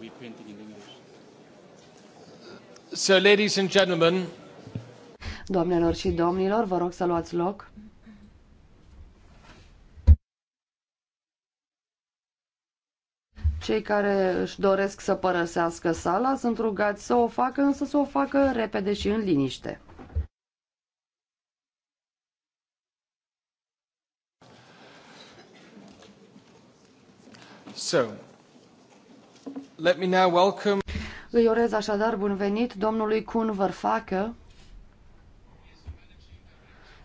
we printing in English? So, ladies and gentlemen. Doamnelor și domnilor, vă rog să luați loc. Cei care își doresc să părăsească sala sunt rugați să o facă, însă să o facă repede și în liniște. So, Let me now welcome... Îi urez așadar bun venit domnului Kun Vărfacă,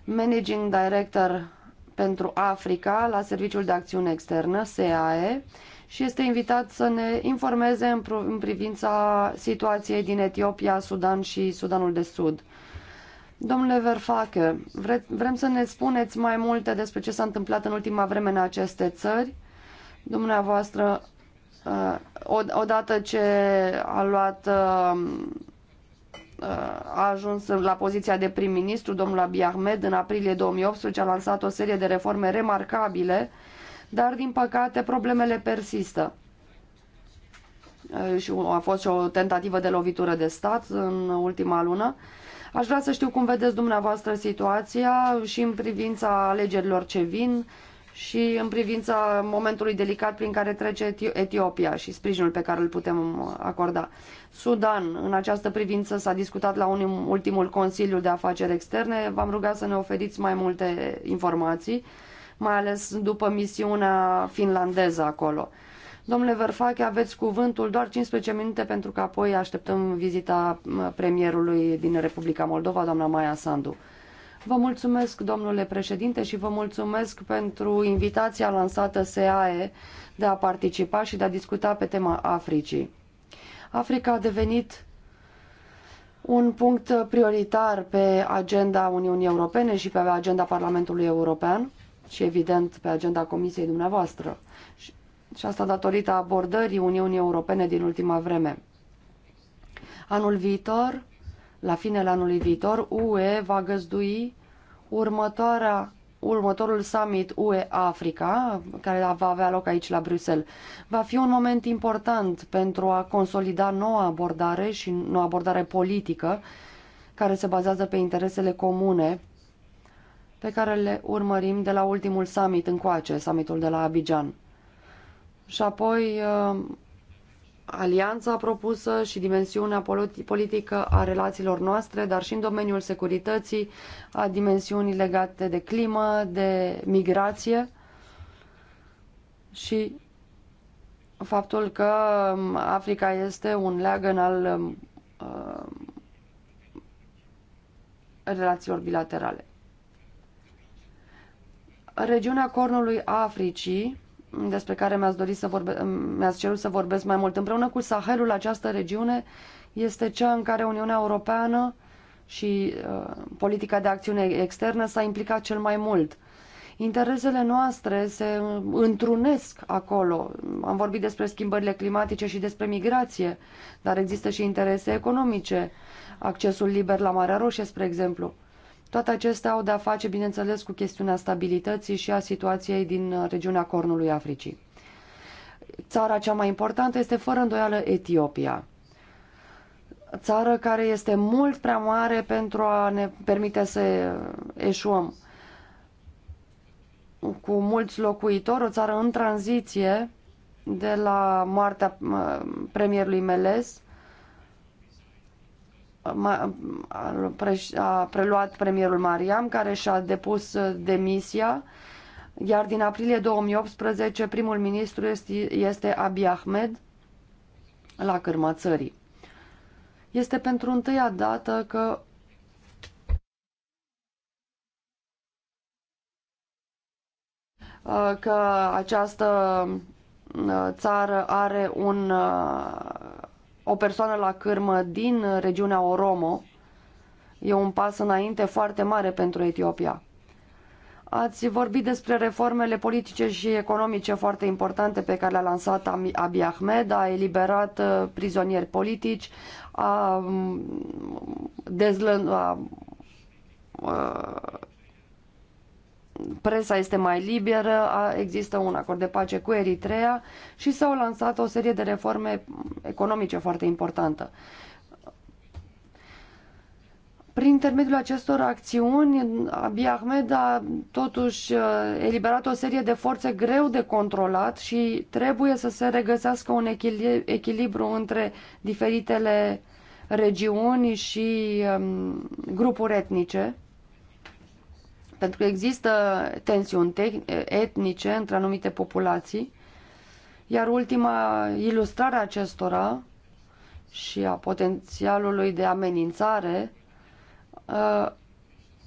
Managing Director pentru Africa la Serviciul de Acțiune Externă, SAE, și este invitat să ne informeze în, privința situației din Etiopia, Sudan și Sudanul de Sud. Domnule Verfacă, vre vrem să ne spuneți mai multe despre ce s-a întâmplat în ultima vreme în aceste țări. Dumneavoastră Uh, odată ce a luat uh, uh, a ajuns la poziția de prim-ministru, domnul Abiy Ahmed, în aprilie 2018 a lansat o serie de reforme remarcabile, dar din păcate problemele persistă. Și a fost și o tentativă de lovitură de stat în ultima lună. Aș vrea să știu cum vedeți dumneavoastră situația și în privința alegerilor ce vin și în privința momentului delicat prin care trece Etiopia și sprijinul pe care îl putem um, acorda. Sudan, în această privință s-a discutat la un ultimul Consiliu de Afaceri Externe. V-am rugat să ne oferiți mai multe informații, mai ales după misiunea finlandeză acolo. Domnule Verfache, aveți cuvântul doar 15 minute pentru că apoi așteptăm vizita uh, premierului din Republica Moldova, doamna Maia Sandu. Vă mulțumesc, domnule președinte, și vă mulțumesc pentru invitația lansată SEAE de a participa și de a discuta pe tema Africii. Africa a devenit un punct prioritar pe agenda Uniunii Europene și pe agenda Parlamentului European și, evident, pe agenda Comisiei dumneavoastră. Și asta datorită abordării Uniunii Europene din ultima vreme. Anul viitor la finele anului viitor, UE va găzdui următoarea următorul summit UE-Africa, care va avea loc aici la Bruxelles, va fi un moment important pentru a consolida noua abordare și noua abordare politică care se bazează pe interesele comune pe care le urmărim de la ultimul summit încoace, summitul de la Abidjan. Și apoi uh, alianța propusă și dimensiunea politică a relațiilor noastre, dar și în domeniul securității, a dimensiunii legate de climă, de migrație și faptul că um, Africa este un leagăn al um, uh, relațiilor bilaterale. Regiunea Cornului Africii despre care mi-ați, dorit să vorbe- mi-ați cerut să vorbesc mai mult. Împreună cu Sahelul, această regiune este cea în care Uniunea Europeană și uh, politica de acțiune externă s-a implicat cel mai mult. Interesele noastre se uh, întrunesc acolo. Am vorbit despre schimbările climatice și despre migrație, dar există și interese economice, accesul liber la Marea Roșie, spre exemplu. Toate acestea au de-a face, bineînțeles, cu chestiunea stabilității și a situației din regiunea Cornului Africii. Țara cea mai importantă este fără îndoială Etiopia țară care este mult prea mare pentru a ne permite să eșuăm. Cu mulți locuitori, o țară în tranziție de la moartea premierului Meles a preluat premierul Mariam, care și-a depus uh, demisia, iar din aprilie 2018 primul ministru este Abiy Ahmed la cârma țării. Este pentru întâia dată că uh, că această uh, țară are un o persoană la cârmă din regiunea Oromo e un pas înainte foarte mare pentru Etiopia. Ați vorbit despre reformele politice și economice foarte importante pe care le-a lansat Abiy Ahmed, a eliberat uh, prizonieri politici, a, mm, dezlă, a, uh, presa este mai liberă, există un acord de pace cu Eritrea și s-au lansat o serie de reforme economice foarte importantă. Prin intermediul acestor acțiuni, Abiy Ahmed a totuși uh, eliberat o serie de forțe greu de controlat și trebuie să se regăsească un echilibru între diferitele regiuni și um, grupuri etnice pentru că există tensiuni etnice între anumite populații, iar ultima ilustrare a acestora și a potențialului de amenințare uh,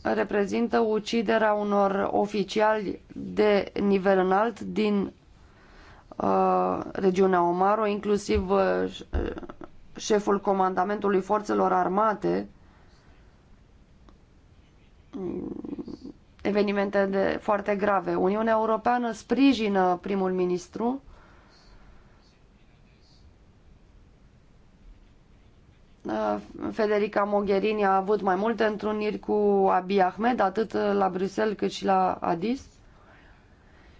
reprezintă uciderea unor oficiali de nivel înalt din uh, regiunea Omaro, inclusiv uh, șeful comandamentului forțelor armate evenimente de, foarte grave. Uniunea Europeană sprijină primul ministru uh, Federica Mogherini a avut mai multe întruniri cu Abiy Ahmed, atât la Bruxelles cât și la Addis.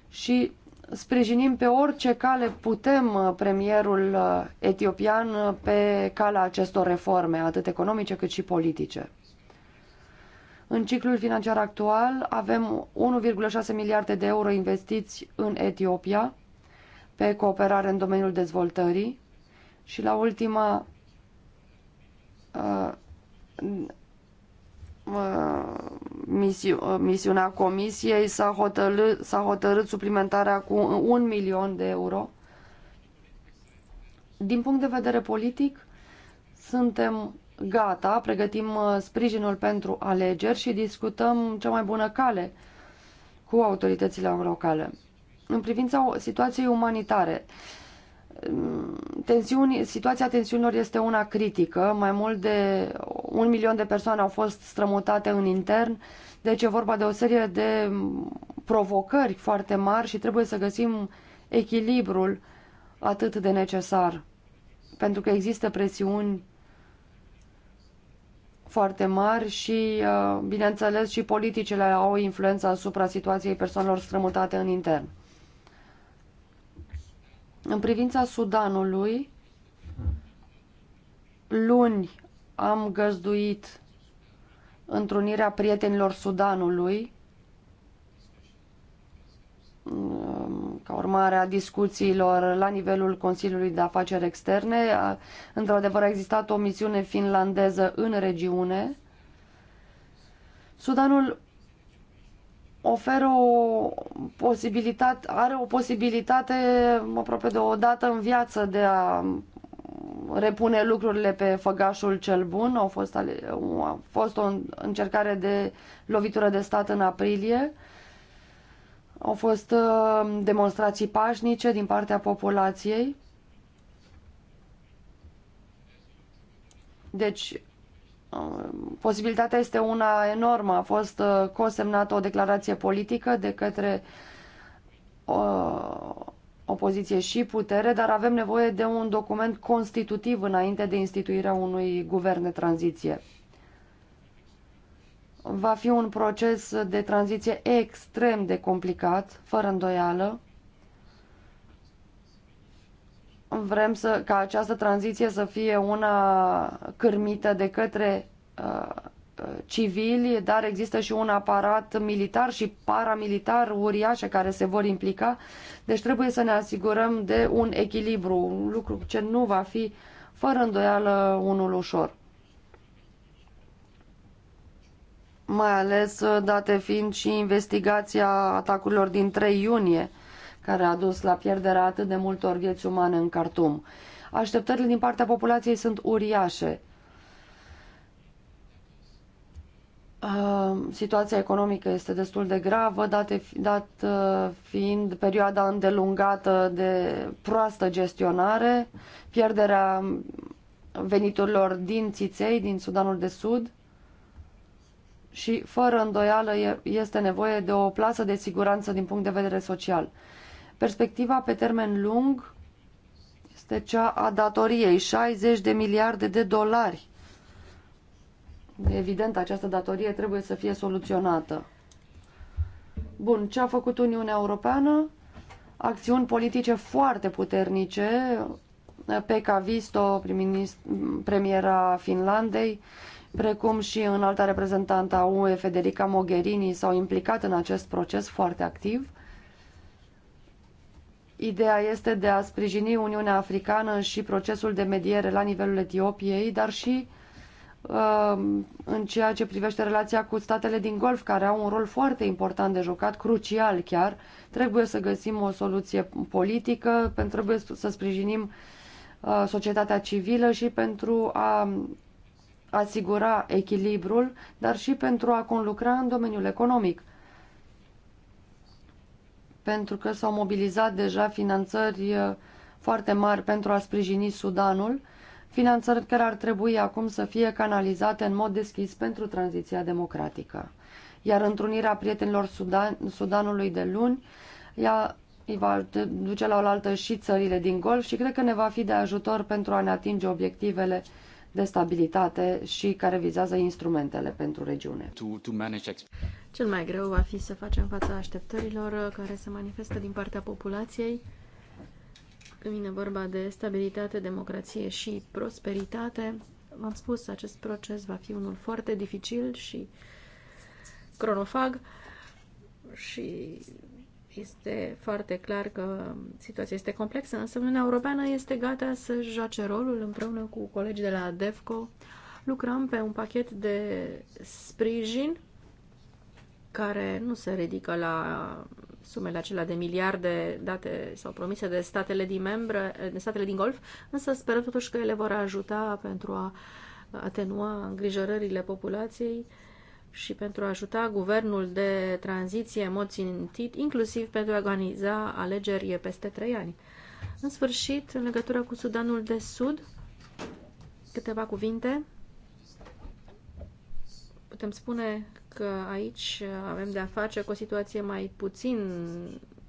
Și sprijinim pe orice cale putem uh, premierul uh, etiopian pe calea acestor reforme, atât economice cât și politice. În ciclul financiar actual avem 1,6 miliarde de euro investiți în Etiopia pe cooperare în domeniul dezvoltării și la ultima uh, uh, uh, misiunea comisiei s-a hotărât, hotărât suplimentarea cu un milion de euro. Din punct de vedere politic, suntem gata, pregătim uh, sprijinul pentru alegeri și discutăm cea mai bună cale cu autoritățile locale. În privința situației umanitare, mm, tensiuni, situația tensiunilor este una critică. Mai mult de un milion de persoane au fost strămutate în intern, deci e vorba de o serie de mm, provocări foarte mari și trebuie să găsim echilibrul atât de necesar, pentru că există presiuni foarte mari și, uh, bineînțeles, și politicile au o influență asupra situației persoanelor strămutate în intern. În privința Sudanului, luni am găzduit întrunirea prietenilor Sudanului Um, ca urmare a discuțiilor la nivelul Consiliului de Afaceri Externe. Într-adevăr, a existat o misiune finlandeză în regiune. Sudanul oferă o posibilitate, are o posibilitate aproape de o dată în viață de a repune lucrurile pe făgașul cel bun. fost, a fost o încercare de lovitură de stat în aprilie. Au fost uh, demonstrații pașnice din partea populației. Deci, uh, posibilitatea este una enormă. A fost uh, consemnată o declarație politică de către opoziție și putere, dar avem nevoie de un document constitutiv înainte de instituirea unui guvern de tranziție va fi un proces de tranziție extrem de complicat, fără îndoială. Vrem să, ca această tranziție să fie una cârmită de către uh, uh, civili, dar există și un aparat militar și paramilitar uriașe care se vor implica, deci trebuie să ne asigurăm de un echilibru, un lucru ce nu va fi fără îndoială unul ușor. mai ales uh, date fiind și investigația atacurilor din 3 iunie, care a dus la pierderea atât de multor vieți umane în Khartoum. Așteptările din partea populației sunt uriașe. Uh, situația economică este destul de gravă, date, dat uh, fiind perioada îndelungată de proastă gestionare, pierderea veniturilor din Țiței, din Sudanul de Sud, și, fără îndoială, este nevoie de o plasă de siguranță din punct de vedere social. Perspectiva pe termen lung este cea a datoriei, 60 de miliarde de dolari. Evident, această datorie trebuie să fie soluționată. Bun, ce a făcut Uniunea Europeană? Acțiuni politice foarte puternice. Pekka Visto, premiera Finlandei, precum și înalta reprezentantă a UE, Federica Mogherini, s-au implicat în acest proces foarte activ. Ideea este de a sprijini Uniunea Africană și procesul de mediere la nivelul Etiopiei, dar și um, în ceea ce privește relația cu statele din Golf, care au un rol foarte important de jucat, crucial chiar. Trebuie să găsim o soluție politică, pentru trebuie să sprijinim uh, societatea civilă și pentru a asigura echilibrul, dar și pentru a conlucra în domeniul economic. Pentru că s-au mobilizat deja finanțări uh, foarte mari pentru a sprijini Sudanul, finanțări care ar trebui acum să fie canalizate în mod deschis pentru tranziția democratică. Iar întrunirea prietenilor Sudan, Sudanului de luni ea îi va duce la oaltă și țările din Golf și cred că ne va fi de ajutor pentru a ne atinge obiectivele uh, de stabilitate și care vizează instrumentele pentru regiune. Cel mai greu va fi să facem fața așteptărilor care se manifestă din partea populației când vine vorba de stabilitate, democrație și prosperitate. V-am spus, acest proces va fi unul foarte dificil și cronofag și este foarte clar că situația este complexă, însă Uniunea Europeană este gata să joace rolul împreună cu colegii de la Defco. Lucrăm pe un pachet de sprijin care nu se ridică la sumele acelea de miliarde date sau promise de statele din, membre, de statele din Golf, însă sperăm totuși că ele vor ajuta pentru a atenua îngrijorările populației și pentru a ajuta guvernul de tranziție în mod țintit, inclusiv pentru a organiza alegeri peste trei ani. În sfârșit, în legătură cu Sudanul de Sud, câteva cuvinte. Putem spune că aici avem de-a face cu o situație mai puțin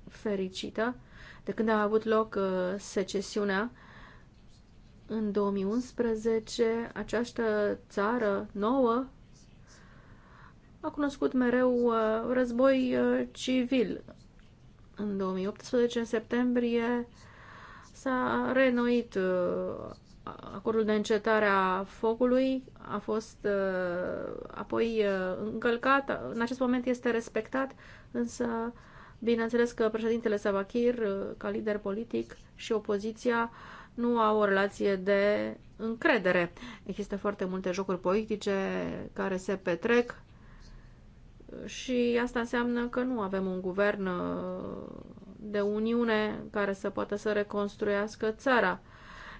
fericită de când a avut loc uh, secesiunea în 2011, această țară nouă a cunoscut mereu uh, război uh, civil. În 2018, în septembrie, s-a reînnoit uh, acordul de încetare a focului, a fost apoi încălcat, în acest moment este respectat, însă bineînțeles că președintele Savakir, ca lider politic și opoziția, nu au o relație de încredere. Există foarte multe jocuri politice care se petrec și asta înseamnă că nu avem un guvern uh, de uniune care să poată să reconstruiască țara.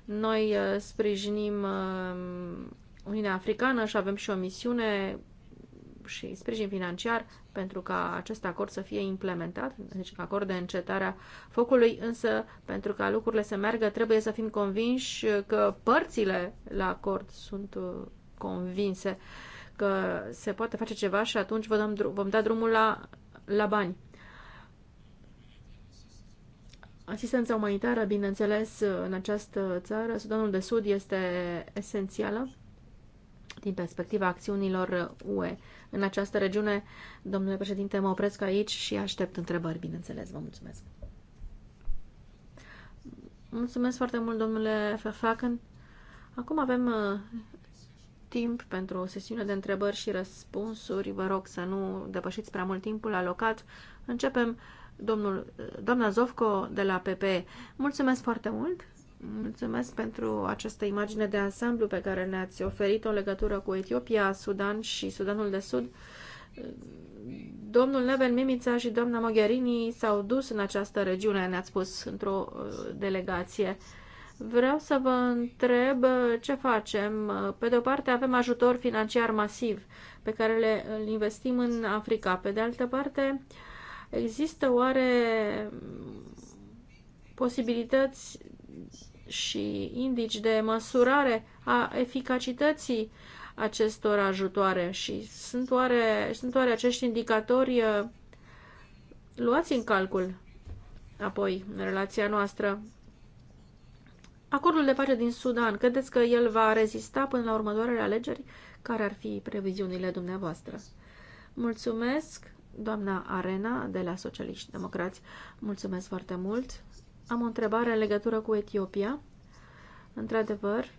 Noi uh, sprijinim uh, Uniunea Africană și avem și o misiune și sprijin financiar pentru ca acest acord să fie implementat, deci acord de a focului, însă pentru ca lucrurile să meargă trebuie să fim convinși că părțile la acord sunt convinse că se poate face ceva și atunci vă dăm, vom da drumul la, la bani. Asistența umanitară, bineînțeles, în această țară, Sudanul de Sud, este esențială din perspectiva acțiunilor UE în această regiune. Domnule președinte, mă opresc aici și aștept întrebări, bineînțeles. Vă mulțumesc. Mulțumesc foarte mult, domnule Verfaken. Acum avem uh, timp pentru o sesiune de întrebări și răspunsuri. Vă rog să nu depășiți prea mult timpul alocat. Începem domnul, doamna Zovco de la PP. Mulțumesc foarte mult! Mulțumesc pentru această imagine de ansamblu pe care ne-ați oferit-o legătură cu Etiopia, Sudan și Sudanul de Sud. Domnul Neven Mimița și doamna Mogherini s-au dus în această regiune, ne-ați spus, într-o uh, delegație. Uh, Vreau să vă întreb uh, ce facem. Uh, pe de o parte avem ajutor financiar masiv pe care le investim în Africa. Pe de altă parte există oare posibilități și indici de măsurare a eficacității acestor ajutoare și sunt oare, sunt oare acești indicatori uh, luați în calcul apoi în relația noastră Acordul de pace din Sudan, credeți că el va rezista până la următoarele alegeri? Care ar fi previziunile dumneavoastră? Mulțumesc, doamna Arena de la Socialiști Democrați. Mulțumesc foarte mult. Am o întrebare în legătură cu Etiopia. Într-adevăr,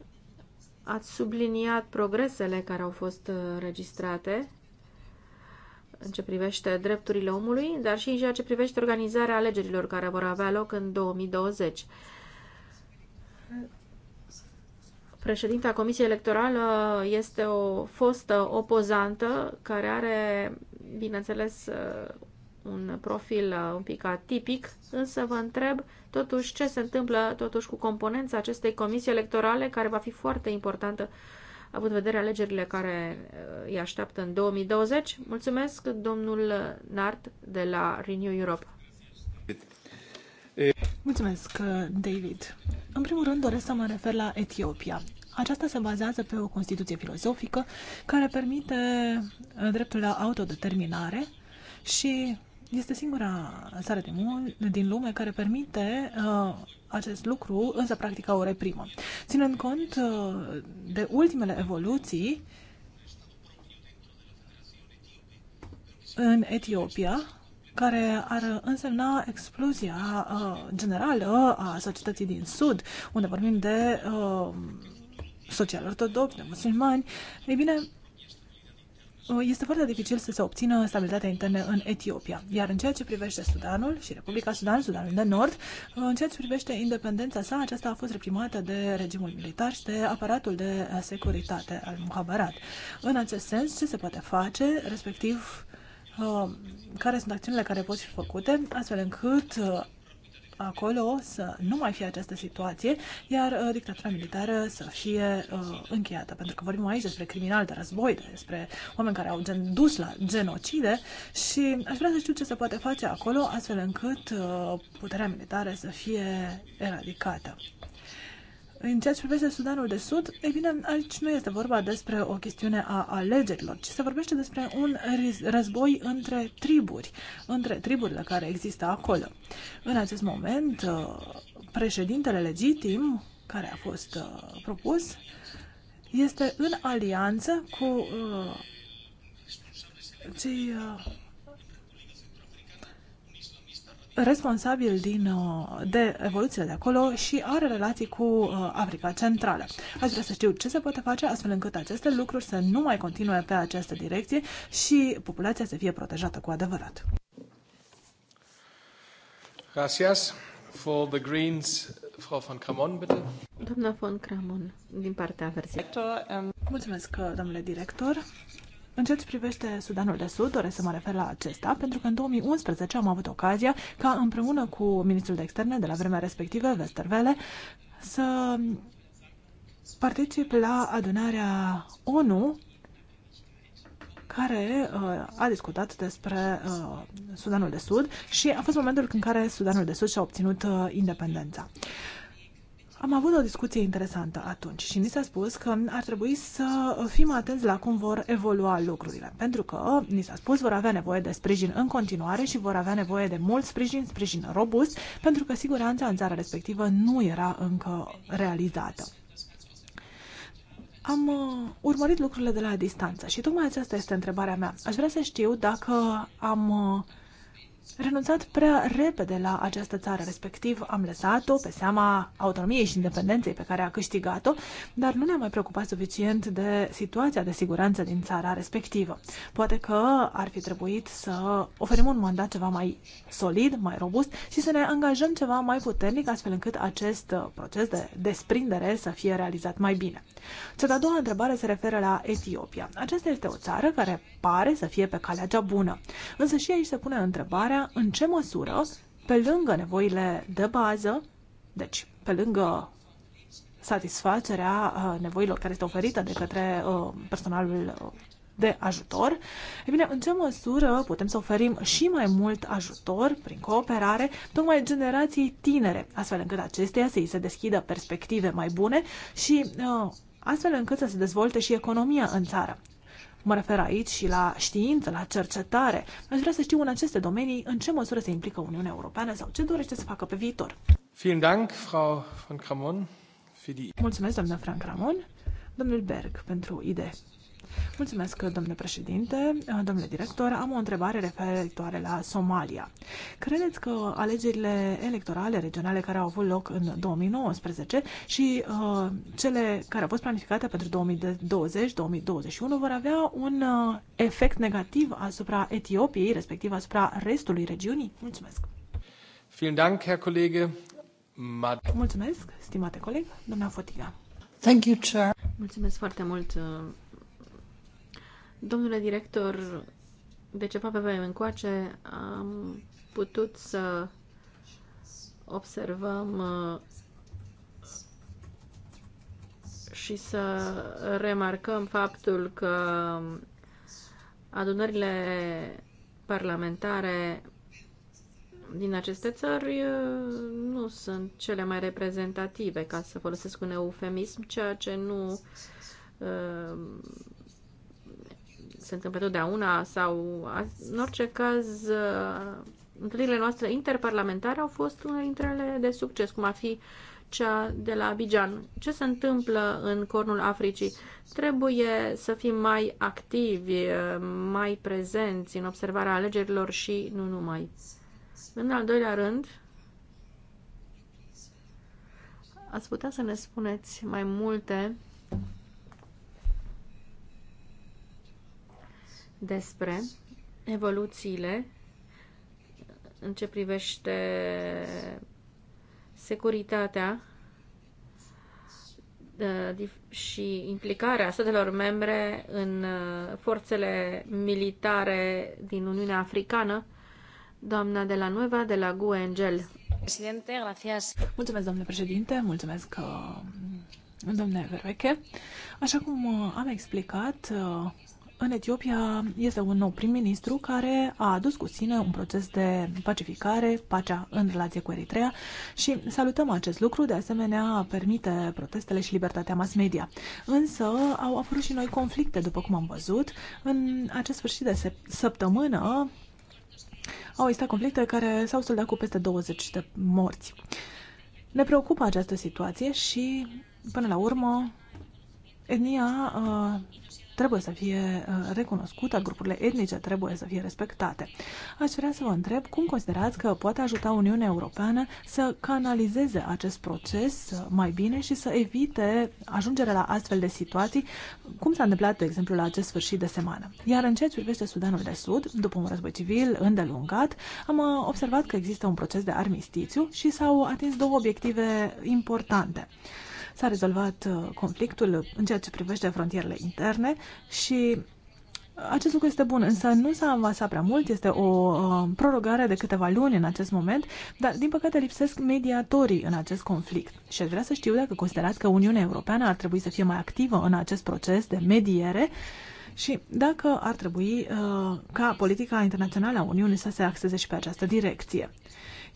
ați subliniat progresele care au fost uh, registrate în ce privește drepturile omului, dar și în ceea ce privește organizarea alegerilor care vor avea loc în 2020. Președinta Comisiei Electorală este o fostă opozantă care are, bineînțeles, un profil uh, un pic atipic, însă vă întreb totuși ce se întâmplă totuși cu componența acestei comisii electorale care va fi foarte importantă având în vedere alegerile care uh, îi așteaptă în 2020. Mulțumesc, domnul Nart de la Renew Europe. Mulțumesc, David. În primul rând, doresc să mă refer la Etiopia. Aceasta se bazează pe o constituție filozofică care permite uh, dreptul la autodeterminare și este singura țară din, din lume care permite uh, acest lucru, însă practica o reprimă. Ținând cont uh, de ultimele evoluții în Etiopia, care ar însemna explozia uh, generală a societății din Sud, unde vorbim de uh, social ortodox, de musulmani. Ei bine, uh, este foarte dificil să se obțină stabilitatea internă în Etiopia. Iar în ceea ce privește Sudanul și Republica Sudan, Sudanul de Nord, uh, în ceea ce privește independența sa, aceasta a fost reprimată de regimul militar și de aparatul de uh, securitate al Muhabarat. În acest sens, ce se poate face, respectiv Uh, care sunt acțiunile care pot fi făcute, astfel încât uh, acolo să nu mai fie această situație, iar uh, dictatura militară să fie uh, încheiată. Pentru că vorbim aici despre criminali de război, despre oameni care au gen, dus la genocide și aș vrea să știu ce se poate face acolo, astfel încât uh, puterea militară să fie eradicată. În ceea ce privește Sudanul de Sud, ei bine, aici nu este vorba despre o chestiune a alegerilor, ci se vorbește despre un război între triburi, între triburile care există acolo. În acest moment, uh, președintele legitim care a fost uh, propus este în alianță cu uh, cei responsabil din, uh, de evoluția de acolo și are relații cu uh, Africa Centrală. Aș vrea să știu ce se poate face astfel încât aceste lucruri să nu mai continue pe această direcție și populația să fie protejată cu adevărat. Gracias. For the Greens, Frau von Cramon, bitte. Doamna von Cramon, din partea verzii. Um, Mulțumesc, uh, domnule director. În ce privește Sudanul de Sud, doresc să mă refer la acesta, pentru că în 2011 am avut ocazia ca împreună cu ministrul de externe de la vremea respectivă, Westervele, să particip la adunarea ONU care uh, a discutat despre uh, Sudanul de Sud și a fost momentul în care Sudanul de Sud și-a obținut uh, independența. Uh, am avut o discuție interesantă atunci și ni s-a spus că ar trebui să fim atenți la cum vor evolua lucrurile, pentru că ni s-a spus vor avea nevoie de sprijin în continuare și vor avea nevoie de mult sprijin, sprijin robust, pentru că siguranța în țara respectivă nu era încă realizată. Am uh, urmărit lucrurile de la distanță și tocmai aceasta este întrebarea mea. Aș vrea să știu dacă am uh, renunțat prea repede la această țară, respectiv am lăsat-o pe seama autonomiei și independenței pe care a câștigat-o, dar nu ne-am mai preocupat suficient de situația de siguranță din țara respectivă. Poate că ar fi trebuit să oferim un mandat ceva mai solid, mai robust și să ne angajăm ceva mai puternic, astfel încât acest proces de desprindere să fie realizat mai bine. Cea de-a doua întrebare se referă la Etiopia. Aceasta este o țară care pare să fie pe calea cea bună, însă și aici se pune întrebarea întrebarea în ce măsură, pe lângă nevoile de bază, deci pe lângă satisfacerea uh, nevoilor care este oferită de către uh, personalul uh, de ajutor. E bine, în ce măsură putem să oferim și mai mult ajutor prin cooperare tocmai generației tinere, astfel încât acesteia să îi se deschidă perspective mai bune și astfel încât să se dezvolte și economia în țară. Mă refer aici și la știință, la cercetare. Aș vrea să știu în aceste domenii în ce măsură se implică Uniunea Europeană sau ce dorește să facă pe viitor. Vielen Dank, Frau von Cramon. Mulțumesc, doamna Frank Ramon. Domnul Berg, pentru idei. Mulțumesc, domnule președinte, domnule director. Am o întrebare referitoare la Somalia. Credeți că alegerile electorale regionale care au avut loc în 2019 și uh, cele care au fost planificate pentru 2020-2021 vor avea un uh, efect negativ asupra Etiopiei, respectiv asupra restului regiunii? Mulțumesc! Vielen Dank, Herr Kollege. Mulțumesc, stimate coleg, domnule Fotiga. Thank you, Chair. Mulțumesc foarte mult, uh, Domnule director, de ceva pe vreme încoace am putut să observăm uh, și să remarcăm faptul că adunările parlamentare din aceste țări uh, nu sunt cele mai reprezentative, ca să folosesc un eufemism, ceea ce nu uh, se întâmplă totdeauna sau în orice caz uh, întâlnirile noastre interparlamentare au fost unele dintre ele de succes, cum ar fi cea de la Abidjan. Ce se întâmplă în cornul Africii? Trebuie să fim mai activi, uh, mai prezenți în observarea alegerilor și nu numai. În al doilea rând, ați putea să ne spuneți mai multe despre evoluțiile în ce privește securitatea uh, și implicarea statelor membre în uh, forțele militare din Uniunea Africană, doamna de la Nueva, de la Guengel. Mulțumesc, domnule președinte, mulțumesc, uh, domnule Verveche. Așa cum am explicat, în Etiopia este un nou prim-ministru care a adus cu sine un proces de pacificare, pacea în relație cu Eritrea și salutăm acest lucru, de asemenea permite protestele și libertatea mass media. Însă au apărut și noi conflicte, după cum am văzut. În acest sfârșit de săptămână au existat conflicte care s-au soldat cu peste 20 de morți. Ne preocupă această situație și, până la urmă, etnia uh, trebuie să fie uh, recunoscută, grupurile etnice trebuie să fie respectate. Aș vrea să vă întreb cum considerați că poate ajuta Uniunea Europeană să canalizeze acest proces uh, mai bine și să evite ajungerea la astfel de situații, cum s-a întâmplat, de exemplu, la acest sfârșit de semană. Iar în ceea ce privește Sudanul de Sud, după un război civil îndelungat, am uh, observat că există un proces de armistițiu și s-au atins două obiective importante. S-a rezolvat uh, conflictul în ceea ce privește frontierele interne și uh, acest lucru este bun, însă nu s-a avansat prea mult, este o uh, prorogare de câteva luni în acest moment, dar din păcate lipsesc mediatorii în acest conflict. Și aș vrea să știu dacă considerați că Uniunea Europeană ar trebui să fie mai activă în acest proces de mediere și dacă ar trebui uh, ca politica internațională a Uniunii să se axeze și pe această direcție.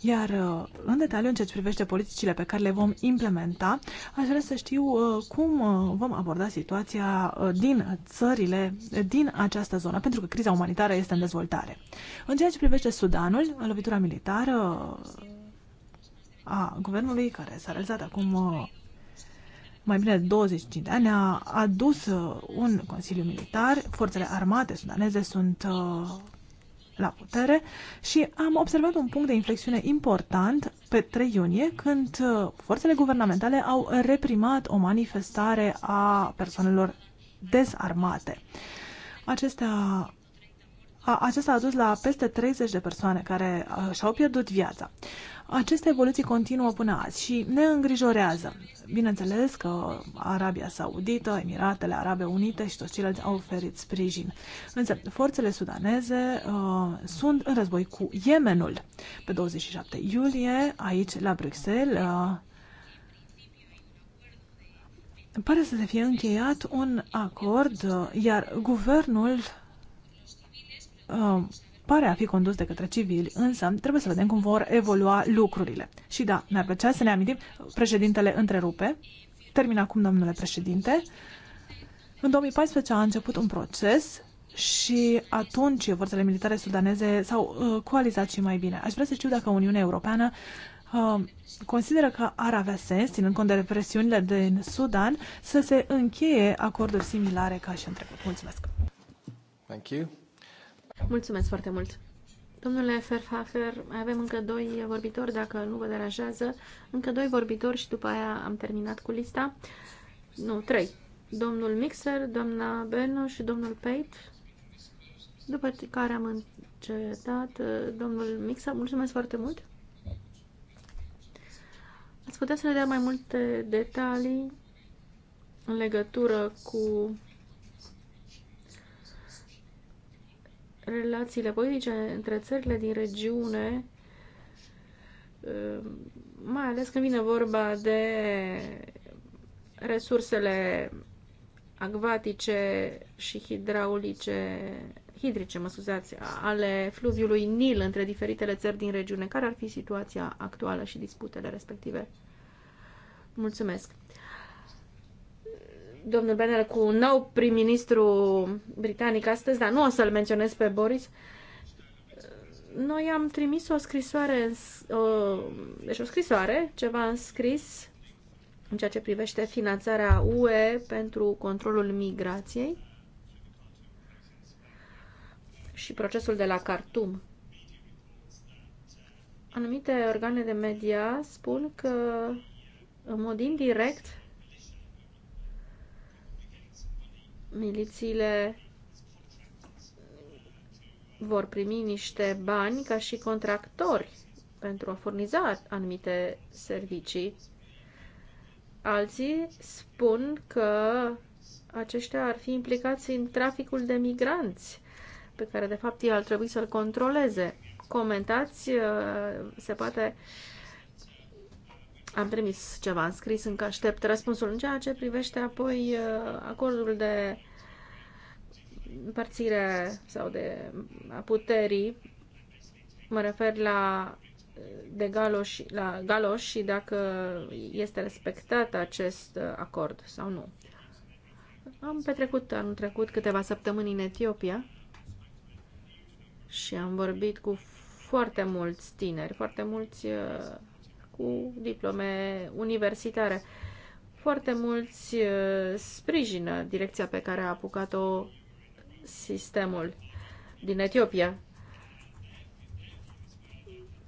Iar uh, în detaliu, în ceea ce privește politicile pe care le vom implementa, aș vrea să știu uh, cum uh, vom aborda situația din țările din această zonă, pentru că criza umanitară este în dezvoltare. În ceea ce privește Sudanul, lovitura militară a guvernului care s-a realizat acum mai bine de 25 de ani, a adus un consiliu militar. Forțele armate sudaneze sunt la putere și am observat un punct de inflexiune important pe 3 iunie când uh, forțele guvernamentale au reprimat o manifestare a persoanelor dezarmate. Acestea acesta a dus la peste 30 de persoane care și-au pierdut viața. Aceste evoluții continuă până azi și ne îngrijorează. Bineînțeles că Arabia Saudită, Emiratele Arabe Unite și toți ceilalți au oferit sprijin. Însă forțele sudaneze uh, sunt în război cu Yemenul. Pe 27 iulie, aici la Bruxelles, uh, pare să se fie încheiat un acord, uh, iar guvernul Uh, pare a fi condus de către civili, însă trebuie să vedem cum vor evolua lucrurile. Și da, mi ar plăcea să ne amintim, președintele întrerupe, termina acum, domnule președinte, în 2014 a început un proces și atunci forțele militare sudaneze s-au uh, coalizat și mai bine. Aș vrea să știu dacă Uniunea Europeană uh, consideră că ar avea sens, ținând cont de represiunile din Sudan, să se încheie acorduri similare ca și în trecut. Mulțumesc! Thank you. Mulțumesc foarte mult! Domnule Ferfafer, mai avem încă doi vorbitori, dacă nu vă deranjează. Încă doi vorbitori și după aia am terminat cu lista. Nu, trei. Domnul Mixer, doamna Beno și domnul Pate. După care am încetat, uh, domnul Mixer, mulțumesc foarte mult. Ați putea să ne dea mai multe detalii în legătură cu relațiile politice între țările din regiune, uh, mai ales când vine vorba de resursele acvatice și hidraulice, hidrice, mă scuzați, ale fluviului Nil între diferitele țări din regiune. Care ar fi situația actuală și disputele respective? Mulțumesc! domnul Benner cu un nou prim-ministru britanic astăzi, dar nu o să-l menționez pe Boris. Noi am trimis o scrisoare, o, deci o scrisoare, ceva în scris în ceea ce privește finanțarea UE pentru controlul migrației și procesul de la Khartoum. Anumite organe de media spun că în mod indirect milițiile vor primi niște bani ca și contractori pentru a furniza anumite servicii. Alții spun că aceștia ar fi implicați în traficul de migranți, pe care de fapt ei ar trebui să-l controleze. Comentați, uh, se poate, am trimis ceva în scris, încă aștept răspunsul în ceea ce privește apoi uh, acordul de împărțire sau de a puterii. Mă refer la uh, de galoși, la galoși și dacă este respectat acest uh, acord sau nu. Am petrecut anul trecut câteva săptămâni în Etiopia și am vorbit cu foarte mulți tineri, foarte mulți cu diplome universitare. Foarte mulți uh, sprijină direcția pe care a apucat-o sistemul din Etiopia.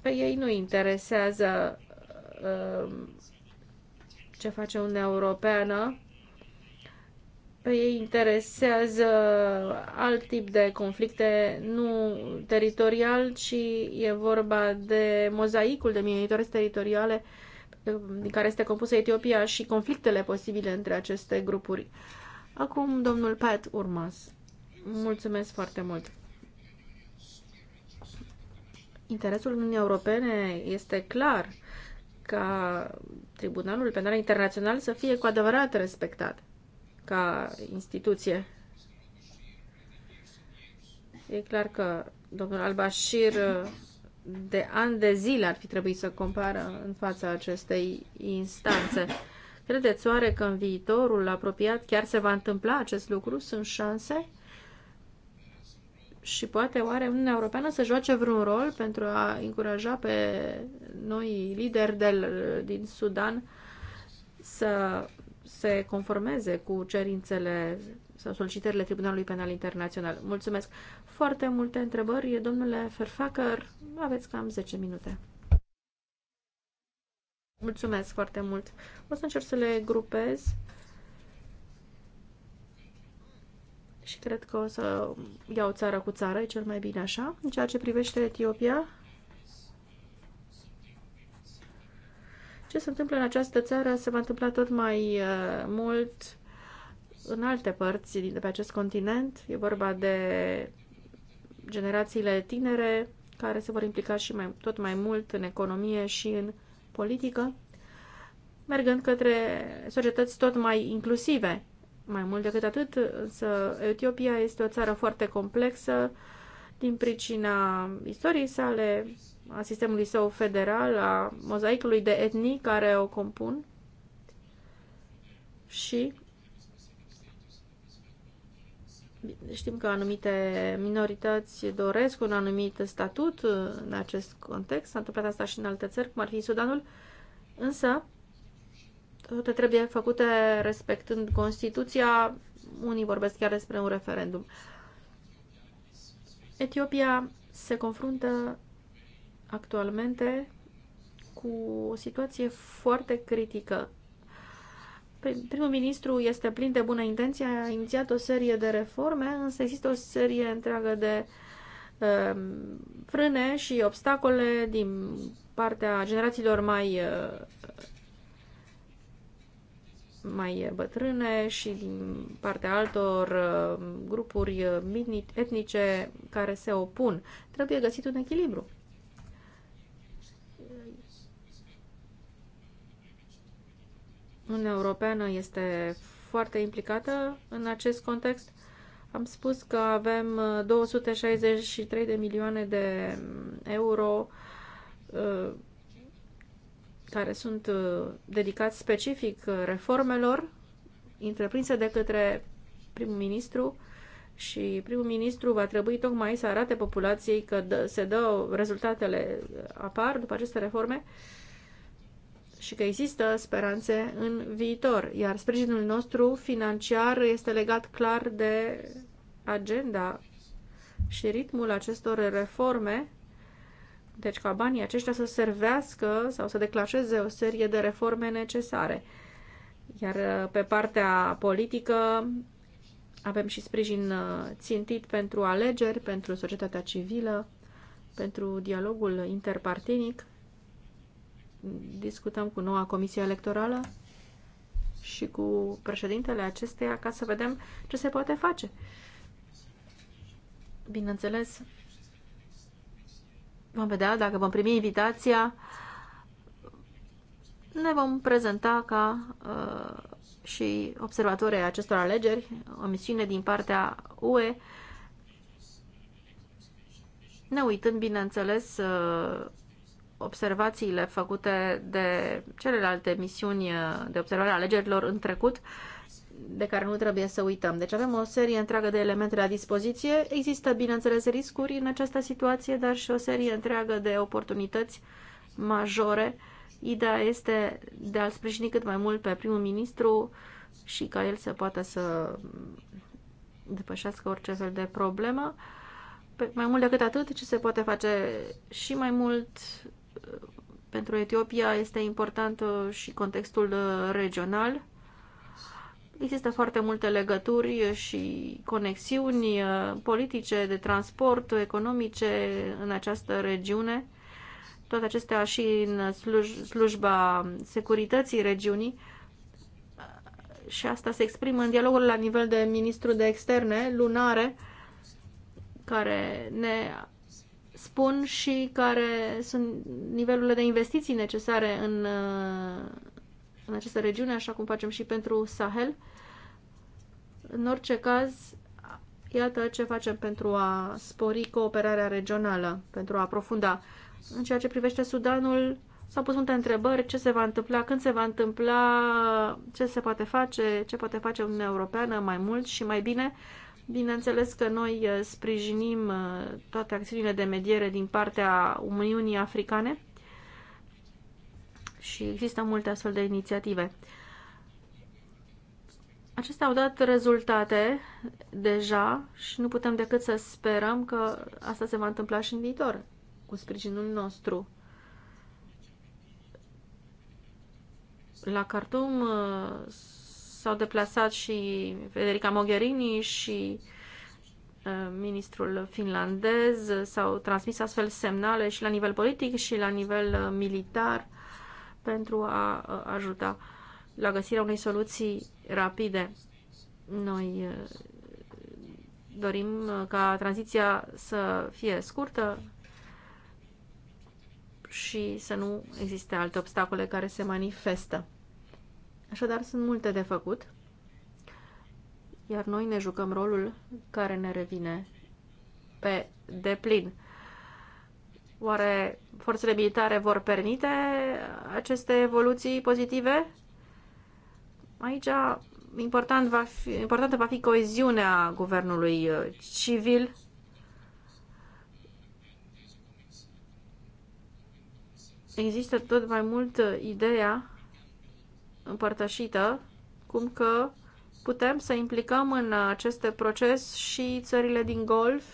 Pe ei nu interesează uh, ce face un Europeană, pe ei interesează alt tip de conflicte, nu teritorial, ci e vorba de mozaicul de minorități teritoriale um, din care este compusă Etiopia și conflictele posibile între aceste grupuri. Acum, domnul Pat Urmas. Mulțumesc foarte mult. Interesul Uniunii Europene este clar ca Tribunalul Penal Internațional să fie cu adevărat respectat ca instituție. E clar că domnul Al-Bashir de ani de zile ar fi trebuit să compară în fața acestei instanțe. Credeți oare că în viitorul apropiat chiar se va întâmpla acest lucru? Sunt șanse? Și poate oare Uniunea Europeană să joace vreun rol pentru a încuraja pe noi lideri din Sudan să se conformeze cu cerințele sau solicitările Tribunalului Penal Internațional. Mulțumesc. Foarte multe întrebări. Domnule Ferfacăr, aveți cam 10 minute. Mulțumesc foarte mult. O să încerc să le grupez și cred că o să iau țară cu țară, e cel mai bine așa. În ceea ce privește Etiopia, Ce se întâmplă în această țară se va întâmpla tot mai uh, mult în alte părți de pe acest continent. E vorba de generațiile tinere care se vor implica și mai, tot mai mult în economie și în politică, mergând către societăți tot mai inclusive. Mai mult decât atât, însă Etiopia este o țară foarte complexă din pricina istoriei sale, a sistemului său federal, a mozaicului de etnii care o compun și știm că anumite minorități doresc un anumit statut în acest context. S-a întâmplat asta și în alte țări, cum ar fi Sudanul, însă toate trebuie făcute respectând Constituția. Unii vorbesc chiar despre un referendum. Etiopia se confruntă actualmente cu o situație foarte critică. Primul ministru este plin de bună intenție, a inițiat o serie de reforme, însă există o serie întreagă de uh, frâne și obstacole din partea generațiilor mai uh, mai bătrâne și din partea altor uh, grupuri etnice care se opun. Trebuie găsit un echilibru. Uniunea Europeană este foarte implicată în acest context. Am spus că avem 263 uh, de milioane de mm, euro uh, care sunt uh, dedicați specific reformelor întreprinse de către primul ministru și primul ministru va trebui tocmai să arate populației că se dă rezultatele apar după aceste reforme și că există speranțe în viitor, iar sprijinul nostru financiar este legat clar de agenda și ritmul acestor reforme, deci ca banii aceștia să servească sau să declanșeze o serie de reforme necesare. Iar uh, pe partea politică avem și sprijin uh, țintit pentru alegeri, pentru societatea civilă, pentru dialogul interpartinic discutăm cu noua comisie electorală și cu președintele acesteia ca să vedem ce se poate face. Bineînțeles, vom vedea dacă vom primi invitația, ne vom prezenta ca uh, și observatorii acestor alegeri, o misiune din partea UE, ne uitând, bineînțeles, uh, observațiile făcute de celelalte misiuni de observare a alegerilor în trecut, de care nu trebuie să uităm. Deci avem o serie întreagă de elemente la dispoziție. Există, bineînțeles, riscuri în această situație, dar și o serie întreagă de oportunități majore. Ideea este de a-l sprijini cât mai mult pe primul ministru și ca el să poată să depășească orice fel de problemă. Pe mai mult decât atât, ce se poate face și mai mult pentru Etiopia este important uh, și contextul uh, regional. Există foarte multe legături uh, și conexiuni politice, de transport, economice în această regiune. Toate acestea și în sluj- slujba securității regiunii. Și asta se exprimă în dialogul la nivel de ministru de externe, Lunare, care ne spun și care sunt nivelurile de investiții necesare în, uh, în această regiune, așa cum facem și pentru Sahel. În orice caz, iată ce facem pentru a spori cooperarea regională, pentru a aprofunda. În ceea ce privește Sudanul, s-au pus multe întrebări, ce se va întâmpla, când se va întâmpla, ce se poate face, ce poate face Uniunea Europeană mai mult și mai bine. Bineînțeles că noi uh, sprijinim uh, toate acțiunile de mediere din partea Uniunii Africane și există multe astfel de inițiative. Acestea au dat rezultate deja și nu putem decât să sperăm că asta se va întâmpla și în viitor cu sprijinul nostru. La Cartum uh, s-au deplasat și Federica Mogherini și uh, ministrul finlandez, s-au transmis astfel semnale și la nivel politic și la nivel uh, militar pentru a uh, ajuta la găsirea unei soluții rapide. Noi dorim ca tranziția să fie scurtă și să nu existe alte obstacole care se manifestă. Așadar, sunt multe de făcut, iar noi ne jucăm rolul care ne revine pe deplin. Oare forțele militare vor permite aceste evoluții pozitive? Aici important va fi, importantă va fi coeziunea guvernului uh, civil există tot mai mult uh, ideea împărtășită, cum că putem să implicăm în acest proces și țările din Golf,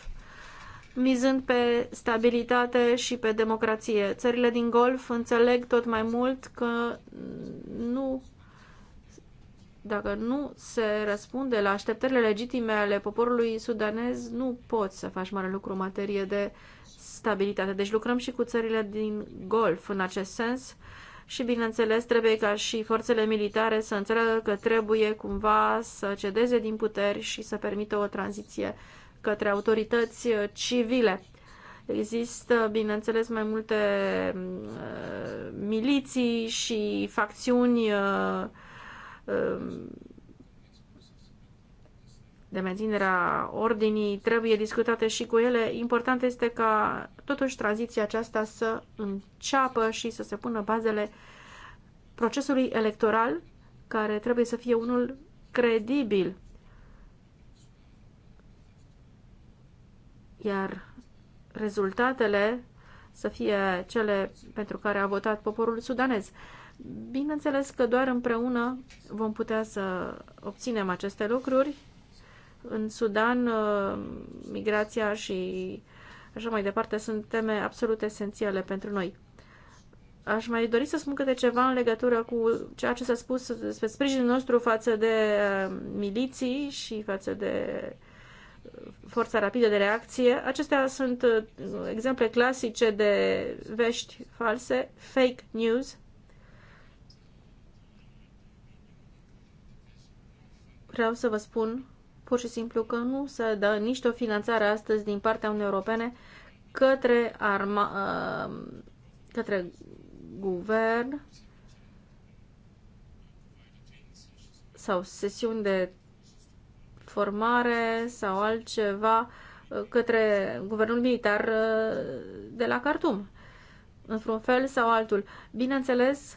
mizând pe stabilitate și pe democrație. Țările din Golf înțeleg tot mai mult că nu dacă nu se răspunde la așteptările legitime ale poporului sudanez, nu poți să faci mare lucru în materie de stabilitate. Deci lucrăm și cu țările din Golf în acest sens și, bineînțeles, trebuie ca și forțele militare să înțeleagă că trebuie cumva să cedeze din puteri și să permită o tranziție către autorități uh, civile. Există, bineînțeles, mai multe uh, miliții și facțiuni uh, uh, de menținerea ordinii trebuie discutate și cu ele. Important este ca totuși tranziția aceasta să înceapă și să se pună bazele procesului electoral care trebuie să fie unul credibil. Iar rezultatele să fie cele pentru care a votat poporul sudanez. Bineînțeles că doar împreună vom putea să obținem aceste lucruri în Sudan, uh, migrația și așa mai departe sunt teme absolut esențiale pentru noi. Aș mai dori să spun câte ceva în legătură cu ceea ce s-a spus despre sprijinul nostru față de uh, miliții și față de forța rapidă de reacție. Acestea sunt uh, exemple clasice de vești false, fake news. Vreau să vă spun pur și simplu că nu se dă nici o finanțare astăzi din partea Uniunii Europene către, arma, uh, către guvern sau sesiuni de formare sau altceva uh, către guvernul militar uh, de la Khartoum, într-un fel sau altul. Bineînțeles,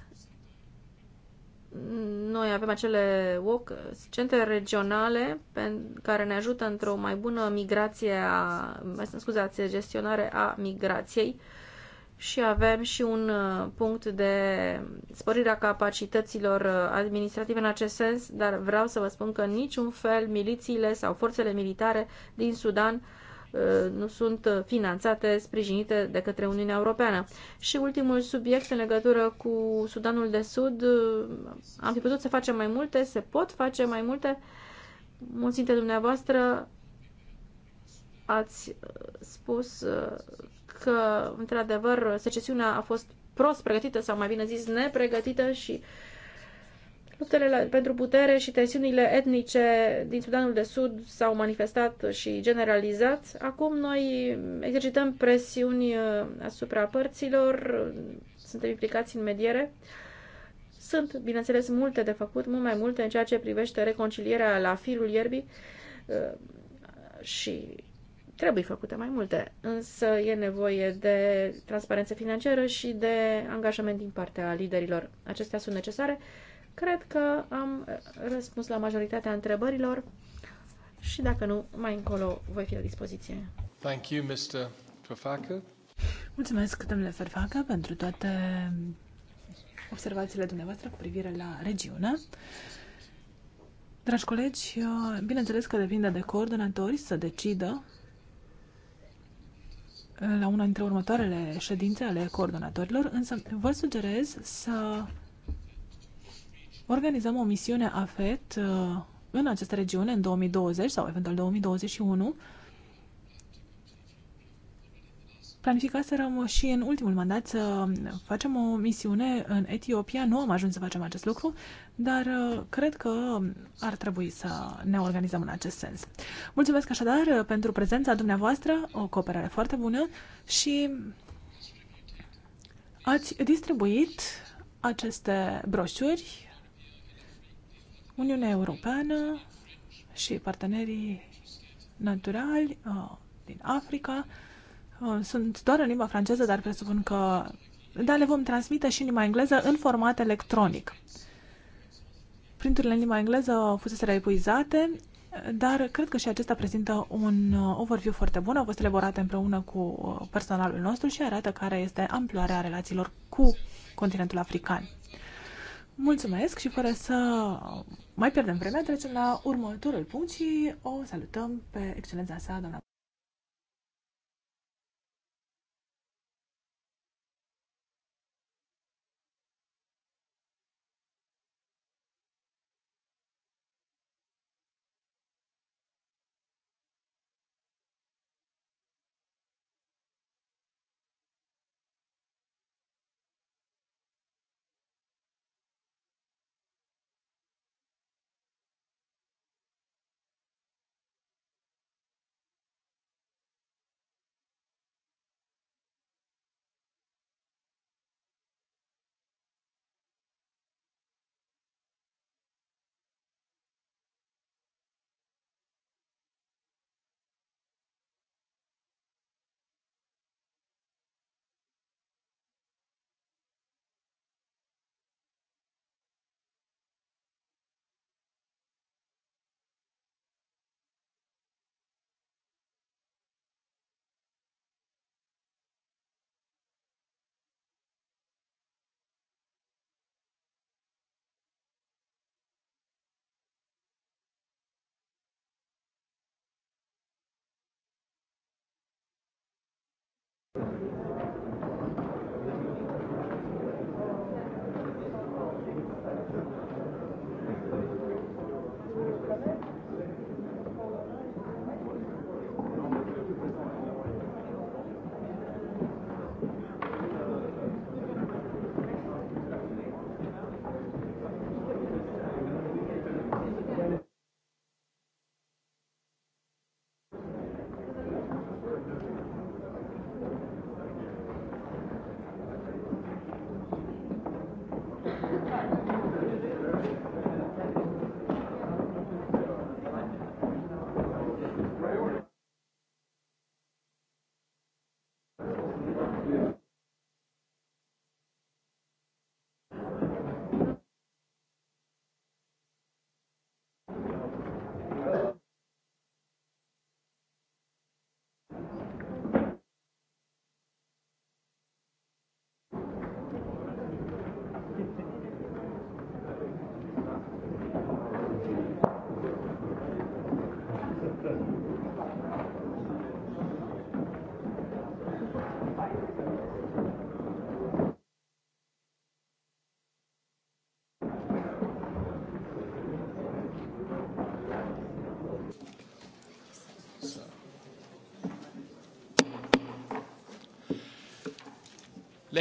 noi avem acele walk, centre regionale care ne ajută într-o mai bună migrație a, mai scuzați, gestionare a migrației și avem și un uh, punct de sporirea capacităților uh, administrative în acest sens, dar vreau să vă spun că în niciun fel milițiile sau forțele militare din Sudan Uh, nu sunt finanțate, sprijinite de către Uniunea Europeană. Și ultimul subiect în legătură cu Sudanul de Sud, uh, am fi putut să facem mai multe, se pot face mai multe. Mulți dintre dumneavoastră ați uh, spus că, într-adevăr, secesiunea a fost prost pregătită sau, mai bine zis, nepregătită și uh, Luptele la, pentru putere și tensiunile etnice din Sudanul de Sud s-au manifestat și generalizat. Acum noi exercităm presiuni uh, asupra părților, suntem implicați în mediere. Sunt, bineînțeles, multe de făcut, mult mai multe în ceea ce privește reconcilierea la firul ierbii uh, și trebuie făcute mai multe, însă e nevoie de transparență financiară și de angajament din partea liderilor. Acestea sunt necesare Cred că am eh, răspuns la majoritatea întrebărilor și dacă nu, mai încolo voi fi la dispoziție. Thank you, Mr. Fafacă. Mulțumesc, domnule Ferfacă, pentru toate observațiile dumneavoastră cu privire la regiune. Dragi colegi, bineînțeles că depinde de coordonatori să decidă la una dintre următoarele ședințe ale coordonatorilor, însă vă sugerez să organizăm o misiune AFET uh, în această regiune în 2020 sau eventual 2021. Planificaserăm și în ultimul mandat să facem o misiune în Etiopia. Nu am ajuns să facem acest lucru, dar uh, cred că ar trebui să ne organizăm în acest sens. Mulțumesc așadar uh, pentru prezența dumneavoastră, o cooperare foarte bună și ați distribuit aceste broșuri Uniunea Europeană și partenerii naturali uh, din Africa uh, sunt doar în limba franceză, dar presupun că da, le vom transmite și în limba engleză în format electronic. Printurile în limba engleză fusese epuizate, dar cred că și acesta prezintă un uh, overview foarte bun. Au fost elaborate împreună cu uh, personalul nostru și arată care este amploarea relațiilor cu continentul african. Mulțumesc și fără să mai pierdem vremea, trecem la următorul punct și o salutăm pe excelența sa, doamna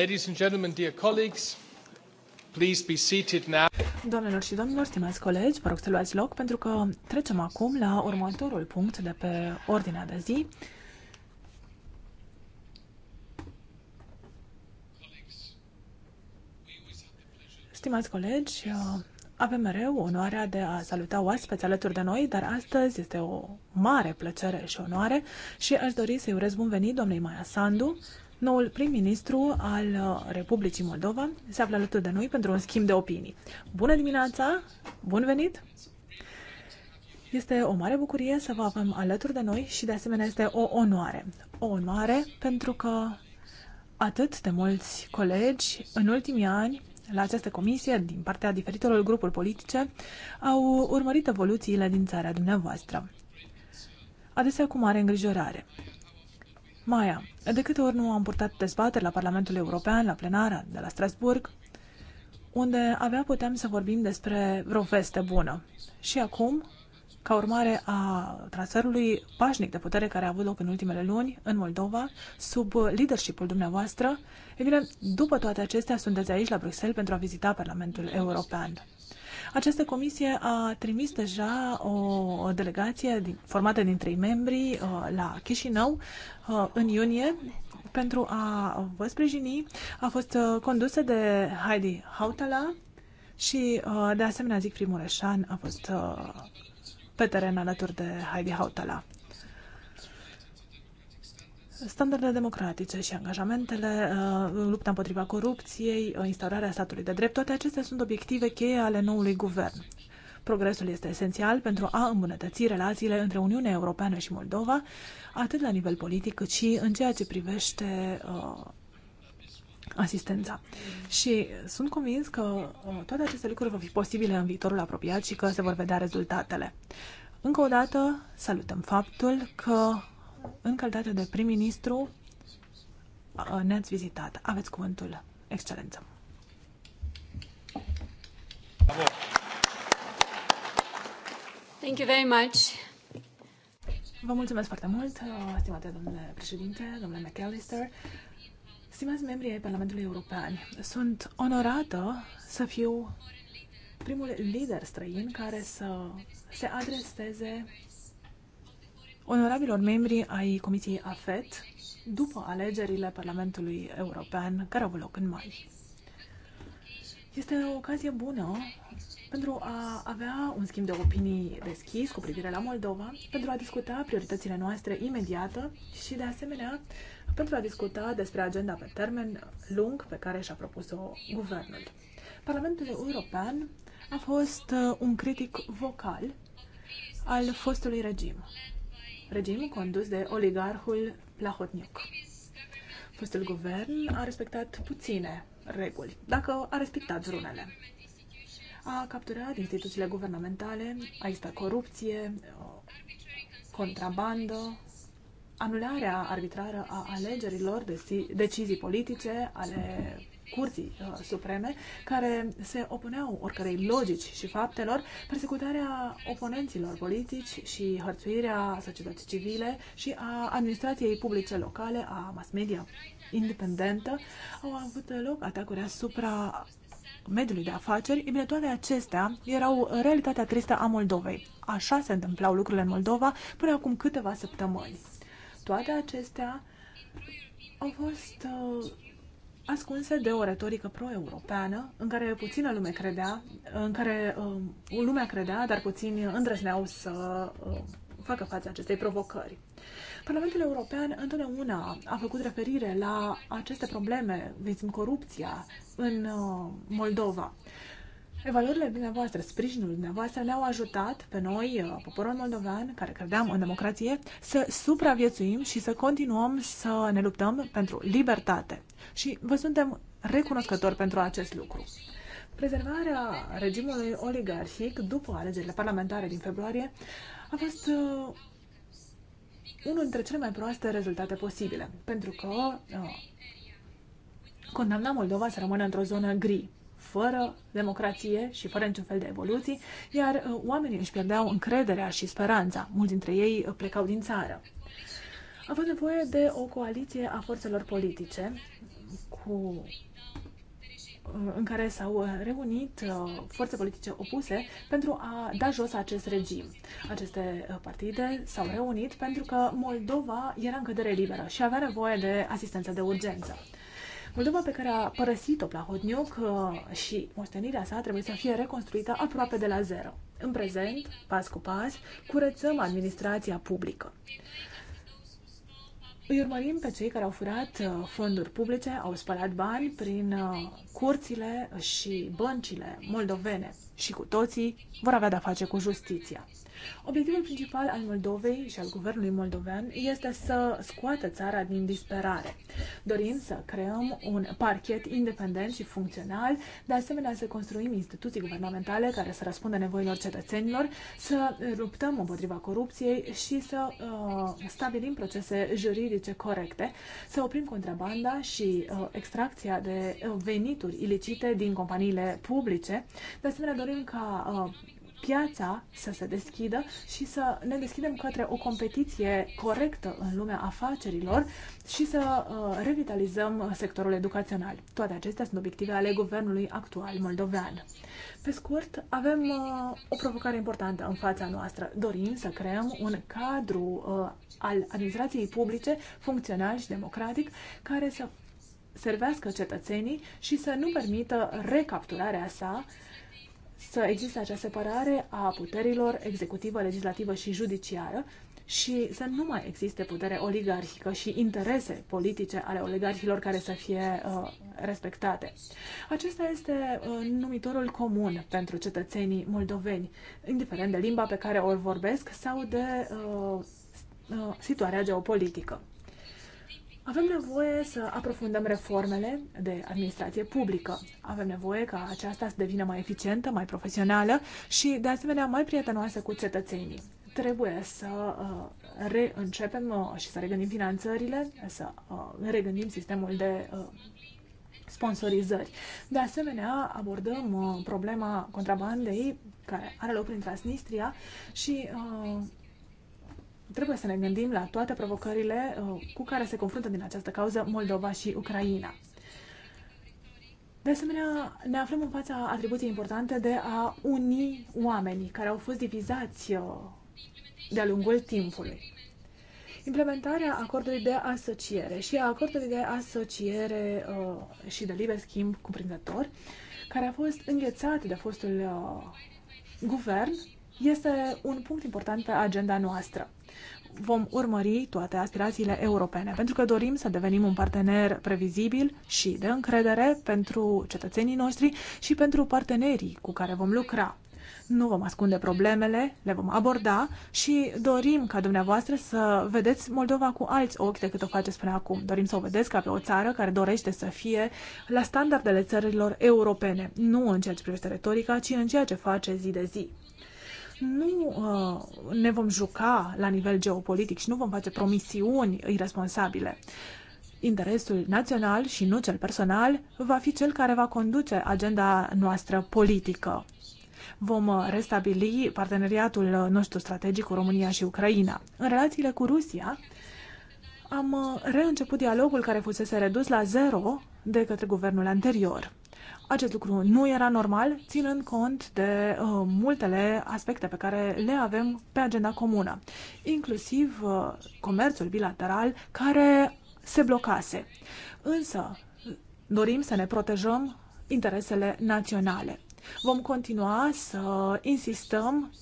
Ladies and gentlemen, dear colleagues, please be seated now. Doamnelor și domnilor, stimați colegi, vă rog să luați loc pentru că trecem acum la următorul punct de pe ordinea de zi. Stimați colegi, avem mereu onoarea de a saluta oaspeți alături de noi, dar astăzi este o mare plăcere și onoare și aș dori să-i urez bun venit doamnei Maia Sandu, Noul prim-ministru al uh, Republicii Moldova se află alături de noi pentru un schimb de opinii. Bună dimineața! Bun venit! Este o mare bucurie să vă avem alături de noi și de asemenea este o onoare. O onoare pentru că atât de mulți colegi în ultimii ani la această comisie din partea diferitelor grupuri politice au urmărit evoluțiile din țara dumneavoastră. Adesea cu mare îngrijorare. Maia, de câte ori nu am purtat dezbateri la Parlamentul European, la plenara de la Strasburg, unde avea putem să vorbim despre vreo veste bună. Și acum, ca urmare a transferului pașnic de putere care a avut loc în ultimele luni în Moldova, sub leadershipul dumneavoastră, e bine, după toate acestea, sunteți aici la Bruxelles pentru a vizita Parlamentul European. Această comisie a trimis deja o delegație din, formată din trei membri uh, la Chișinău uh, în iunie pentru a vă sprijini. A fost uh, condusă de Heidi Hautala și, de asemenea, primul Reșan, a fost pe teren alături de Heidi Hautala standardele democratice și angajamentele, uh, lupta împotriva corupției, uh, instaurarea statului de drept, toate acestea sunt obiective cheie ale noului guvern. Progresul este esențial pentru a îmbunătăți relațiile între Uniunea Europeană și Moldova, atât la nivel politic, cât și în ceea ce privește uh, asistența. Și sunt convins că uh, toate aceste lucruri vor fi posibile în viitorul apropiat și că se vor vedea rezultatele. Încă o dată salutăm faptul că în calitate de prim-ministru, uh, ne-ați vizitat. Aveți cuvântul, excelență. Thank you very much. Vă mulțumesc foarte mult, uh, stimate domnule președinte, domnule McAllister, stimați membrii ai Parlamentului European. Sunt onorată să fiu primul lider străin care să se adreseze onorabilor membri ai Comisiei AFET după alegerile Parlamentului European care au avut loc în mai. Este o ocazie bună pentru a avea un schimb de opinii deschis cu privire la Moldova, pentru a discuta prioritățile noastre imediată și, de asemenea, pentru a discuta despre agenda pe termen lung pe care și-a propus-o guvernul. Parlamentul European a fost uh, un critic vocal al fostului regim regimul condus de oligarhul Plahotniuc. Fostul guvern a respectat puține reguli, dacă a respectat vreunele. A capturat instituțiile guvernamentale, a existat corupție, contrabandă, anularea arbitrară a alegerilor, de deci decizii politice ale Curții uh, Supreme, care se opuneau oricărei logici și faptelor, persecutarea oponenților politici și hărțuirea societății civile și a administrației publice locale, a mass media independentă, au avut loc atacuri asupra mediului de afaceri, e bine, toate acestea erau realitatea tristă a Moldovei. Așa se întâmplau lucrurile în Moldova până acum câteva săptămâni. Toate acestea au fost uh, ascunse de o retorică pro-europeană în care puțină lume credea, în care uh, lumea credea, dar puțini îndrăzneau să uh, facă față acestei provocări. Parlamentul European întotdeauna a făcut referire la aceste probleme, vizim corupția în uh, Moldova. Evaluările dumneavoastră, sprijinul dumneavoastră ne-au ajutat pe noi, uh, poporul moldovean, care credeam în democrație, să supraviețuim și să continuăm să ne luptăm pentru libertate. Și vă suntem recunoscători pentru acest lucru. Prezervarea regimului oligarhic după alegerile parlamentare din februarie a fost uh, unul dintre cele mai proaste rezultate posibile, pentru că uh, condamna Moldova să rămână într-o zonă gri fără democrație și fără niciun fel de evoluții, iar uh, oamenii își pierdeau încrederea și speranța. Mulți dintre ei uh, plecau din țară. Avem nevoie de o coaliție a forțelor politice cu uh, în care s-au reunit forțe politice opuse pentru a da jos acest regim. Aceste partide s-au reunit pentru că Moldova era în cădere liberă și avea nevoie de asistență de urgență. Moldova pe care a părăsit-o Plahotniuc uh, și moștenirea sa trebuie să fie reconstruită aproape de la zero. În prezent, pas cu pas, curățăm administrația publică. Îi urmărim pe cei care au furat uh, fonduri publice, au spălat bani prin uh, curțile și băncile moldovene și cu toții vor avea de-a face cu justiția. Obiectivul principal al Moldovei și al guvernului moldovean este să scoată țara din disperare. Dorim să creăm un parchet independent și funcțional, de asemenea să construim instituții guvernamentale care să răspundă nevoilor cetățenilor, să luptăm împotriva corupției și să uh, stabilim procese juridice corecte, să oprim contrabanda și uh, extracția de venituri ilicite din companiile publice. De asemenea, dorim ca uh, piața să se deschidă și să ne deschidem către o competiție corectă în lumea afacerilor și să uh, revitalizăm uh, sectorul educațional. Toate acestea sunt obiective ale guvernului actual moldovean. Pe scurt, avem uh, o provocare importantă în fața noastră. Dorim să creăm un cadru al administrației publice funcțional și democratic care să servească cetățenii și să nu permită recapturarea sa să existe acea separare a puterilor executivă, legislativă și judiciară și să nu mai existe putere oligarhică și interese politice ale oligarhilor care să fie uh, respectate. Acesta este uh, numitorul comun pentru cetățenii moldoveni, indiferent de limba pe care o vorbesc sau de uh, uh, situarea geopolitică. Avem nevoie să aprofundăm reformele de administrație publică. Avem nevoie ca aceasta să devină mai eficientă, mai profesională și, de asemenea, mai prietenoasă cu cetățenii. Trebuie să uh, reîncepem uh, și să regândim finanțările, să uh, regândim sistemul de sponsorizări. De asemenea, abordăm problema contrabandei care are loc prin Transnistria și trebuie să ne gândim la toate provocările uh, cu care se confruntă din această cauză Moldova și Ucraina. De asemenea, ne aflăm în fața atribuției importante de a uni oamenii care au fost divizați uh, de-a lungul timpului. Implementarea acordului de asociere și a acordului de asociere uh, și de liber schimb cuprinzător, care a fost înghețat de fostul uh, guvern, este un punct important pe agenda noastră. Vom urmări toate aspirațiile europene, pentru că dorim să devenim un partener previzibil și de încredere pentru cetățenii noștri și pentru partenerii cu care vom lucra. Nu vom ascunde problemele, le vom aborda și dorim ca dumneavoastră să vedeți Moldova cu alți ochi decât o faceți până acum. Dorim să o vedeți ca pe o țară care dorește să fie la standardele țărilor europene, nu în ceea ce privește retorica, ci în ceea ce face zi de zi nu uh, ne vom juca la nivel geopolitic și nu vom face promisiuni irresponsabile. Interesul național și nu cel personal va fi cel care va conduce agenda noastră politică. Vom uh, restabili parteneriatul nostru strategic cu România și Ucraina. În relațiile cu Rusia, am uh, reînceput dialogul care fusese redus la zero de către guvernul anterior. Acest lucru nu era normal, ținând cont de uh, multele aspecte pe care le avem pe agenda comună, inclusiv uh, comerțul bilateral care se blocase. Însă, dorim să ne protejăm interesele naționale. Vom continua să insistăm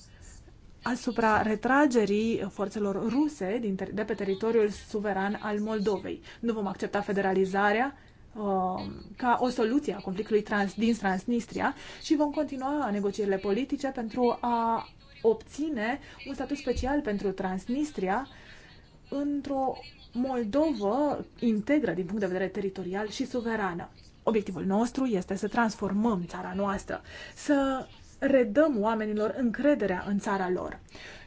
asupra retragerii forțelor ruse din de pe teritoriul suveran al Moldovei. Nu vom accepta federalizarea Um, ca o soluție a conflictului trans, din Transnistria și vom continua negocierile politice pentru a obține un statut special pentru Transnistria într-o Moldovă integră din punct de vedere teritorial și suverană. Obiectivul nostru este să transformăm țara noastră, să redăm oamenilor încrederea în țara lor.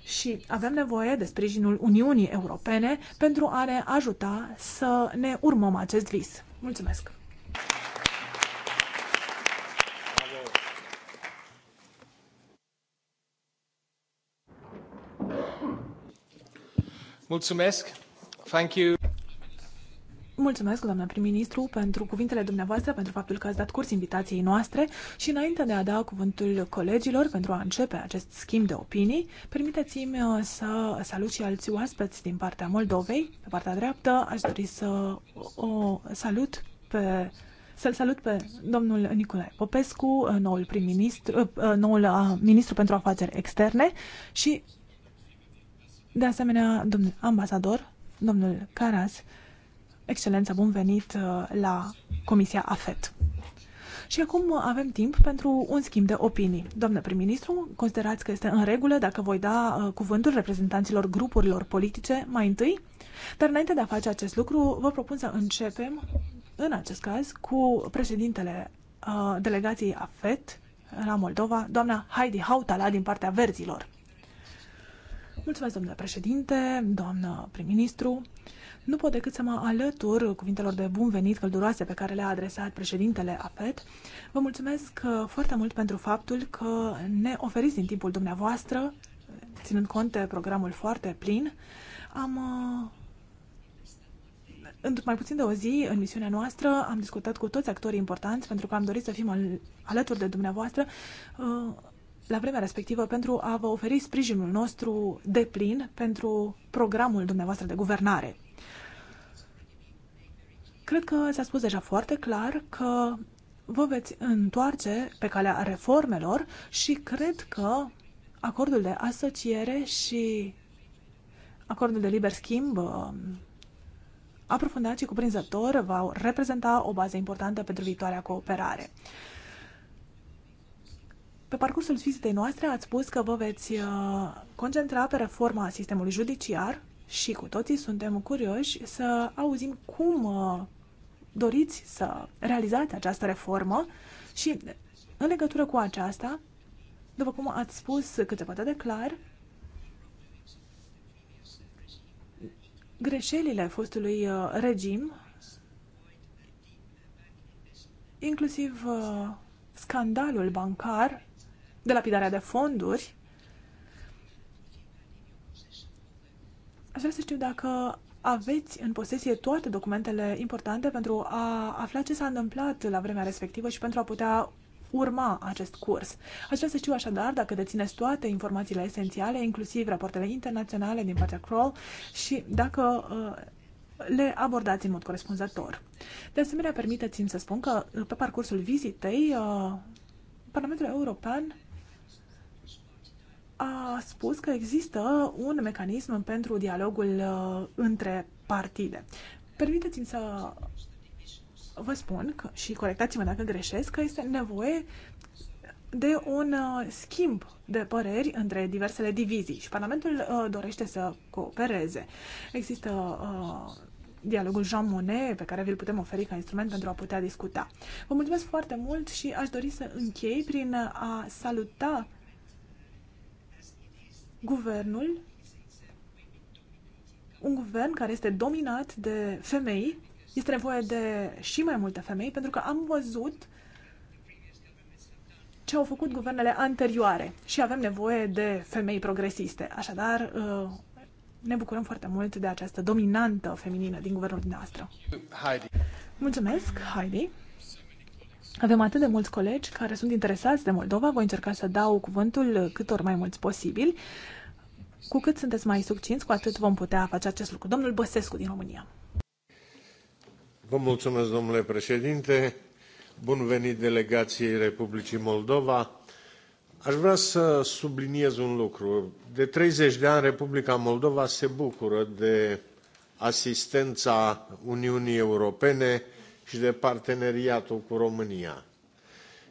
Și avem nevoie de sprijinul Uniunii Europene pentru a ne ajuta să ne urmăm acest vis. Mulțumesc! Mulțumesc! Thank you. Mulțumesc, doamna prim-ministru, pentru cuvintele dumneavoastră, pentru faptul că ați dat curs invitației noastre și înainte de a da cuvântul colegilor pentru a începe acest schimb de opinii, permiteți-mi uh, să salut și alți oaspeți din partea Moldovei. Pe partea dreaptă aș dori să o salut pe să-l salut pe domnul Nicolae Popescu, uh, noul prim-ministru, uh, noul ministru pentru afaceri externe și de asemenea domnul ambasador, domnul Caras, Excelență, bun venit uh, la Comisia AFET. Și acum avem timp pentru un schimb de opinii. Domnule prim-ministru, considerați că este în regulă dacă voi da uh, cuvântul reprezentanților grupurilor politice mai întâi? Dar înainte de a face acest lucru, vă propun să începem, în acest caz, cu președintele uh, delegației AFET la Moldova, doamna Heidi Hautala din partea verzilor. Mulțumesc, domnule președinte, doamnă prim-ministru. Nu pot decât să mă alătur cuvintelor de bun venit călduroase pe care le-a adresat președintele AFET. Vă mulțumesc uh, foarte mult pentru faptul că ne oferiți din timpul dumneavoastră, ținând cont de programul foarte plin. Am uh, în mai puțin de o zi, în misiunea noastră, am discutat cu toți actorii importanți pentru că am dorit să fim al, alături de dumneavoastră uh, la vremea respectivă pentru a vă oferi sprijinul nostru de plin pentru programul dumneavoastră de guvernare. Cred că s-a spus deja foarte clar că vă veți întoarce pe calea reformelor și cred că acordul de asociere și acordul de liber schimb um, aprofundat și cuprinzător va reprezenta o bază importantă pentru viitoarea cooperare. Pe parcursul vizitei noastre ați spus că vă veți uh, concentra pe reforma sistemului judiciar și cu toții suntem curioși să auzim cum uh, doriți să realizați această reformă și în legătură cu aceasta, după cum ați spus câteva de clar, greșelile fostului uh, regim, inclusiv uh, scandalul bancar, de lapidarea de fonduri, aș vrea să știu dacă aveți în posesie toate documentele importante pentru a afla ce s-a întâmplat la vremea respectivă și pentru a putea urma acest curs. Aș vrea să știu așadar dacă dețineți toate informațiile esențiale, inclusiv rapoartele internaționale din partea Crawl și dacă uh, le abordați în mod corespunzător. De asemenea, permiteți-mi să spun că uh, pe parcursul vizitei, uh, Parlamentul European a spus că există un mecanism pentru dialogul uh, între partide. Permiteți-mi să vă spun că, și corectați-mă dacă greșesc, că este nevoie de un uh, schimb de păreri între diversele divizii și Parlamentul uh, dorește să coopereze. Există uh, dialogul Jean Monnet pe care vi-l putem oferi ca instrument pentru a putea discuta. Vă mulțumesc foarte mult și aș dori să închei prin a saluta guvernul, un guvern care este dominat de femei, este nevoie de și mai multe femei, pentru că am văzut ce au făcut guvernele anterioare și avem nevoie de femei progresiste. Așadar, uh, ne bucurăm foarte mult de această dominantă feminină din guvernul dumneavoastră. Heidi. Mulțumesc, Heidi. Avem atât de mulți colegi care sunt interesați de Moldova, voi încerca să dau cuvântul cât ori mai mulți posibil. Cu cât sunteți mai succinți, cu atât vom putea face acest lucru. Domnul Băsescu din România. Vă mulțumesc, domnule președinte. Bun venit delegației Republicii Moldova. Aș vrea să subliniez un lucru. De 30 de ani Republica Moldova se bucură de asistența Uniunii Europene și de parteneriatul cu România.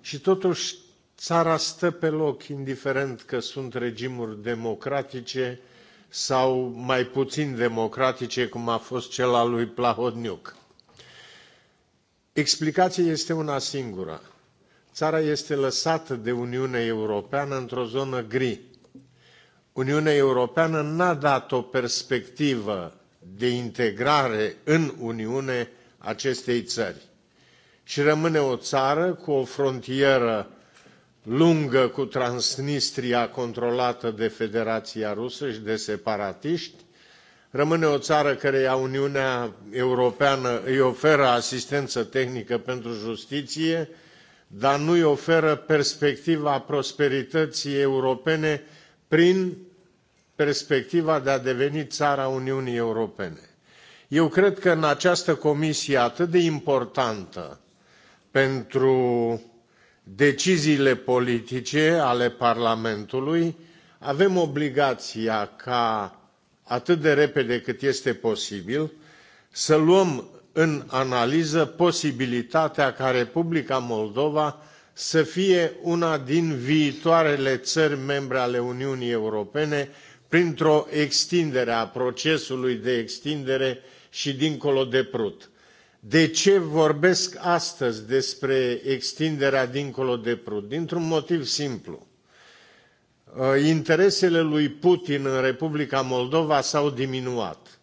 Și totuși țara stă pe loc, indiferent că sunt regimuri democratice sau mai puțin democratice, cum a fost cel al lui Plahodniuc. Explicația este una singură. Țara este lăsată de Uniunea Europeană într-o zonă gri. Uniunea Europeană n-a dat o perspectivă de integrare în Uniune acestei țări și rămâne o țară cu o frontieră lungă cu Transnistria controlată de Federația Rusă și de separatiști, rămâne o țară care Uniunea Europeană îi oferă asistență tehnică pentru justiție, dar nu îi oferă perspectiva prosperității europene prin perspectiva de a deveni țara Uniunii Europene. Eu cred că în această comisie atât de importantă pentru deciziile politice ale Parlamentului, avem obligația ca atât de repede cât este posibil să luăm în analiză posibilitatea ca Republica Moldova să fie una din viitoarele țări membre ale Uniunii Europene printr-o extindere a procesului de extindere și dincolo de Prut. De ce vorbesc astăzi despre extinderea dincolo de Prut? Dintr-un motiv simplu. Uh, interesele lui Putin în Republica Moldova s-au diminuat.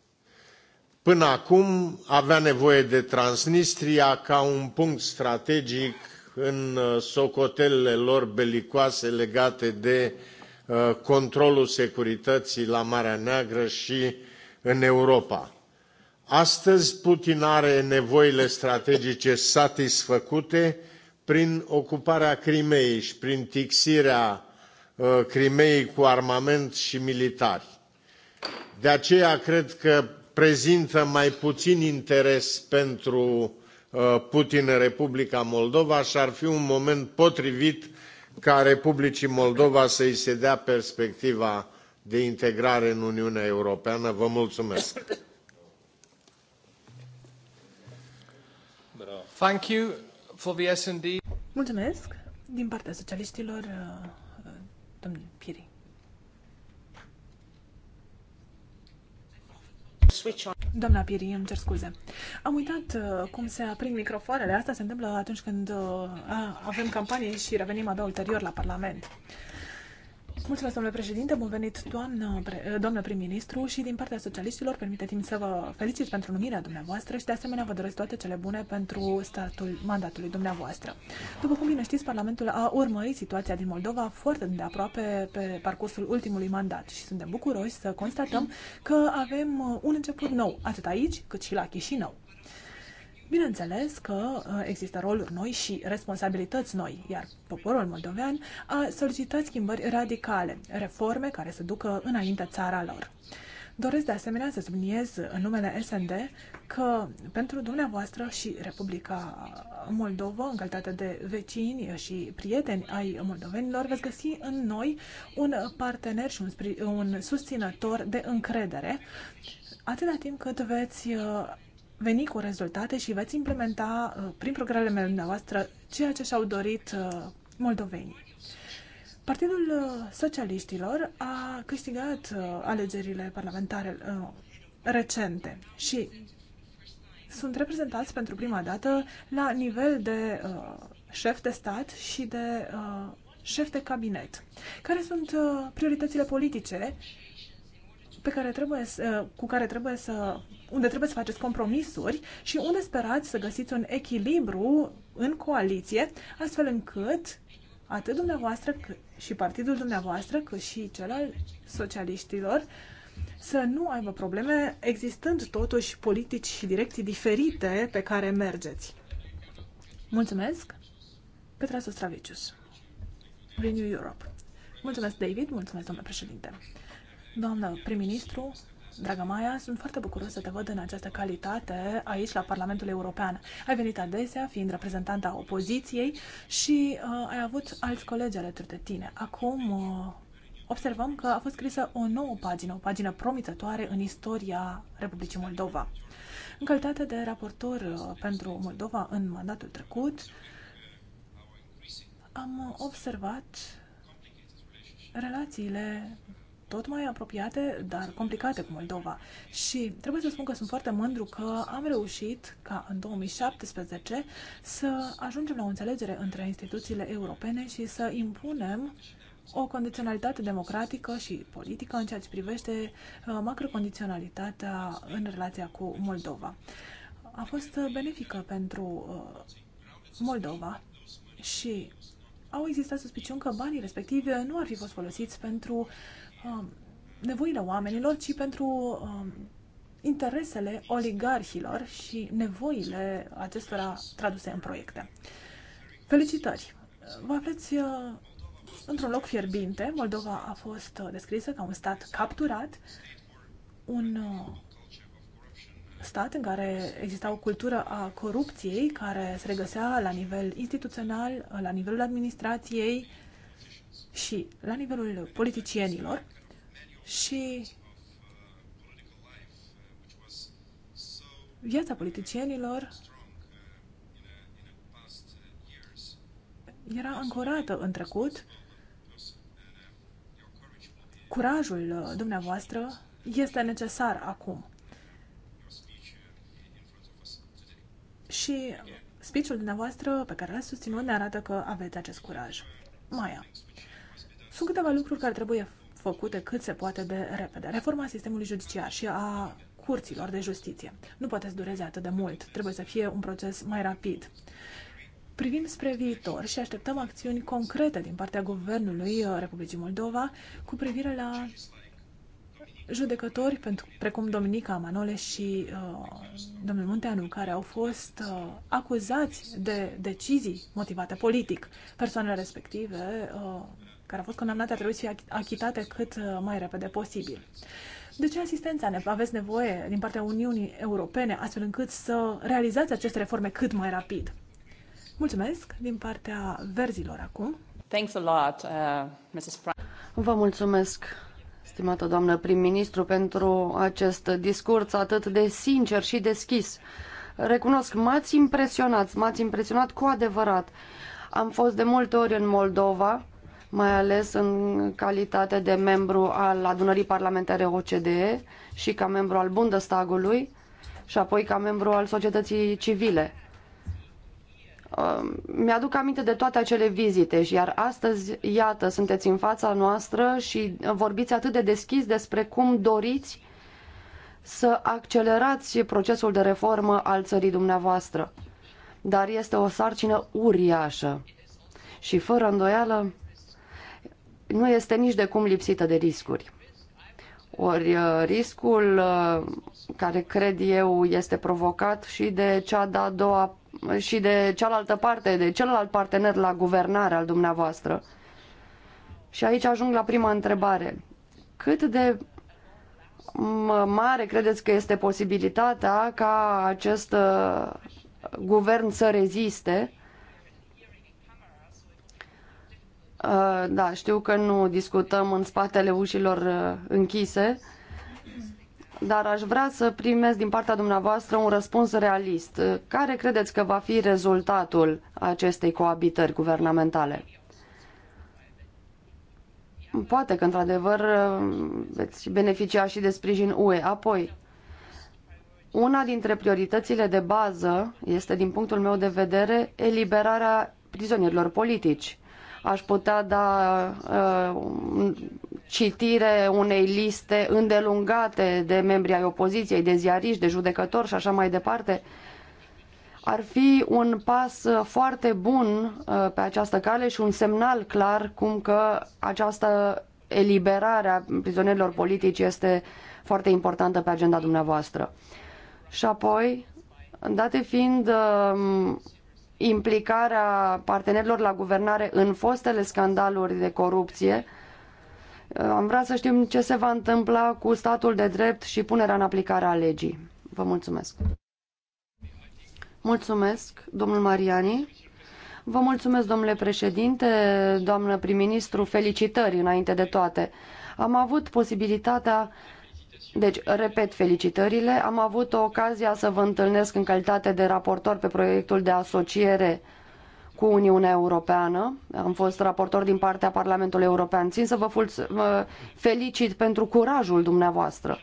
Până acum avea nevoie de Transnistria ca un punct strategic în uh, socotelele lor belicoase legate de uh, controlul securității la Marea Neagră și în Europa. Astăzi Putin are nevoile strategice satisfăcute prin ocuparea Crimeei și prin tixirea uh, Crimeei cu armament și militari. De aceea cred că prezintă mai puțin interes pentru uh, Putin în Republica Moldova și ar fi un moment potrivit ca Republicii Moldova să i se dea perspectiva de integrare în Uniunea Europeană. Vă mulțumesc! Thank you for the Mulțumesc din partea socialiștilor, uh, uh, domnul Piri. Doamna Piri, îmi cer scuze. Am uitat uh, cum se aprind microfoanele. Asta se întâmplă atunci când uh, avem campanie și revenim abia ulterior la Parlament. Mulțumesc, domnule președinte, bun venit, doamnă, eh, doamnă prim-ministru și din partea socialiștilor permiteți-mi să vă felicit pentru numirea dumneavoastră și de asemenea vă doresc toate cele bune pentru statul mandatului dumneavoastră. După cum bine știți, Parlamentul a urmărit situația din Moldova foarte de aproape pe parcursul ultimului mandat și suntem bucuroși să constatăm că avem eh, un început nou, atât aici cât și la Chișinău. Bineînțeles că uh, există roluri noi și responsabilități noi, iar poporul moldovean a solicitat schimbări radicale, reforme care să ducă înainte țara lor. Doresc de asemenea să subliniez în numele SND că pentru dumneavoastră și Republica Moldova, în calitate de vecini și prieteni ai moldovenilor, veți găsi în noi un partener și un, un susținător de încredere, atâta timp cât veți uh, veni cu rezultate și veți implementa uh, prin programele mele dumneavoastră ceea ce și-au dorit uh, moldovenii. Partidul uh, Socialiștilor a câștigat alegerile parlamentare recente și sunt reprezentați pentru prima dată la nivel de șef de stat și de șef de cabinet. Care sunt prioritățile politice pe care trebuie să, cu care trebuie să, unde trebuie să faceți compromisuri și unde sperați să găsiți un echilibru în coaliție, astfel încât atât dumneavoastră cât și partidul dumneavoastră, cât și cel al socialiștilor, să nu aibă probleme, existând totuși politici și direcții diferite pe care mergeți. Mulțumesc! Petra Sostravicius, Renew Europe. Mulțumesc, David, mulțumesc, domnule președinte. Doamnă prim-ministru, Dragă Maia, sunt foarte bucuros să te văd în această calitate aici la Parlamentul European. Ai venit adesea, fiind reprezentanta opoziției și uh, ai avut alți colegi alături de tine. Acum uh, observăm că a fost scrisă o nouă pagină, o pagină promițătoare în istoria Republicii Moldova. În calitate de raportor uh, pentru Moldova în mandatul trecut, am observat relațiile tot mai apropiate, dar complicate cu Moldova. Și trebuie să spun că sunt foarte mândru că am reușit ca în 2017 să ajungem la o înțelegere între instituțiile europene și să impunem o condiționalitate democratică și politică în ceea ce privește uh, macrocondiționalitatea în relația cu Moldova. A fost benefică pentru uh, Moldova și au existat suspiciuni că banii respectivi nu ar fi fost folosiți pentru um, nevoile oamenilor, ci pentru um, interesele oligarhilor și nevoile acestora traduse în proiecte. Felicitări! Vă aflați uh, într-un loc fierbinte. Moldova a fost uh, descrisă ca un stat capturat, un uh, stat în care exista o cultură a corupției care se regăsea la nivel instituțional, la nivelul administrației și la nivelul politicienilor și viața politicienilor era ancorată în trecut. Curajul dumneavoastră este necesar acum. și speech-ul dumneavoastră pe care l-ați susținut ne arată că aveți acest curaj. Maia, sunt câteva lucruri care trebuie făcute cât se poate de repede. Reforma sistemului judiciar și a curților de justiție. Nu poate să dureze atât de mult. Trebuie să fie un proces mai rapid. Privim spre viitor și așteptăm acțiuni concrete din partea Guvernului Republicii Moldova cu privire la judecători pentru, precum Dominica Manole și uh, domnul Munteanu, care au fost uh, acuzați de decizii motivate politic. Persoanele respective uh, care au fost condamnate a trebuit să fie achitate cât uh, mai repede posibil. De ce asistența ne aveți nevoie din partea Uniunii Europene astfel încât să realizați aceste reforme cât mai rapid? Mulțumesc din partea verzilor acum. Thanks a lot, uh, Mrs. Prime. Vă mulțumesc stimată doamnă prim-ministru, pentru acest discurs atât de sincer și deschis. Recunosc, m-ați impresionat, m-ați impresionat cu adevărat. Am fost de multe ori în Moldova, mai ales în calitate de membru al adunării parlamentare OCDE și ca membru al Bundestagului și apoi ca membru al societății civile. Um, mi-aduc aminte de toate acele vizite și iar astăzi, iată, sunteți în fața noastră și vorbiți atât de deschis despre cum doriți să accelerați procesul de reformă al țării dumneavoastră. Dar este o sarcină uriașă și, fără îndoială, nu este nici de cum lipsită de riscuri. Ori uh, riscul uh, care cred eu este provocat și de cea de-a doua și de cealaltă parte, de celălalt partener la guvernare al dumneavoastră. Și aici ajung la prima întrebare. Cât de mare credeți că este posibilitatea ca acest uh, guvern să reziste? Uh, da, știu că nu discutăm în spatele ușilor uh, închise, dar aș vrea să primesc din partea dumneavoastră un răspuns realist. Care credeți că va fi rezultatul acestei coabitări guvernamentale? Poate că, într-adevăr, veți beneficia și de sprijin UE. Apoi, una dintre prioritățile de bază este, din punctul meu de vedere, eliberarea prizonierilor politici. Aș putea da uh, citire unei liste îndelungate de membri ai opoziției, de ziariști, de judecători și așa mai departe. Ar fi un pas foarte bun uh, pe această cale și un semnal clar cum că această eliberare a prizonierilor politici este foarte importantă pe agenda dumneavoastră. Și apoi, date fiind uh, implicarea partenerilor la guvernare în fostele scandaluri de corupție. Uh, am vrea să știm ce se va întâmpla cu statul de drept și punerea în aplicare a legii. Vă mulțumesc. Mulțumesc, domnul Mariani. Vă mulțumesc, domnule președinte, doamnă prim-ministru, felicitări înainte de toate. Am avut posibilitatea deci, repet felicitările. Am avut ocazia să vă întâlnesc în calitate de raportor pe proiectul de asociere cu Uniunea Europeană. Am fost raportor din partea Parlamentului European. Țin să vă felicit pentru curajul dumneavoastră.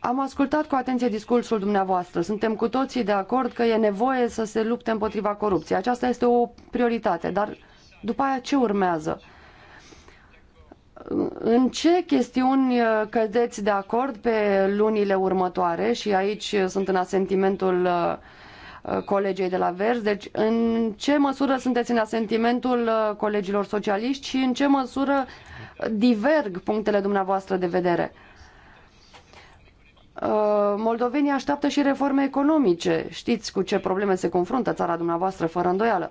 Am ascultat cu atenție discursul dumneavoastră. Suntem cu toții de acord că e nevoie să se lupte împotriva corupției. Aceasta este o prioritate, dar după aia ce urmează? în ce chestiuni uh, cădeți de acord pe lunile următoare și aici sunt în asentimentul uh, uh, colegei de la Verzi, deci în ce măsură sunteți în asentimentul colegilor socialiști și în ce măsură diverg punctele dumneavoastră de vedere? Moldovenii așteaptă și reforme economice. Știți cu ce probleme se confruntă țara dumneavoastră, fără îndoială.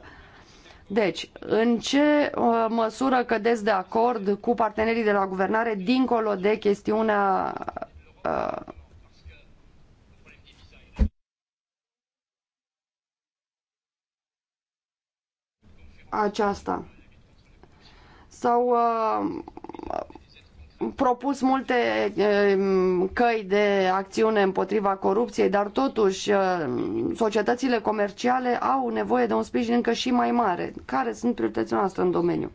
Deci, în ce uh, măsură cădeți de acord cu partenerii de la guvernare dincolo de chestiunea uh, aceasta? Sau uh, propus multe eh, căi de acțiune împotriva corupției, dar totuși eh, societățile comerciale au nevoie de un sprijin încă și mai mare. Care sunt prioritățile noastre în domeniu?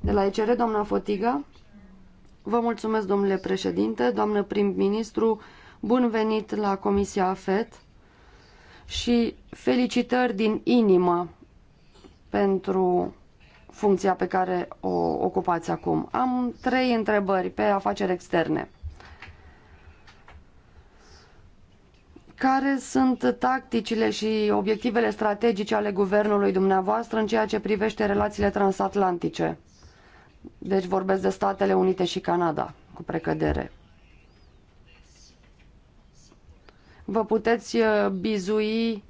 De la ECR, doamna Fotiga. Vă mulțumesc, domnule președinte, doamnă prim-ministru, bun venit la Comisia AFET și felicitări din inimă pentru funcția pe care o ocupați acum. Am trei întrebări pe afaceri externe. Care sunt tacticile și obiectivele strategice ale guvernului dumneavoastră în ceea ce privește relațiile transatlantice? Deci vorbesc de Statele Unite și Canada, cu precădere. Vă puteți uh, bizui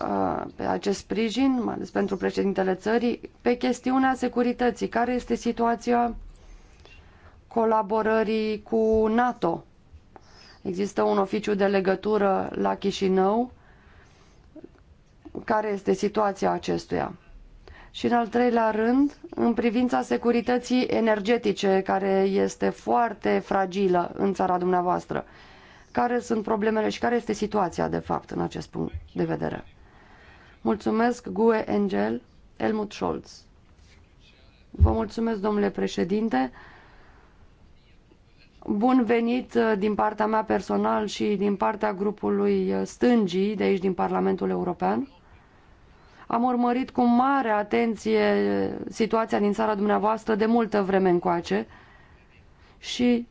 Uh, pe acest sprijin, mai ales pentru președintele țării, pe chestiunea securității. Care este situația colaborării cu NATO? Există un oficiu de legătură la Chișinău. Care este situația acestuia? Și în al treilea rând, în privința securității energetice, care este foarte fragilă în țara dumneavoastră, care sunt problemele și care este situația, de fapt, în acest punct de vedere? Mulțumesc, Gue Angel Helmut Scholz. Vă mulțumesc, domnule președinte. Bun venit uh, din partea mea personal și din partea grupului uh, stângii de aici din Parlamentul European. Am urmărit cu mare atenție uh, situația din țara dumneavoastră de multă vreme încoace și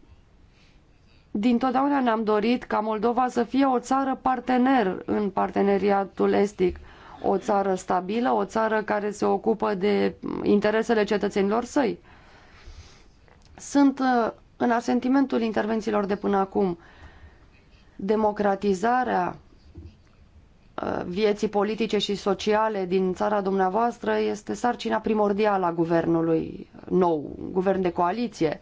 din totdeauna ne-am dorit ca Moldova să fie o țară partener în parteneriatul estic o țară stabilă, o țară care se ocupă de interesele cetățenilor săi. Sunt uh, în asentimentul intervențiilor de până acum. Democratizarea uh, vieții politice și sociale din țara dumneavoastră este sarcina primordială a guvernului nou, guvern de coaliție.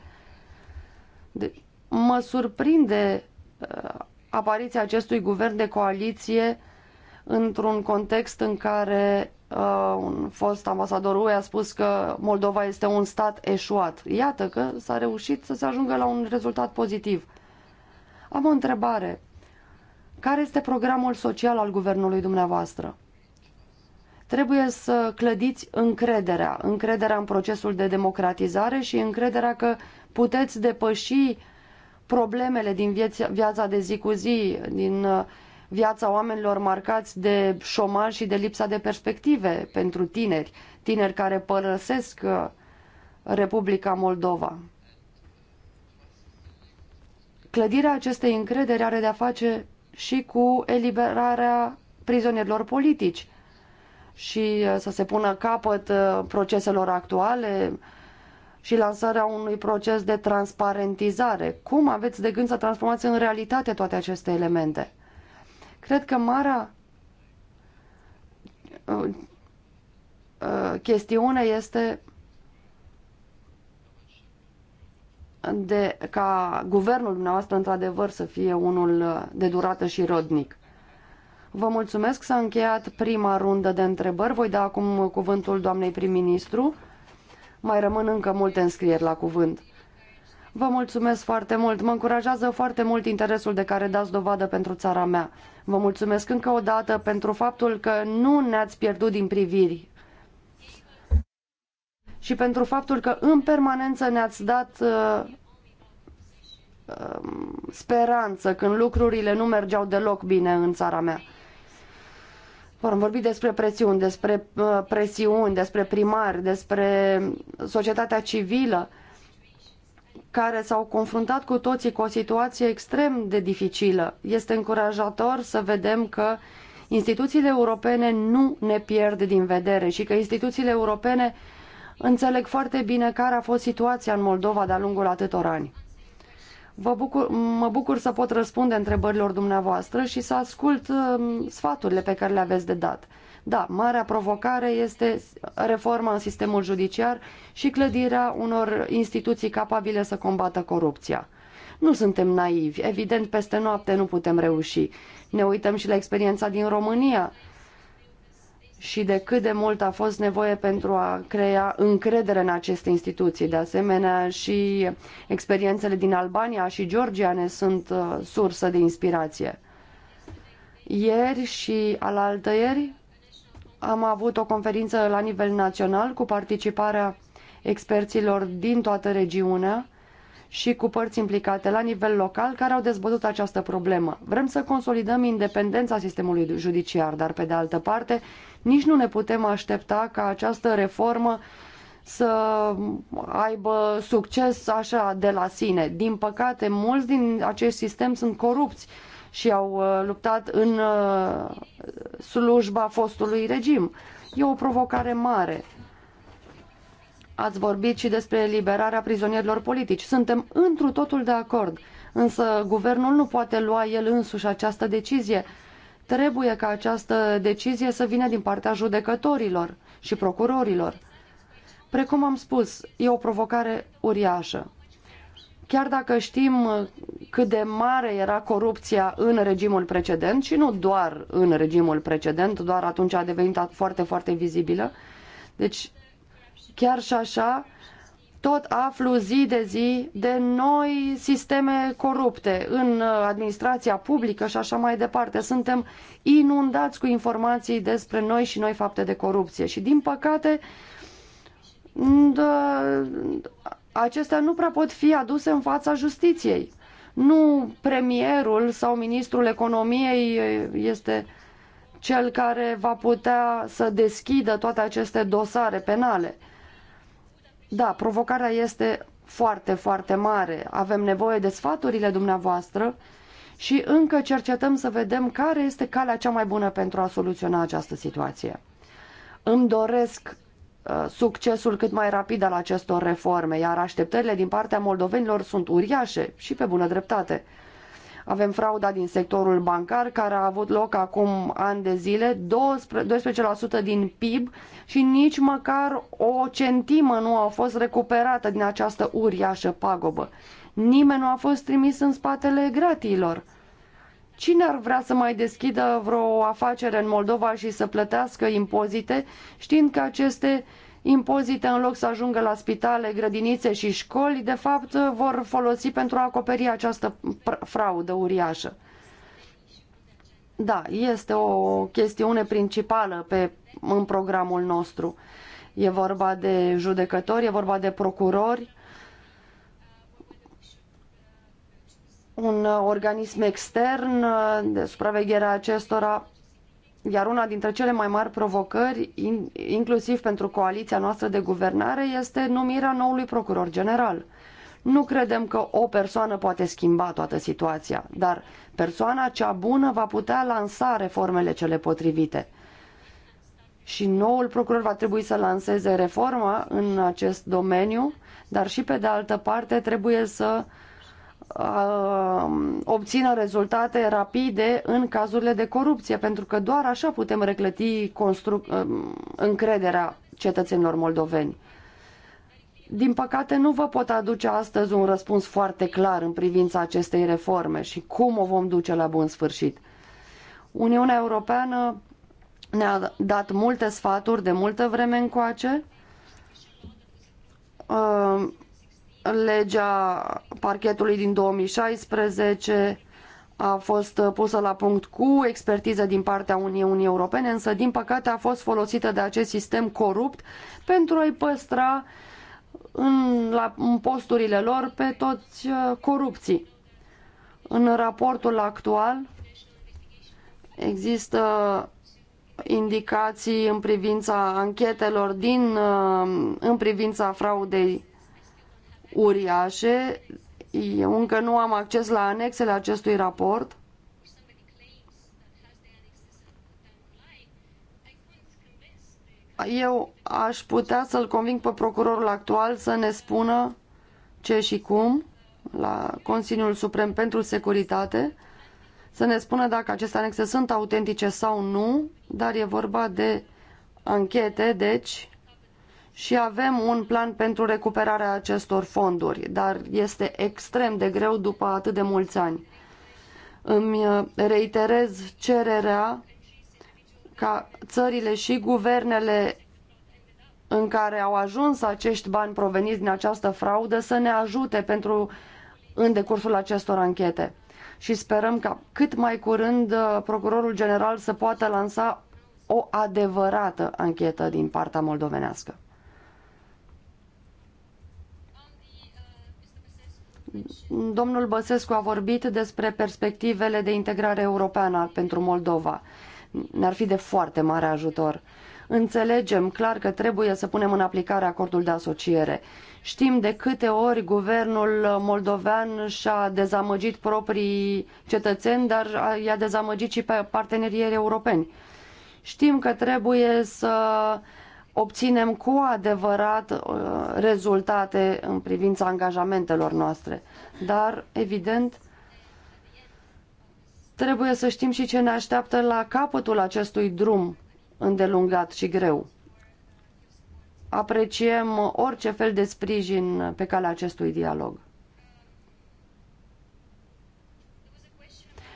De- mă surprinde uh, apariția acestui guvern de coaliție într-un context în care uh, un fost ambasador UE a spus că Moldova este un stat eșuat. Iată că s-a reușit să se ajungă la un rezultat pozitiv. Am o întrebare. Care este programul social al guvernului dumneavoastră? Trebuie să clădiți încrederea, încrederea în procesul de democratizare și încrederea că puteți depăși problemele din viața, de zi cu zi, din uh, viața oamenilor marcați de șomaj și de lipsa de perspective pentru tineri, tineri care părăsesc uh, Republica Moldova. Clădirea acestei încredere are de-a face și cu eliberarea prizonierilor politici și uh, să se pună capăt uh, proceselor actuale și lansarea unui proces de transparentizare. Cum aveți de gând să transformați în realitate toate aceste elemente? Cred că marea uh, uh, chestiune este de, ca guvernul dumneavoastră într-adevăr să fie unul de durată și rodnic. Vă mulțumesc, s-a încheiat prima rundă de întrebări. Voi da acum cuvântul doamnei prim-ministru. Mai rămân încă multe înscrieri la cuvânt. Vă mulțumesc foarte mult. Mă încurajează foarte mult interesul de care dați dovadă pentru țara mea. Vă mulțumesc încă o dată pentru faptul că nu ne-ați pierdut din priviri și pentru faptul că în permanență ne-ați dat uh, uh, speranță când lucrurile nu mergeau deloc bine în țara mea. Vom vorbi despre presiuni, despre uh, presiuni, despre primari, despre societatea civilă care s-au confruntat cu toții cu o situație extrem de dificilă. Este încurajator să vedem că instituțiile europene nu ne pierd din vedere și că instituțiile europene înțeleg foarte bine care a fost situația în Moldova de-a lungul atâtor ani. Vă bucur, mă bucur să pot răspunde întrebărilor dumneavoastră și să ascult um, sfaturile pe care le aveți de dat. Da, marea provocare este reforma în sistemul judiciar și clădirea unor instituții capabile să combată corupția. Nu suntem naivi, evident peste noapte nu putem reuși. Ne uităm și la experiența din România și de cât de mult a fost nevoie pentru a crea încredere în aceste instituții. De asemenea, și experiențele din Albania și Georgia ne sunt uh, sursă de inspirație. Ieri și alaltăieri am avut o conferință la nivel național cu participarea experților din toată regiunea și cu părți implicate la nivel local care au dezbătut această problemă. Vrem să consolidăm independența sistemului judiciar, dar pe de altă parte nici nu ne putem aștepta ca această reformă să aibă succes așa de la sine. Din păcate, mulți din acest sistem sunt corupți și au uh, luptat în uh, slujba fostului regim. E o provocare mare. Ați vorbit și despre eliberarea prizonierilor politici. Suntem întru totul de acord, însă guvernul nu poate lua el însuși această decizie. Trebuie ca această decizie să vină din partea judecătorilor și procurorilor. Precum am spus, e o provocare uriașă chiar dacă știm cât de mare era corupția în regimul precedent și nu doar în regimul precedent, doar atunci a devenit foarte, foarte vizibilă. Deci, chiar și așa, tot aflu zi de zi de noi sisteme corupte în administrația publică și așa mai departe. Suntem inundați cu informații despre noi și noi fapte de corupție și, din păcate, acestea nu prea pot fi aduse în fața justiției. Nu premierul sau ministrul economiei este cel care va putea să deschidă toate aceste dosare penale. Da, provocarea este foarte, foarte mare. Avem nevoie de sfaturile dumneavoastră și încă cercetăm să vedem care este calea cea mai bună pentru a soluționa această situație. Îmi doresc Uh, succesul cât mai rapid al acestor reforme, iar așteptările din partea moldovenilor sunt uriașe și pe bună dreptate. Avem frauda din sectorul bancar care a avut loc acum ani de zile, 12% din PIB și nici măcar o centimă nu a fost recuperată din această uriașă pagubă. Nimeni nu a fost trimis în spatele gratiilor. Cine ar vrea să mai deschidă vreo afacere în Moldova și să plătească impozite, știind că aceste impozite, în loc să ajungă la spitale, grădinițe și școli, de fapt vor folosi pentru a acoperi această fraudă uriașă. Da, este o chestiune principală pe, în programul nostru. E vorba de judecători, e vorba de procurori, un uh, organism extern uh, de supraveghere a acestora, iar una dintre cele mai mari provocări, inclusiv pentru coaliția noastră de guvernare, este numirea noului procuror general. Nu credem că o persoană poate schimba toată situația, dar persoana cea bună va putea lansa reformele cele potrivite. Și noul procuror va trebui să lanseze reforma în acest domeniu, dar și pe de altă parte trebuie să Um, obțină rezultate rapide în cazurile de corupție, pentru că doar așa putem reclăti um, încrederea cetățenilor moldoveni. Din păcate, nu vă pot aduce astăzi un răspuns foarte clar în privința acestei reforme și cum o vom duce la bun sfârșit. Uniunea Europeană ne-a dat multe sfaturi de multă vreme încoace um, legea parchetului din 2016 a fost pusă la punct cu expertiză din partea Uniunii Europene, însă din păcate a fost folosită de acest sistem corupt pentru a-i păstra în, la, în posturile lor pe toți uh, corupții. În raportul actual există indicații în privința anchetelor din, uh, în privința fraudei uriașe. Eu încă nu am acces la anexele acestui raport. Eu aș putea să-l conving pe procurorul actual să ne spună ce și cum la Consiliul Suprem pentru Securitate, să ne spună dacă aceste anexe sunt autentice sau nu, dar e vorba de anchete, deci și avem un plan pentru recuperarea acestor fonduri, dar este extrem de greu după atât de mulți ani. Îmi uh, reiterez cererea ca țările și guvernele în care au ajuns acești bani proveniți din această fraudă să ne ajute pentru în decursul acestor anchete. Și sperăm ca cât mai curând uh, procurorul general să poată lansa o adevărată anchetă din partea moldovenească. Domnul Băsescu a vorbit despre perspectivele de integrare europeană pentru Moldova. Ne-ar fi de foarte mare ajutor. Înțelegem clar că trebuie să punem în aplicare acordul de asociere. Știm de câte ori guvernul moldovean și-a dezamăgit proprii cetățeni, dar i-a dezamăgit și pe partenerii europeni. Știm că trebuie să obținem cu adevărat uh, rezultate în privința angajamentelor noastre. Dar, evident, trebuie să știm și ce ne așteaptă la capătul acestui drum îndelungat și greu. Apreciem orice fel de sprijin pe calea acestui dialog.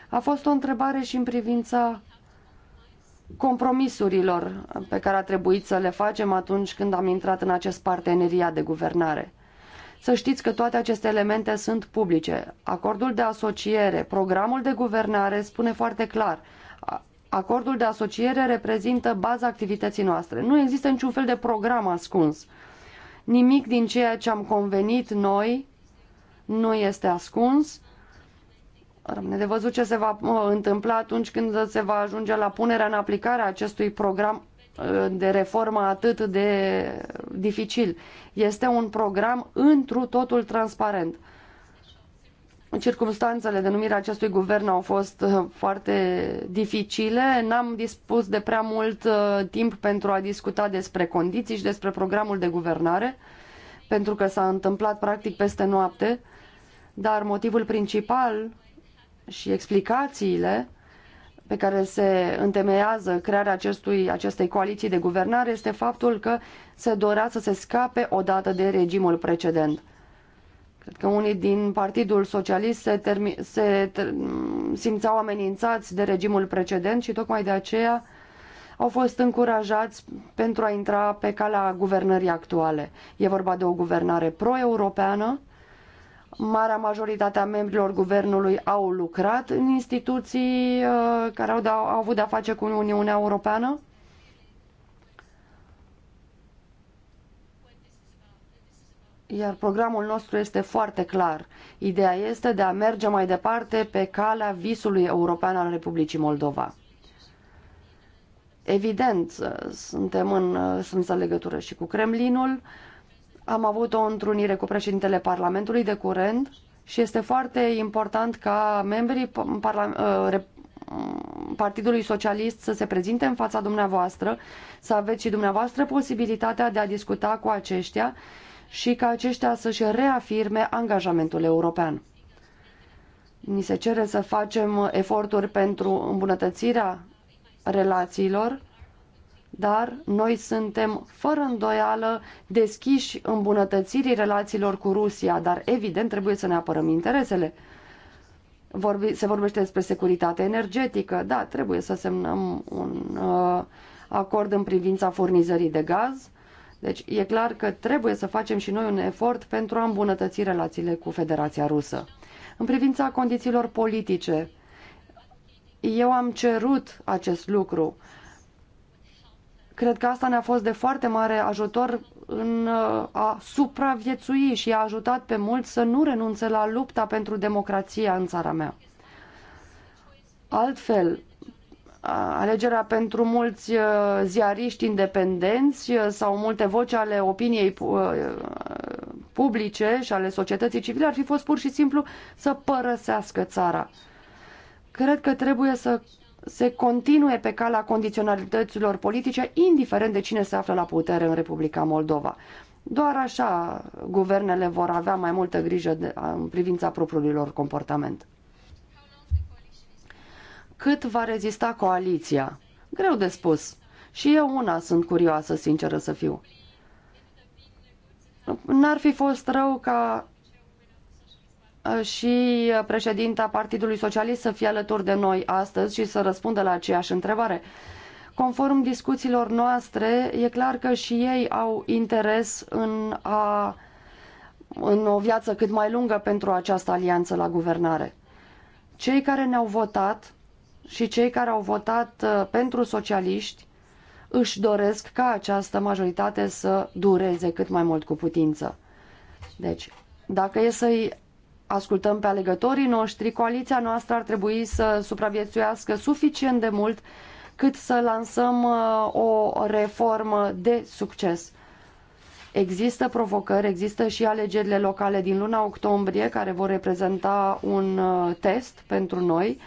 A fost o întrebare și în privința compromisurilor pe care a trebuit să le facem atunci când am intrat în acest parteneriat de guvernare. Să știți că toate aceste elemente sunt publice. Acordul de asociere, programul de guvernare spune foarte clar. Acordul de asociere reprezintă baza activității noastre. Nu există niciun fel de program ascuns. Nimic din ceea ce am convenit noi nu este ascuns Rămâne de văzut ce se va întâmpla atunci când se va ajunge la punerea în aplicare a acestui program uh, de reformă atât de dificil. Este un program întru totul transparent. Circumstanțele de numire acestui guvern au fost uh, foarte dificile. N-am dispus de prea mult uh, timp pentru a discuta despre condiții și despre programul de guvernare, pentru că s-a întâmplat practic peste noapte. Dar motivul principal și explicațiile pe care se întemeiază crearea acestui, acestei coaliții de guvernare este faptul că se dorea să se scape odată de regimul precedent. Cred că unii din Partidul Socialist se, termi- se ter- simțeau amenințați de regimul precedent și tocmai de aceea au fost încurajați pentru a intra pe calea guvernării actuale. E vorba de o guvernare pro-europeană, Marea majoritate a membrilor guvernului au lucrat în instituții uh, care au, da- au avut de-a face cu Uniunea Europeană. Iar programul nostru este foarte clar. Ideea este de a merge mai departe pe calea visului european al Republicii Moldova. Evident, uh, suntem în uh, strânsă legătură și cu Kremlinul. Uh, am avut o întrunire cu președintele Parlamentului de curând și este foarte important ca membrii ă, Partidului Socialist să se prezinte în fața dumneavoastră, să aveți și dumneavoastră posibilitatea de a discuta cu aceștia și ca aceștia să-și reafirme angajamentul european. Ni se cere să facem eforturi pentru îmbunătățirea relațiilor dar noi suntem fără îndoială deschiși îmbunătățirii relațiilor cu Rusia, dar evident trebuie să ne apărăm interesele. Vorbi, se vorbește despre securitate energetică, da, trebuie să semnăm un uh, acord în privința furnizării de gaz, deci e clar că trebuie să facem și noi un efort pentru a îmbunătăți relațiile cu Federația Rusă. În privința condițiilor politice, eu am cerut acest lucru. Uh, Cred că asta ne-a fost de foarte mare ajutor în uh, a supraviețui și a ajutat pe mulți să nu renunțe la lupta pentru democrația în țara mea. Altfel, uh, alegerea pentru mulți uh, ziariști independenți sau multe voci ale opiniei publice și ale societății civile ar fi fost pur și simplu să părăsească țara. Cred că trebuie să se continue pe calea condiționalităților politice, indiferent de cine se află la putere în Republica Moldova. Doar așa guvernele vor avea mai multă grijă de, în privința propriilor comportament. Cât va rezista coaliția? Greu de spus. Și eu una sunt curioasă, sinceră să fiu. N-ar fi fost rău ca și președinta Partidului Socialist să fie alături de noi astăzi și să răspundă la aceeași întrebare. Conform discuțiilor noastre, e clar că și ei au interes în, a, în o viață cât mai lungă pentru această alianță la guvernare. Cei care ne-au votat și cei care au votat uh, pentru socialiști își doresc ca această majoritate să dureze cât mai mult cu putință. Deci, dacă e să-i ascultăm pe alegătorii noștri, coaliția noastră ar trebui să supraviețuiască suficient de mult cât să lansăm uh, o reformă de succes. Există provocări, există și alegerile locale din luna octombrie care vor reprezenta un uh, test pentru noi,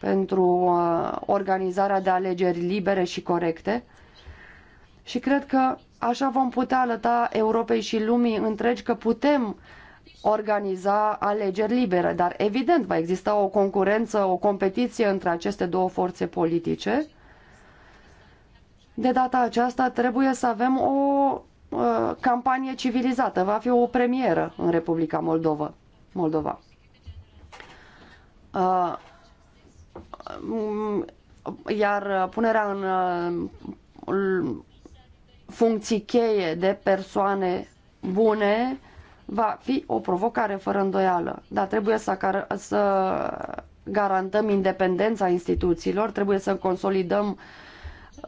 pentru uh, organizarea de alegeri libere și corecte. Și cred că așa vom putea alăta Europei și lumii întregi că putem uh, organiza alegeri libere, dar evident va exista o concurență, o competiție între aceste două forțe politice. De data aceasta trebuie să avem o uh, campanie civilizată, va fi o premieră în Republica Moldova. Moldova. Uh, um, iar punerea în uh, funcții cheie de persoane bune va fi o provocare fără îndoială, dar trebuie să, să garantăm independența instituțiilor, trebuie să consolidăm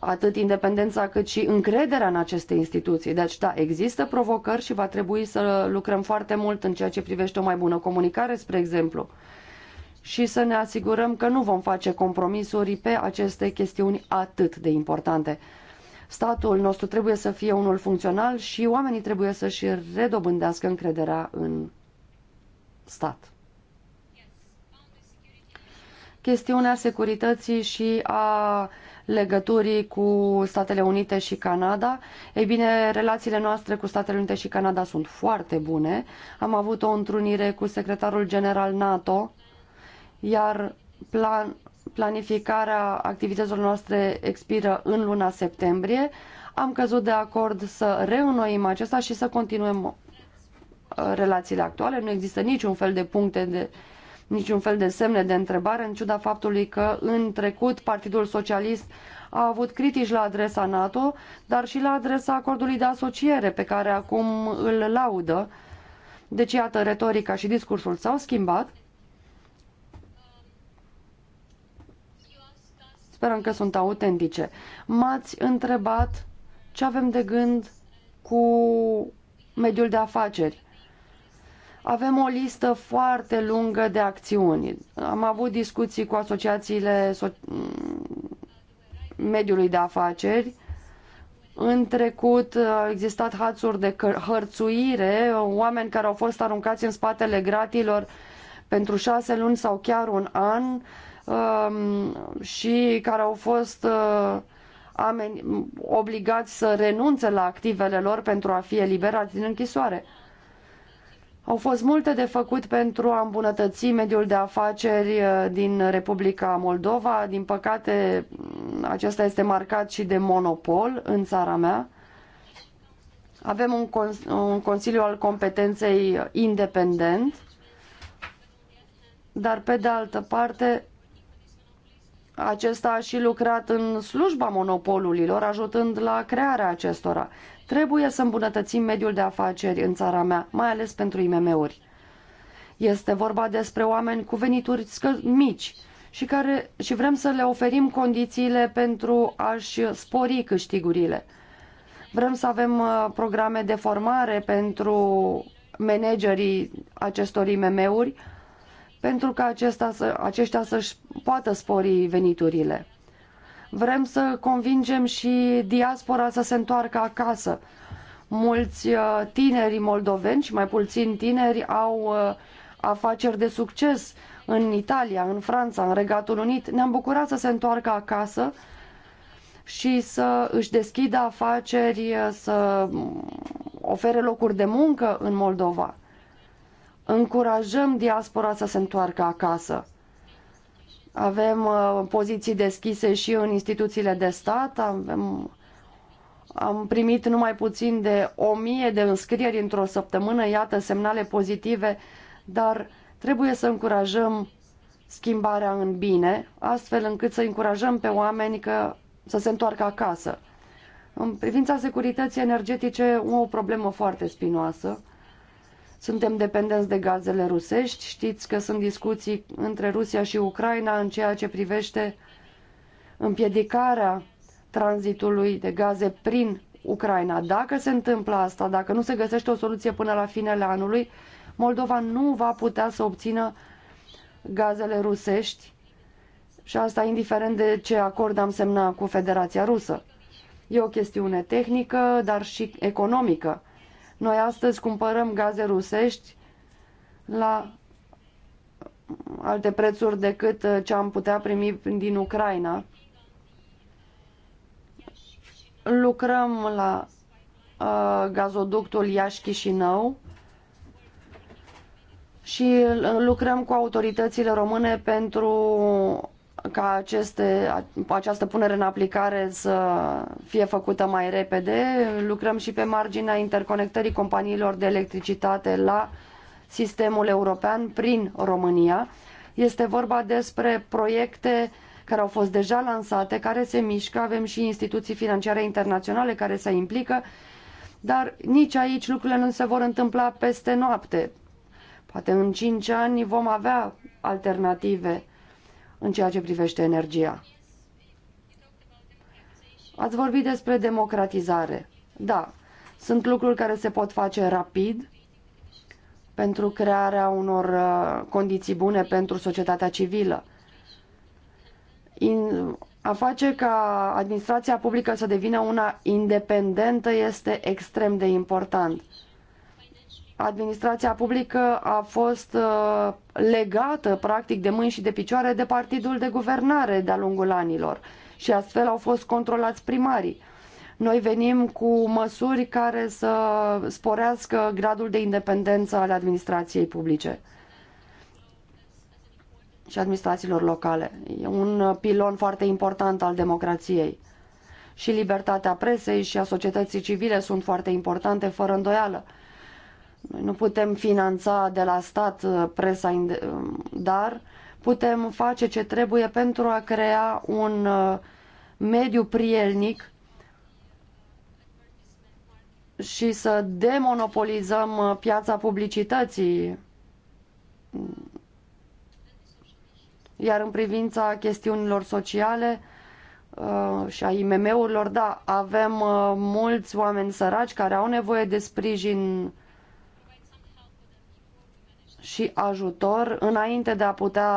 atât independența cât și încrederea în aceste instituții. Deci, da, există provocări și va trebui să lucrăm foarte mult în ceea ce privește o mai bună comunicare, spre exemplu, și să ne asigurăm că nu vom face compromisuri pe aceste chestiuni atât de importante. Statul nostru trebuie să fie unul funcțional și oamenii trebuie să-și redobândească încrederea în stat. Chestiunea securității și a legăturii cu Statele Unite și Canada. Ei bine, relațiile noastre cu Statele Unite și Canada sunt foarte bune. Am avut o întrunire cu secretarul general NATO, iar plan, planificarea activităților noastre expiră în luna septembrie. Am căzut de acord să reînnoim acesta și să continuăm uh, relațiile actuale. Nu există niciun fel de puncte de niciun fel de semne de întrebare, în ciuda faptului că în trecut Partidul Socialist a avut critici la adresa NATO, dar și la adresa acordului de asociere pe care acum îl laudă. Deci, iată, retorica și discursul s-au schimbat. Sperăm că sunt autentice. M-ați întrebat ce avem de gând cu mediul de afaceri. Avem o listă foarte lungă de acțiuni. Am avut discuții cu asociațiile so- mediului de afaceri. În trecut au existat hațuri de hărțuire, oameni care au fost aruncați în spatele gratilor pentru șase luni sau chiar un an Um, și care au fost uh, obligați să renunțe la activele lor pentru a fi eliberați din închisoare. Au fost multe de făcut pentru a îmbunătăți mediul de afaceri uh, din Republica Moldova. Din păcate, mm, acesta este marcat și de monopol în țara mea. Avem un, cons un Consiliu al Competenței independent, dar pe de altă parte acesta a și lucrat în slujba monopolurilor, ajutând la crearea acestora. Trebuie să îmbunătățim mediul de afaceri în țara mea, mai ales pentru IMM-uri. Este vorba despre oameni cu venituri mici și, care, și vrem să le oferim condițiile pentru a-și spori câștigurile. Vrem să avem uh, programe de formare pentru managerii acestor IMM-uri, pentru ca acesta să, aceștia să-și poată spori veniturile. Vrem să convingem și diaspora să se întoarcă acasă. Mulți uh, tineri moldoveni și mai puțin tineri au uh, afaceri de succes în Italia, în Franța, în Regatul Unit. Ne-am bucurat să se întoarcă acasă și să își deschidă afaceri, să ofere locuri de muncă în Moldova încurajăm diaspora să se întoarcă acasă. Avem uh, poziții deschise și în instituțiile de stat, avem, am primit numai puțin de o mie de înscrieri într-o săptămână, iată semnale pozitive, dar trebuie să încurajăm schimbarea în bine, astfel încât să încurajăm pe oameni că să se întoarcă acasă. În privința securității energetice, o problemă foarte spinoasă. Suntem dependenți de gazele rusești. Știți că sunt discuții între Rusia și Ucraina în ceea ce privește împiedicarea tranzitului de gaze prin Ucraina. Dacă se întâmplă asta, dacă nu se găsește o soluție până la finele anului, Moldova nu va putea să obțină gazele rusești și asta indiferent de ce acord am semnat cu Federația Rusă. E o chestiune tehnică, dar și economică. Noi astăzi cumpărăm gaze rusești la alte prețuri decât uh, ce am putea primi din Ucraina. Lucrăm la uh, gazoductul Iași-Chișinău și uh, lucrăm cu autoritățile române pentru ca aceste, această punere în aplicare să fie făcută mai repede. Lucrăm și pe marginea interconectării companiilor de electricitate la sistemul european prin România. Este vorba despre proiecte care au fost deja lansate, care se mișcă, avem și instituții financiare internaționale care se implică, dar nici aici lucrurile nu se vor întâmpla peste noapte. Poate în 5 ani vom avea alternative în ceea ce privește energia. Ați vorbit despre democratizare. Da, sunt lucruri care se pot face rapid pentru crearea unor uh, condiții bune pentru societatea civilă. In, a face ca administrația publică să devină una independentă este extrem de important administrația publică a fost uh, legată practic de mâini și de picioare de partidul de guvernare de-a lungul anilor și astfel au fost controlați primarii. Noi venim cu măsuri care să sporească gradul de independență al administrației publice și administrațiilor locale. E un pilon foarte important al democrației. Și libertatea presei și a societății civile sunt foarte importante, fără îndoială noi nu putem finanța de la stat uh, presa, uh, dar putem face ce trebuie pentru a crea un uh, mediu prielnic și să demonopolizăm piața publicității. Iar în privința chestiunilor sociale și a IMM-urilor, da, avem mulți oameni săraci care au nevoie de sprijin și ajutor înainte de a putea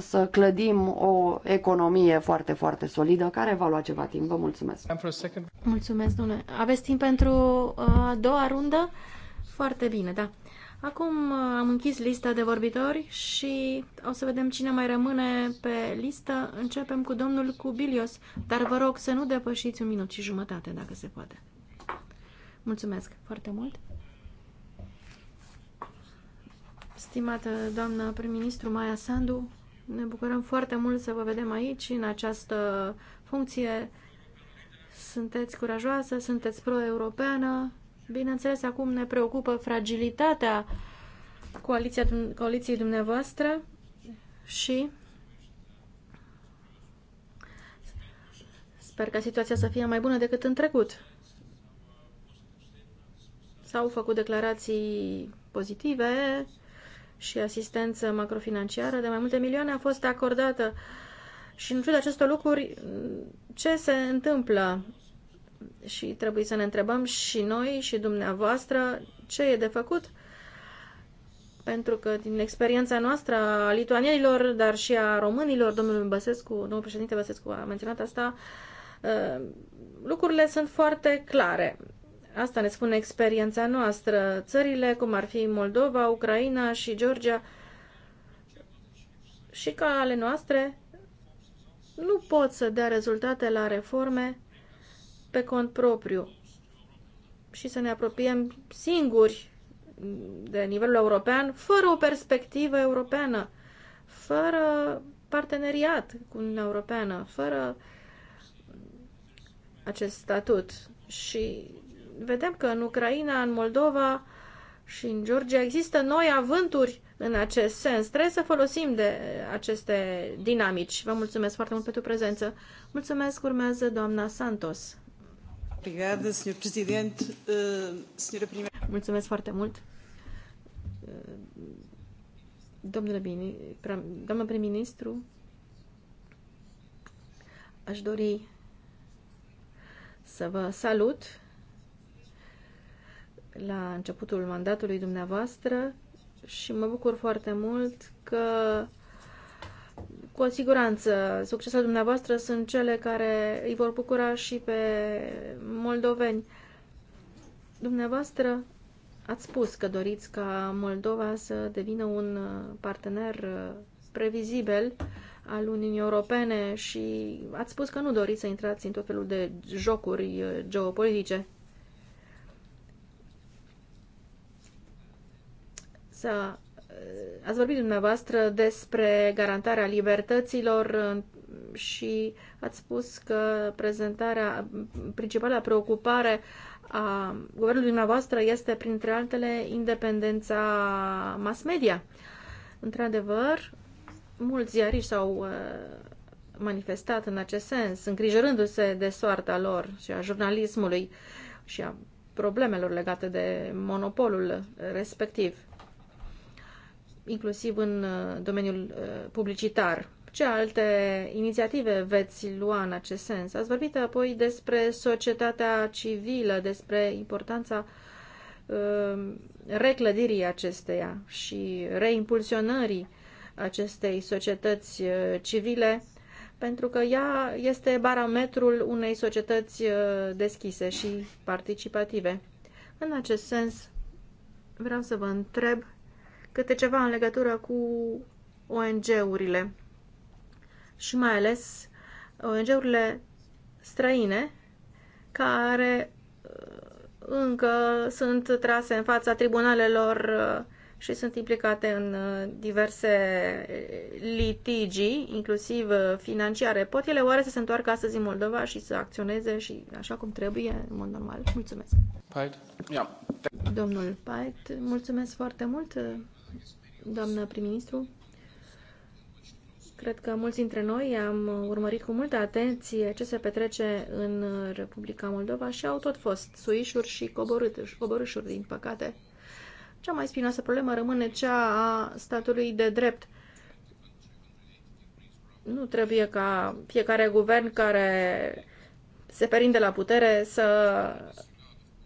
să clădim o economie foarte, foarte solidă care va lua ceva timp. Vă mulțumesc! Mulțumesc, domnule! Aveți timp pentru uh, a doua rundă? Foarte bine, da. Acum uh, am închis lista de vorbitori și o să vedem cine mai rămâne pe listă. Începem cu domnul Cubilios, dar vă rog să nu depășiți un minut și jumătate, dacă se poate. Mulțumesc foarte mult! Stimată doamnă prim-ministru Maia Sandu, ne bucurăm foarte mult să vă vedem aici, în această funcție. Sunteți curajoasă, sunteți pro-europeană. Bineînțeles, acum ne preocupă fragilitatea coaliția, coaliției dumneavoastră și sper ca situația să fie mai bună decât în trecut. S-au făcut declarații pozitive, și asistență macrofinanciară de mai multe milioane a fost acordată și în ciuda acestor lucruri, ce se întâmplă? Și trebuie să ne întrebăm și noi și dumneavoastră ce e de făcut pentru că din experiența noastră a lituanienilor, dar și a românilor, domnul Băsescu, domnul președinte Băsescu a menționat asta, uh, lucrurile sunt foarte clare. Asta ne spune experiența noastră. Țările cum ar fi Moldova, Ucraina și Georgia și ca ale noastre nu pot să dea rezultate la reforme pe cont propriu și să ne apropiem singuri de nivelul european, fără o perspectivă europeană, fără parteneriat cu Uniunea Europeană, fără acest statut. Și vedem că în Ucraina, în Moldova și în Georgia există noi avânturi în acest sens. Trebuie să folosim de aceste dinamici. Vă mulțumesc foarte mult pentru prezență. Mulțumesc, urmează doamna Santos. Eh, mulțumesc foarte mult. Domnule bine, doamnă prim-ministru, aș dori să vă salut la începutul mandatului dumneavoastră și mă bucur foarte mult că cu siguranță succesul dumneavoastră sunt cele care îi vor bucura și pe moldoveni. Dumneavoastră ați spus că doriți ca Moldova să devină un partener uh, previzibil al Uniunii Europene și ați spus că nu doriți să intrați în tot felul de jocuri uh, geopolitice. s eh, ați vorbit dumneavoastră despre garantarea libertăților și ați spus că prezentarea, principala preocupare a guvernului dumneavoastră este, printre altele, independența mass media. Într-adevăr, mulți ziariști s-au eh, manifestat în acest sens, îngrijorându-se de soarta lor și a jurnalismului și a problemelor legate de monopolul respectiv inclusiv în uh, domeniul uh, publicitar. Ce alte inițiative veți lua în acest sens? Ați vorbit apoi despre societatea civilă, despre importanța uh, reclădirii acesteia și reimpulsionării acestei societăți civile, pentru că ea este barometrul unei societăți deschise și participative. În acest sens, vreau să vă întreb câte ceva în legătură cu ONG-urile și mai ales uh, ONG-urile străine care uh, încă sunt trase în fața tribunalelor uh, și sunt implicate în diverse litigi, inclusiv financiare. Pot ele oare să se întoarcă astăzi în Moldova și să acționeze și așa cum trebuie, în mod normal? Mulțumesc! Paet, Yeah. Domnul Pait, mulțumesc foarte mult doamnă prim-ministru. Cred că mulți dintre noi am urmărit cu multă atenție ce se petrece în Republica Moldova și au tot fost suișuri și coborâșuri, din păcate. Cea mai spinoasă problemă rămâne cea a statului de drept. Nu trebuie ca fiecare guvern care se perinde la putere să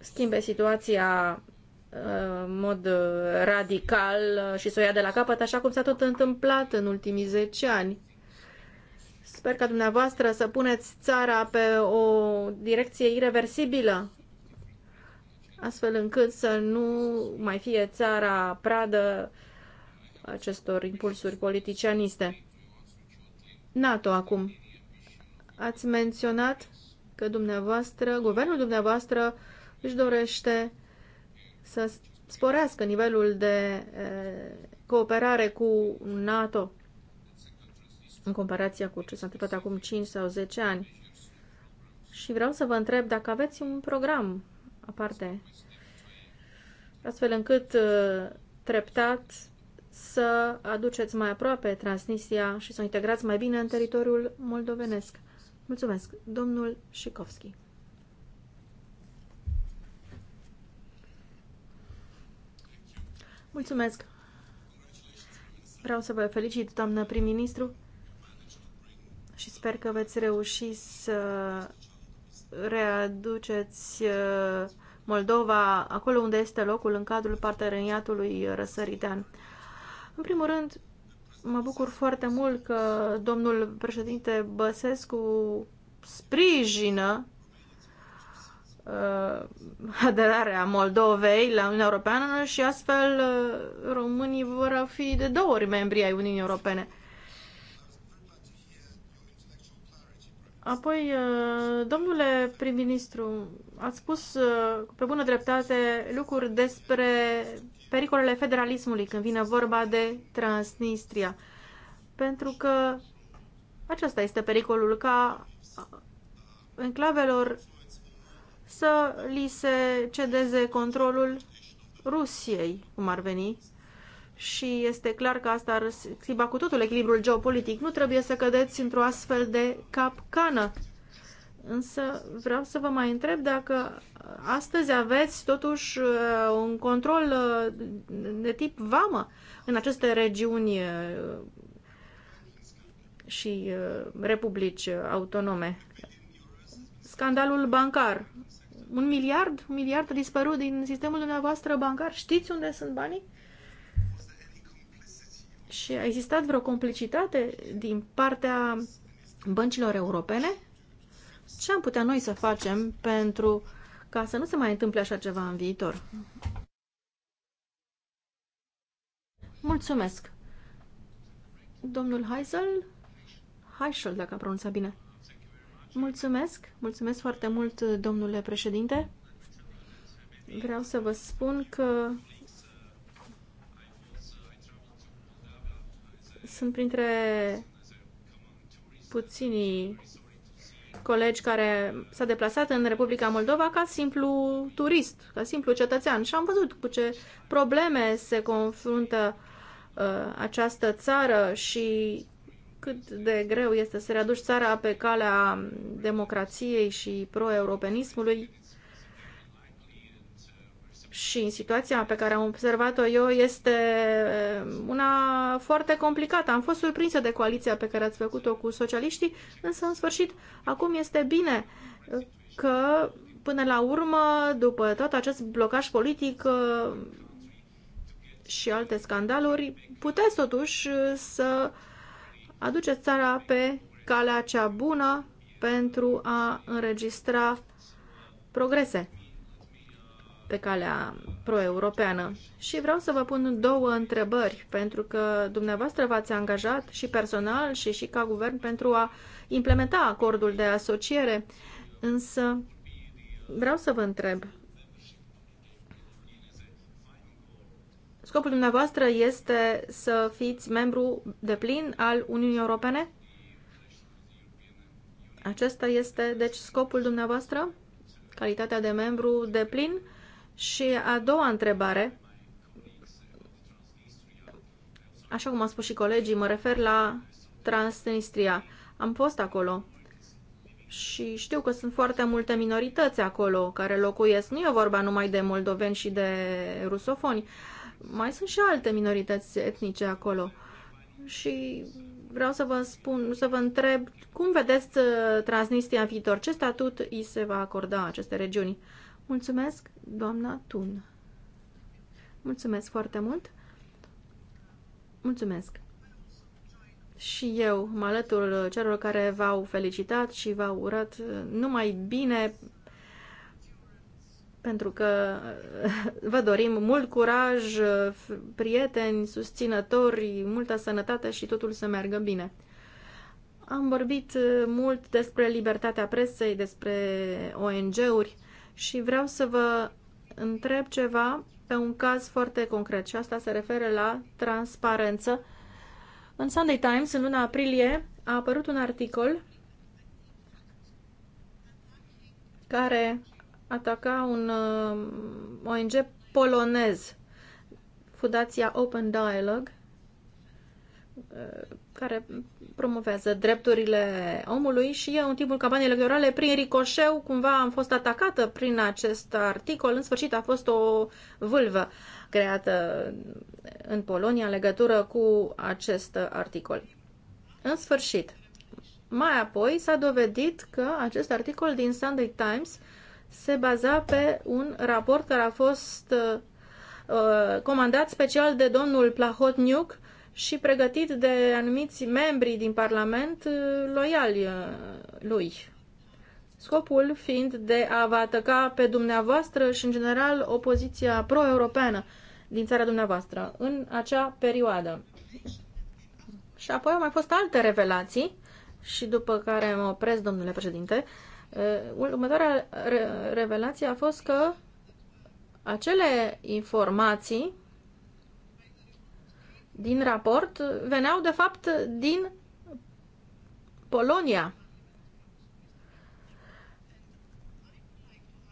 schimbe situația în mod uh, radical uh, și să o ia de la capăt, așa cum s-a tot întâmplat în ultimii 10 ani. Sper ca dumneavoastră să puneți țara pe o direcție irreversibilă, astfel încât să nu mai fie țara pradă acestor impulsuri politicianiste. NATO acum. Ați menționat că dumneavoastră, guvernul dumneavoastră își dorește să sporească nivelul de cooperare cu NATO în comparație cu ce s-a întâmplat acum 5 sau 10 ani. Și vreau să vă întreb dacă aveți un program aparte, astfel încât treptat să aduceți mai aproape Transnistria și să o integrați mai bine în teritoriul moldovenesc. Mulțumesc, domnul Șicovski. Mulțumesc! Vreau să vă felicit, doamnă prim-ministru, și sper că veți reuși să readuceți uh, Moldova acolo unde este locul în cadrul parteneriatului răsăritean. În primul rând, mă bucur foarte mult că domnul președinte Băsescu sprijină Uh, aderarea Moldovei la Uniunea Europeană și astfel uh, românii vor fi de două ori membri ai Uniunii Europene. Apoi, uh, domnule prim-ministru, ați spus pe bună dreptate lucruri despre pericolele federalismului când vine vorba de Transnistria. Pentru că acesta este pericolul ca enclavelor să li se cedeze controlul Rusiei, cum ar veni. Și este clar că asta ar schimba cu totul echilibrul geopolitic. Nu trebuie să cădeți într-o astfel de capcană. Însă vreau să vă mai întreb dacă astăzi aveți totuși uh, un control uh, de tip vamă în aceste regiuni uh, și republici autonome. Scandalul bancar un miliard, un miliard a dispărut din sistemul dumneavoastră bancar. Știți unde sunt banii? Și a existat vreo complicitate din partea băncilor europene? Ce am putea noi să facem pentru ca să nu se mai întâmple așa ceva în viitor? Mulțumesc! Domnul Heisel? Heisel, dacă am pronunțat bine. Mulțumesc, mulțumesc foarte mult, domnule președinte. Vreau să vă spun că sunt printre puținii colegi care s-a deplasat în Republica Moldova ca simplu turist, ca simplu cetățean și am văzut cu ce probleme se confruntă uh, această țară și cât de greu este să readuci țara pe calea democrației și pro-europenismului și situația pe care am observat-o eu este eh, una foarte complicată. Am fost surprinsă de coaliția pe care ați făcut-o cu socialiștii, însă în sfârșit acum este bine eh, că până la urmă, după tot acest blocaj politic eh, și alte scandaluri, puteți totuși să uh, aduce țara pe calea cea bună pentru a înregistra progrese pe calea pro-europeană. Și vreau să vă pun două întrebări, pentru că dumneavoastră v-ați angajat și personal și și ca guvern pentru a implementa acordul de asociere. Însă vreau să vă întreb Scopul dumneavoastră este să fiți membru de plin al Uniunii Europene? Acesta este, deci, scopul dumneavoastră? Calitatea de membru de plin? Și a doua întrebare, așa cum am spus și colegii, mă refer la Transnistria. Am fost acolo și știu că sunt foarte multe minorități acolo care locuiesc. Nu e vorba numai de moldoveni și de rusofoni. Uh, mai sunt și alte minorități etnice acolo. Și vreau să vă spun, să vă întreb cum vedeți uh, Transnistria în viitor? Ce statut îi se va acorda aceste regiuni? Mulțumesc, doamna Tun. Mulțumesc foarte mult. Mulțumesc. Și eu mă alătur celor care v-au felicitat și v-au urat uh, numai bine pentru că vă dorim mult curaj, prieteni, susținători, multă sănătate și totul să meargă bine. Am vorbit mult despre libertatea presei, despre ONG-uri și vreau să vă întreb ceva pe un caz foarte concret și asta se referă la transparență. În Sunday Times, în luna aprilie, a apărut un articol care ataca un uh, ONG polonez, Fundația Open Dialogue, uh, care promovează drepturile omului și eu în timpul campaniei electorale prin ricoșeu cumva am fost atacată prin acest articol. În sfârșit a fost o vâlvă creată în Polonia în legătură cu acest articol. În sfârșit, mai apoi s-a dovedit că acest articol din Sunday Times se baza pe un raport care a fost uh, uh, comandat special de domnul Plahotniuc și pregătit de anumiți membri din Parlament uh, loiali uh, lui. Scopul fiind de a vă ataca pe dumneavoastră și, în general, opoziția pro-europeană din țara dumneavoastră în acea perioadă. Și apoi au mai fost alte revelații și după care mă opresc, domnule președinte, uh, Uh, următoarea revelație a fost că acele informații din raport veneau de fapt din Polonia.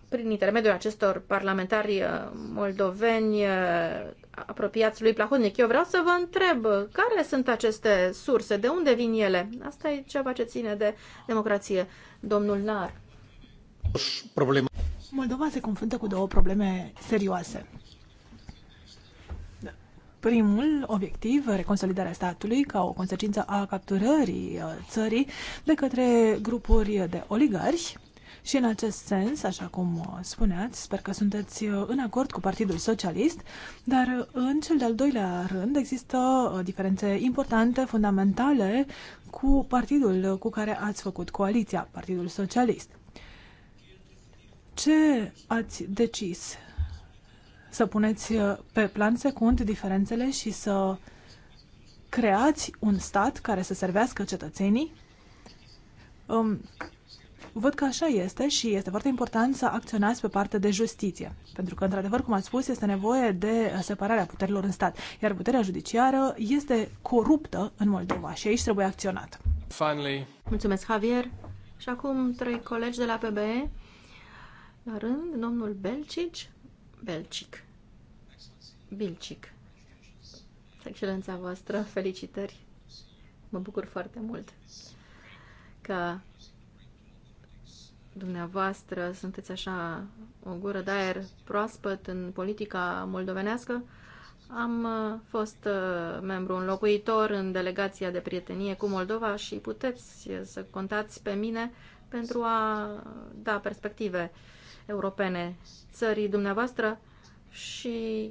Prin intermediul acestor parlamentari uh, moldoveni uh, apropiați lui Plahotnic, eu vreau să vă întreb care sunt aceste surse, de unde vin ele? Asta e ceva ce ține de democrație. Domnul Nar. Problema. Moldova se confruntă cu două probleme serioase. Primul obiectiv, reconsolidarea statului ca o consecință a capturării uh, țării de către grupuri de oligarhi și în acest sens, așa cum uh, spuneați, sper că sunteți uh, în acord cu Partidul Socialist, dar uh, în cel de-al doilea rând există diferențe importante, fundamentale cu partidul cu care ați făcut coaliția, Partidul Socialist. Ce ați decis? Să puneți pe plan secund diferențele și să creați un stat care să servească cetățenii? Um, Văd că așa este și este foarte important să acționați pe partea de justiție. Pentru că, într-adevăr, cum ați spus, este nevoie de separarea puterilor în stat. Iar puterea judiciară este coruptă în Moldova și aici trebuie acționat. Finally. Mulțumesc, Javier. Și acum trei colegi de la PBE. La rând, domnul Belcic. Belcic. Bilcic. Excelența voastră, felicitări. Mă bucur foarte mult că dumneavoastră sunteți așa o gură de aer proaspăt în politica moldovenească. Am uh, fost uh, membru înlocuitor în delegația de prietenie cu Moldova și puteți uh, să contați pe mine pentru a da perspective europene țării dumneavoastră și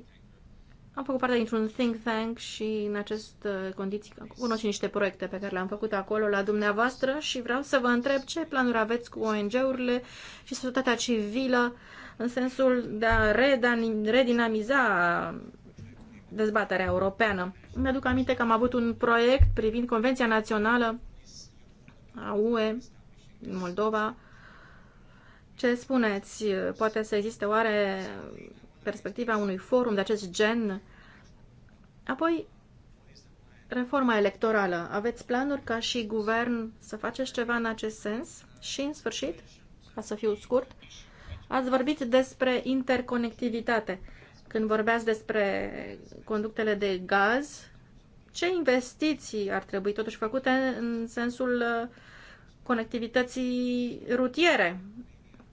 am făcut parte dintr-un think tank și în aceste condiții cunosc și niște proiecte pe care le-am făcut acolo la dumneavoastră și vreau să vă întreb ce planuri aveți cu ONG-urile și societatea civilă în sensul de a redinamiza dezbaterea europeană. Îmi aduc aminte că am avut un proiect privind Convenția Națională a UE din Moldova. Ce spuneți? Poate să existe oare perspectiva unui forum de acest gen. Apoi, reforma electorală. Aveți planuri ca și guvern să faceți ceva în acest sens? Și, în sfârșit, ca să fiu scurt, ați vorbit despre interconectivitate. Când vorbeați despre conductele de gaz, ce investiții ar trebui totuși făcute în sensul uh, conectivității rutiere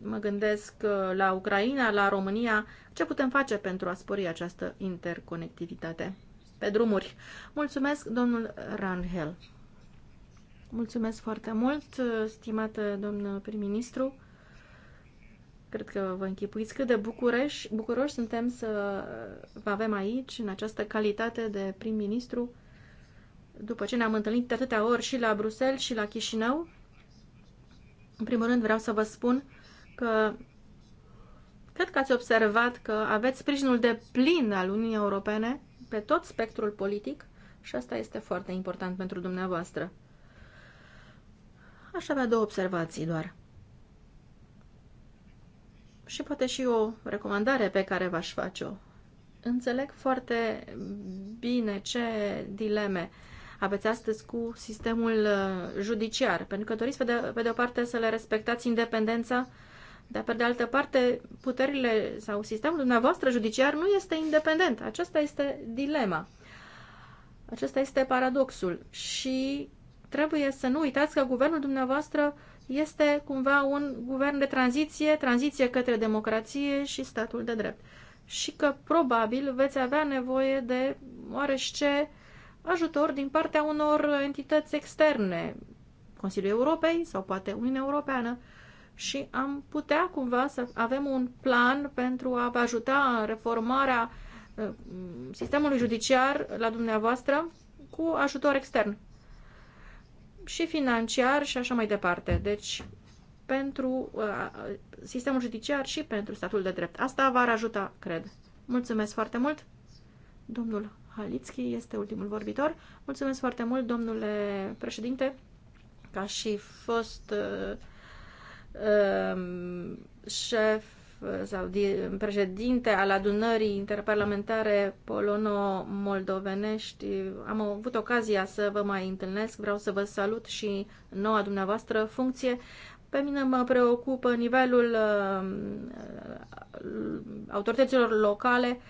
mă gândesc uh, la Ucraina, la România, ce putem face pentru a spori această interconectivitate pe drumuri. Mulțumesc, domnul Ranhel. Mulțumesc foarte mult, uh, stimată domnă prim-ministru. Cred că vă închipuiți cât de bucureși, bucuroși suntem să vă avem aici, în această calitate de prim-ministru, după ce ne-am întâlnit de atâtea ori și la Bruxelles și la Chișinău. În primul rând vreau să vă spun că cred că ați observat că aveți sprijinul de plin al Uniunii Europene pe tot spectrul politic și asta este foarte important pentru dumneavoastră. Aș avea două observații doar. Și poate și o recomandare pe care v-aș face-o. Înțeleg foarte bine ce dileme aveți astăzi cu sistemul uh, judiciar, pentru că doriți, pe de, pe de o parte, să le respectați independența uh, dar, pe de altă parte, puterile sau sistemul dumneavoastră judiciar nu este independent. Aceasta este dilema. Acesta este paradoxul. Și trebuie să nu uitați că guvernul dumneavoastră este cumva un guvern de tranziție, tranziție către democrație și statul de drept. Și că probabil veți avea nevoie de oarește ajutor din partea unor entități externe, Consiliul Europei sau poate Uniunea Europeană, și am putea cumva să avem un plan pentru a vă ajuta reformarea uh, sistemului judiciar la dumneavoastră cu ajutor extern și financiar și așa mai departe. Deci, pentru uh, sistemul judiciar și pentru statul de drept. Asta v-ar ajuta, cred. Mulțumesc foarte mult! Domnul Halitski este ultimul vorbitor. Mulțumesc foarte mult, domnule președinte, ca și fost uh, Um, șef sau președinte al adunării interparlamentare polono-moldovenești. Am avut ocazia să vă mai întâlnesc, vreau să vă salut și noua dumneavoastră funcție. Pe mine mă preocupă nivelul um, autorităților locale.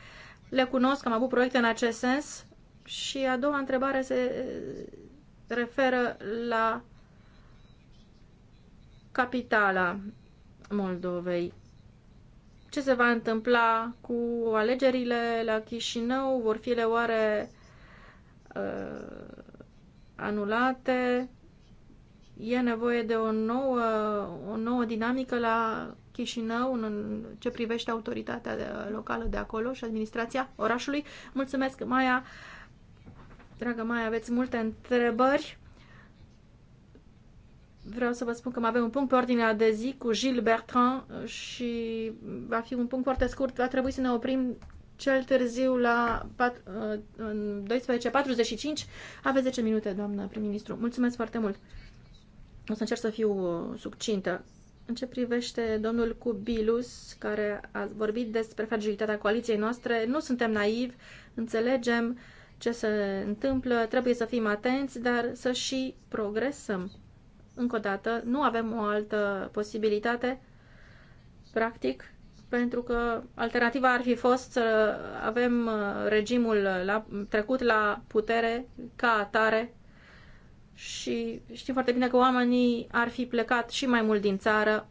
Le cunosc, am avut proiecte în acest sens. Și a doua întrebare se referă la capitala Moldovei. Ce se va întâmpla cu alegerile la Chișinău? Vor fi le oare uh, anulate? E nevoie de o nouă, o nouă dinamică la Chișinău în ce privește autoritatea locală de acolo și administrația orașului. Mulțumesc, Maia! Dragă Maia, aveți multe întrebări vreau să vă spun că mai avem un punct pe ordinea de zi cu Gilles Bertrand uh, și va fi un punct foarte scurt. Va trebui să ne oprim cel târziu la 12.45. Uh, Aveți 10 minute, doamnă prim-ministru. Mulțumesc foarte mult. O să încerc să fiu uh, succintă. În ce privește domnul Cubilus, care a vorbit despre fragilitatea coaliției noastre, nu suntem naivi, înțelegem ce se întâmplă, trebuie să fim atenți, dar să și progresăm încă o dată, nu avem o altă posibilitate, practic, pentru că alternativa ar fi fost să avem uh, regimul la, trecut la putere ca atare și știm foarte bine că oamenii ar fi plecat și mai mult din țară,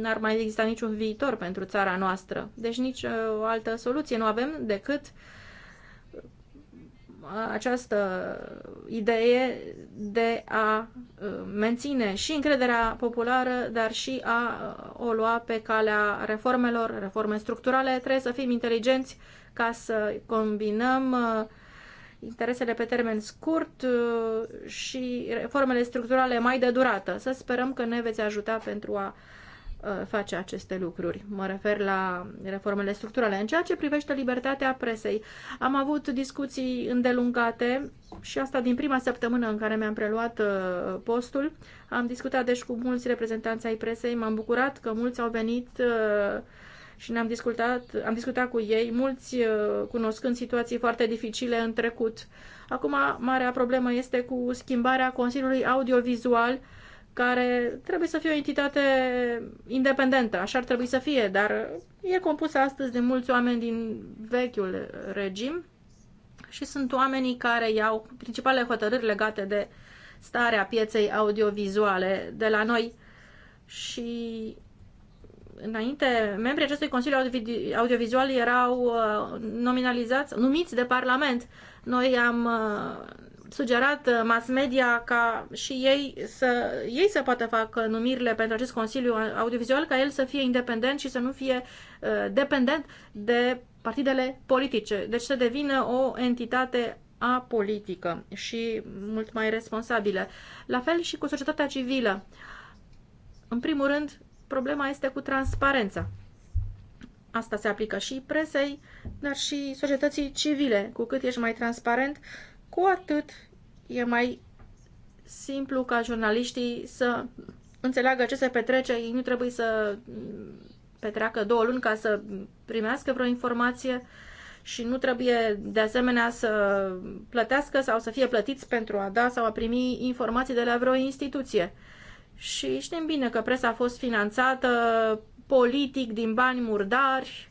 n-ar mai exista niciun viitor pentru țara noastră. Deci nici uh, o altă soluție nu avem decât uh, această idee de a uh, menține și încrederea populară, dar și a uh, o lua pe calea reformelor, reforme structurale. Trebuie să fim inteligenți ca să combinăm uh, interesele pe termen scurt și reformele structurale mai de durată. Să sperăm că ne veți ajuta pentru a Uh, face aceste lucruri. Mă refer la reformele structurale. În ceea ce privește libertatea presei, am avut discuții îndelungate și asta din prima săptămână în care mi-am preluat uh, postul. Am discutat deci cu mulți reprezentanți ai presei, m-am bucurat că mulți au venit uh, și ne-am discutat, am discutat cu ei, mulți cunoscând situații foarte dificile în trecut. Acum, marea problemă este cu schimbarea Consiliului Audiovizual care trebuie să fie o entitate independentă, așa ar trebui să fie, dar e compusă astăzi de mulți oameni din vechiul regim și sunt oamenii care iau principalele hotărâri legate de starea pieței audiovizuale de la noi și înainte, membrii acestui Consiliu Audiovizual erau uh, nominalizați, numiți de Parlament. Noi am uh, sugerat uh, mass media ca și ei să, ei să poată facă numirile pentru acest Consiliu Audiovizual, ca el să fie independent și să nu fie uh, dependent de partidele politice. Deci să devină o entitate apolitică și mult mai responsabilă. La fel și cu societatea civilă. În primul rând, problema este cu transparența. Asta se aplică și presei, dar și societății civile. Cu cât ești mai transparent, cu atât e mai simplu ca jurnaliștii să înțeleagă ce se petrece. Ei nu trebuie să petreacă două luni ca să primească vreo informație și nu trebuie de asemenea să plătească sau să fie plătiți pentru a da sau a primi informații de la vreo instituție. Și știm bine că presa a fost finanțată politic din bani murdari,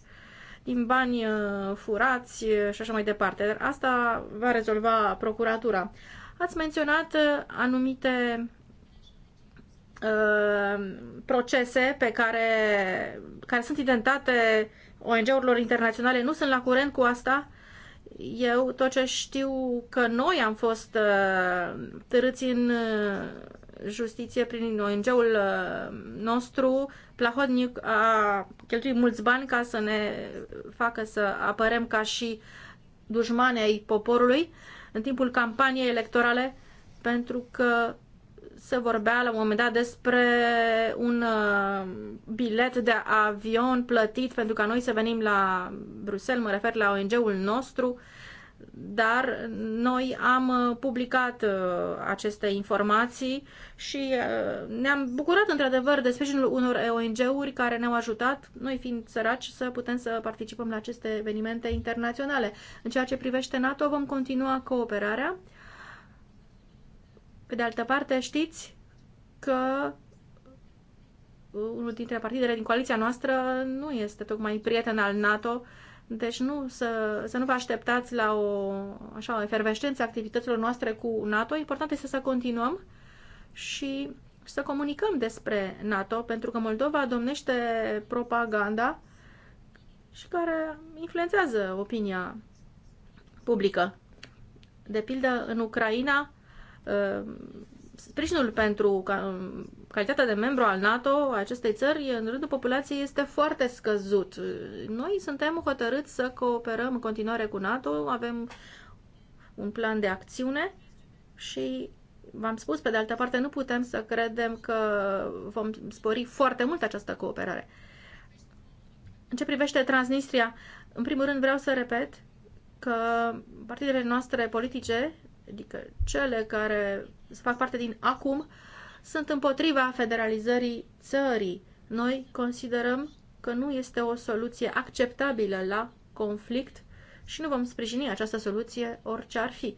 din bani uh, furați uh, și așa mai departe. Dar asta va rezolva procuratura. Ați menționat uh, anumite procese pe care, care sunt identate ONG-urilor internaționale. Nu sunt la curent cu asta. Eu tot ce știu că noi am fost uh, târâți în justiție prin ONG-ul uh, nostru. Plahodnic a cheltuit mulți bani ca să ne facă să apărăm ca și dușmane ai poporului în timpul campaniei electorale pentru că se vorbea la un moment dat despre un uh, bilet de avion plătit pentru ca noi să venim la Bruxelles, mă refer la ONG-ul nostru dar noi am uh, publicat uh, aceste informații și uh, ne-am bucurat într-adevăr de sprijinul unor ONG-uri care ne-au ajutat, noi fiind săraci, să putem să participăm la aceste evenimente internaționale. În ceea ce privește NATO, vom continua cooperarea. Pe de altă parte, știți că unul dintre partidele din coaliția noastră nu este tocmai prieten al NATO, uh, deci nu, să, să nu vă așteptați la o așa, o efervescență activităților noastre cu NATO. Important este să continuăm și să comunicăm despre NATO, pentru că Moldova domnește propaganda și care influențează opinia publică. De pildă, în Ucraina, ă, sprijinul pentru calitatea de membru al NATO a acestei țări, în rândul populației, este foarte scăzut. Noi suntem hotărâți să cooperăm în continuare cu NATO, avem un plan de acțiune și v-am spus, pe de altă parte, nu putem să credem că vom spori foarte mult această cooperare. În ce privește Transnistria, în primul rând vreau să repet că partidele noastre politice, adică cele care fac parte din acum, uh, sunt împotriva federalizării țării. Noi considerăm că nu este o soluție acceptabilă la conflict și nu vom sprijini această soluție orice ar fi.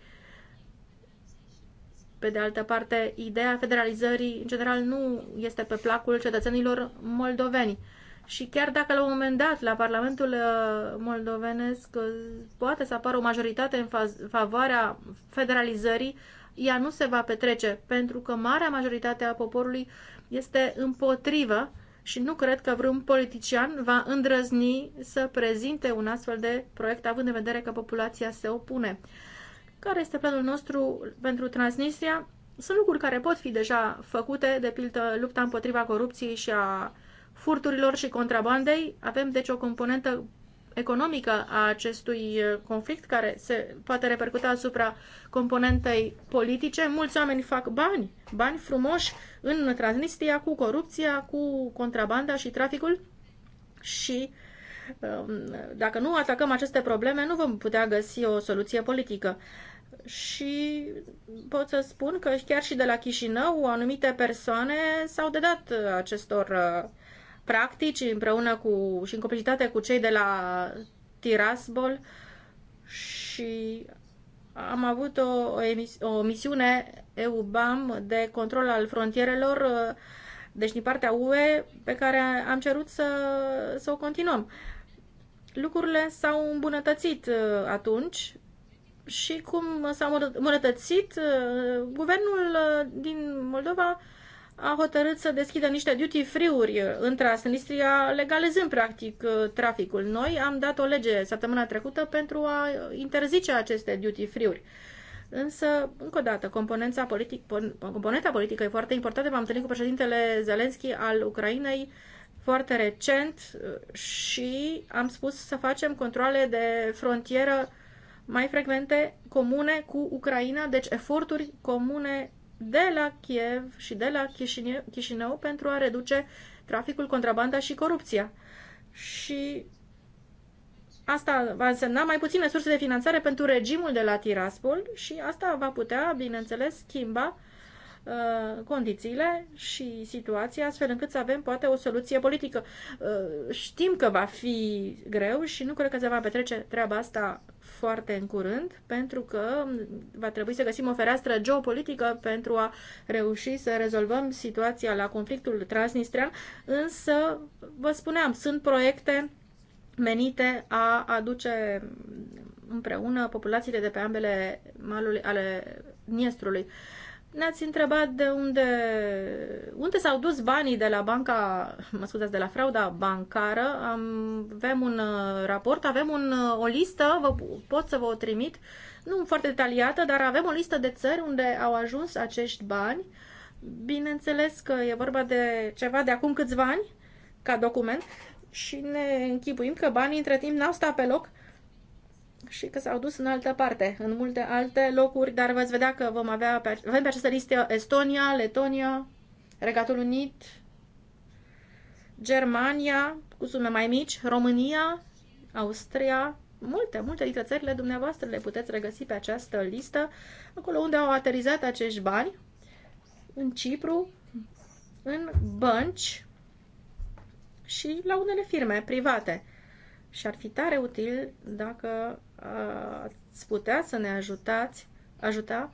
Pe de altă parte, ideea federalizării, în general, nu este pe placul cetățenilor moldoveni. Și chiar dacă la un moment dat, la Parlamentul uh, moldovenesc, uh, poate să apară o majoritate în favoarea federalizării, ea nu se va petrece, pentru că marea majoritate a poporului este împotrivă și nu cred că vreun politician va îndrăzni să prezinte un astfel de proiect, având în vedere că populația se opune. Care este planul nostru pentru Transnistria? Sunt lucruri care pot fi deja făcute, de pildă lupta împotriva corupției și a furturilor și contrabandei. Avem deci o componentă economică a acestui uh, conflict care se poate repercuta asupra componentei politice. Mulți oameni fac bani, bani frumoși în Transnistria cu corupția, cu contrabanda și traficul și um, dacă nu atacăm aceste probleme, nu vom putea găsi o soluție politică. Și pot să spun că chiar și de la Chișinău anumite persoane s-au dedat acestor uh, practici împreună cu, și în complicitate cu cei de la Tiraspol și am avut o, o misiune EUBAM de control al frontierelor, deci din partea UE, pe care am cerut să, să o continuăm. Lucrurile s-au îmbunătățit uh, atunci și cum s-au îmbunătățit, uh, guvernul uh, din Moldova a hotărât să deschidă niște duty free-uri în uh, Transnistria, legalizând practic uh, traficul. Noi am dat o lege săptămâna trecută pentru a uh, interzice aceste duty free-uri. Însă, încă o dată, componența, politic, componenta politică e foarte importantă. v am întâlnit cu președintele Zelenski al Ucrainei foarte recent și am spus să facem controle de frontieră mai frecvente, comune cu Ucraina, deci eforturi comune de la Kiev și de la Chișinău pentru a reduce traficul, contrabanda și corupția. Și asta va însemna mai puține surse de finanțare pentru regimul de la Tiraspol și asta va putea, bineînțeles, schimba uh, condițiile și situația, astfel încât să avem poate o soluție politică. Uh, știm că va fi greu și nu cred că se va petrece treaba asta foarte în curând, pentru că va trebui să găsim o fereastră geopolitică pentru a reuși să rezolvăm situația la conflictul transnistrian, însă, vă spuneam, sunt proiecte menite a aduce împreună populațiile de pe ambele maluri ale Niestrului ne-ați întrebat de unde, unde s-au dus banii de la banca, mă scuzați, de la frauda bancară. Am, avem un uh, raport, avem un, uh, o listă, vă, pot să vă o trimit, nu foarte detaliată, dar avem o listă de țări unde au ajuns acești bani. Bineînțeles că e vorba de ceva de acum câțiva ani, ca document, și ne închipuim că banii între timp n-au stat pe loc și că s-au dus în altă parte, în multe alte locuri, dar veți vedea că vom avea pe, avem pe această listă Estonia, Letonia, Regatul Unit, Germania, cu sume mai mici, România, Austria, multe, multe dintre țările dumneavoastră le puteți regăsi pe această listă, acolo unde au aterizat acești bani, în Cipru, în bănci și la unele firme private și ar fi tare util dacă ați putea să ne ajutați, ajuta.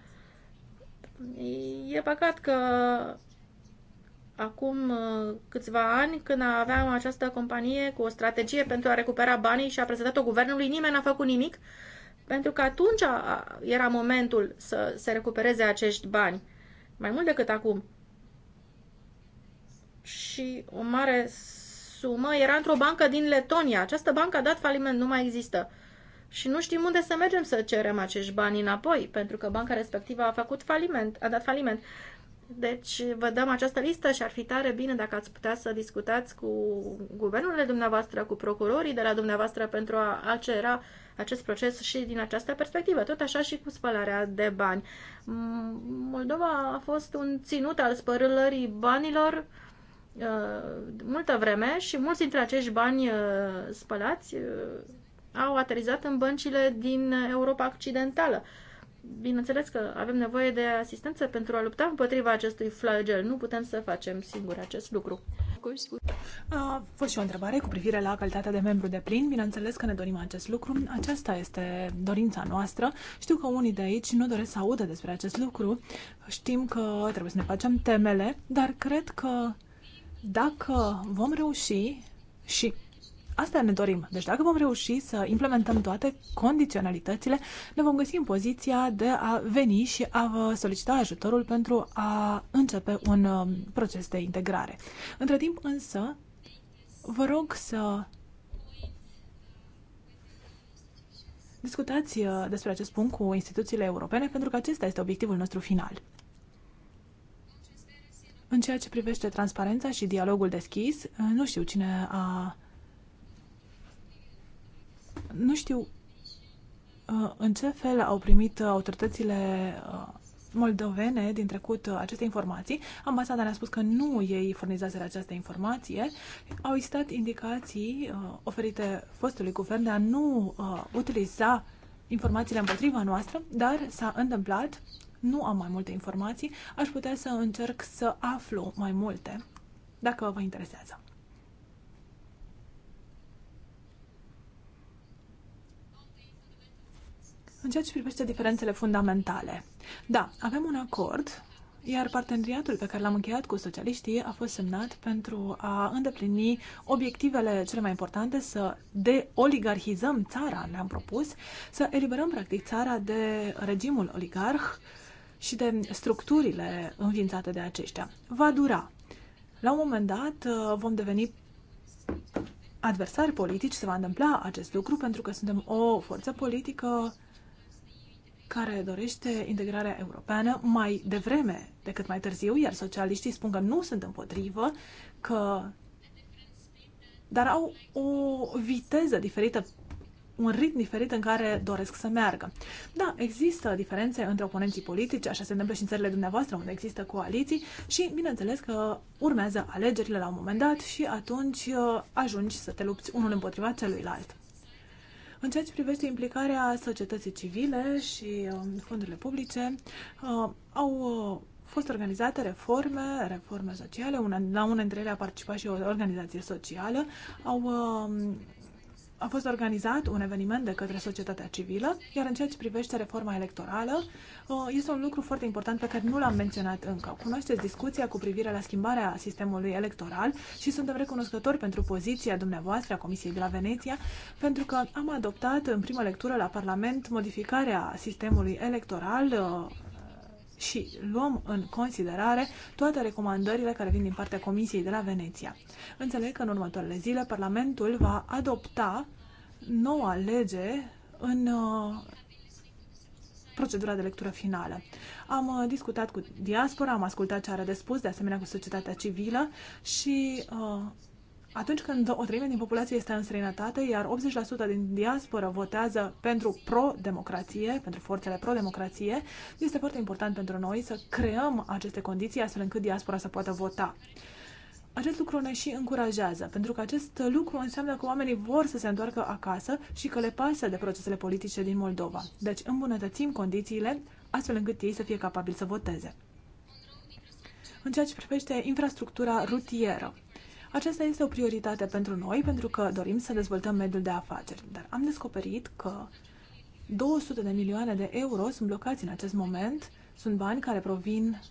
E păcat că acum câțiva ani, când aveam această companie cu o strategie pentru a recupera banii și a prezentat-o guvernului, nimeni n-a făcut nimic, pentru că atunci era momentul să se recupereze acești bani, mai mult decât acum. Și o mare sumă era într-o bancă din Letonia. Această bancă a dat faliment, nu mai există. Și nu știm unde să mergem să cerem acești bani înapoi, pentru că banca respectivă a făcut faliment, a dat faliment. Deci vă dăm această listă și ar fi tare bine dacă ați putea să discutați cu guvernurile dumneavoastră, cu procurorii de la dumneavoastră pentru a acera acest proces și din această perspectivă, tot așa și cu spălarea de bani. Moldova a fost un ținut al spărălării banilor Uh, multă vreme și mulți dintre acești bani uh, spălați uh, au aterizat în băncile din Europa Occidentală. Bineînțeles că avem nevoie de asistență pentru a lupta împotriva acestui flagel. Nu putem să facem singuri acest lucru. A fost și o întrebare cu privire la calitatea de membru de plin. Bineînțeles că ne dorim acest lucru. Aceasta este dorința noastră. Știu că unii de aici nu doresc să audă despre acest lucru. Știm că trebuie să ne facem temele, dar cred că dacă vom reuși și asta ne dorim, deci dacă vom reuși să implementăm toate condiționalitățile, ne vom găsi în poziția de a veni și a vă solicita ajutorul pentru a începe un um, proces de integrare. Între timp însă, vă rog să discutați uh, despre acest punct cu instituțiile europene, pentru că acesta este obiectivul nostru final. În ceea ce privește transparența și dialogul deschis, eh, nu știu cine a... Nu știu eh, în ce fel au primit eh, autoritățile moldovene din trecut aceste informații. Ambasada ne-a spus că nu ei furnizaseră această informație. Au existat indicații oferite fostului guvern de a nu utiliza informațiile împotriva noastră, dar s-a întâmplat nu am mai multe informații, aș putea să încerc să aflu mai multe, dacă vă interesează. În ceea ce privește diferențele fundamentale. Da, avem un acord, iar parteneriatul pe care l-am încheiat cu socialiștii a fost semnat pentru a îndeplini obiectivele cele mai importante, să deoligarhizăm țara, ne-am propus, să eliberăm practic țara de regimul oligarh, și de structurile înființate de aceștia. Va dura. La un moment dat uh, vom deveni adversari politici, se va întâmpla acest lucru pentru că suntem o forță politică care dorește integrarea europeană mai devreme decât mai târziu, iar socialiștii spun că nu sunt împotrivă, că dar au o viteză diferită un ritm diferit în care doresc să meargă. Da, există diferențe între oponenții politici, așa se întâmplă și în țările dumneavoastră, unde există coaliții și, bineînțeles, că urmează alegerile la un moment dat și atunci uh, ajungi să te lupți unul împotriva celuilalt. În ceea ce privește implicarea societății civile și uh, fondurile publice, uh, au fost organizate reforme, reforme sociale, una, la una dintre ele a participat și o organizație socială, au a fost organizat un eveniment de către societatea civilă, iar în ceea ce privește reforma electorală, este un lucru foarte important pe care nu l-am menționat încă. Cunoașteți discuția cu privire la schimbarea sistemului electoral și suntem recunoscători pentru poziția dumneavoastră a Comisiei de la Veneția, pentru că am adoptat în prima lectură la Parlament modificarea sistemului electoral și luăm în considerare toate recomandările care vin din partea Comisiei de la Veneția. Înțeleg că în următoarele zile Parlamentul va adopta noua lege în uh, procedura de lectură finală. Am uh, discutat cu diaspora, am ascultat ce are de spus, de asemenea cu societatea civilă și uh, atunci când o treime din populație este în străinătate, iar 80% din diasporă votează pentru pro-democrație, pentru forțele pro-democrație, este foarte important pentru noi să creăm aceste condiții astfel încât diaspora să poată vota. Acest lucru ne și încurajează, pentru că acest lucru înseamnă că oamenii vor să se întoarcă acasă și că le pasă de procesele politice din Moldova. Deci îmbunătățim condițiile astfel încât ei să fie capabili să voteze. În ceea ce privește infrastructura rutieră, aceasta este o prioritate pentru noi pentru că dorim să dezvoltăm mediul de afaceri, dar am descoperit că 200 de milioane de euro sunt blocați în acest moment, sunt bani care provin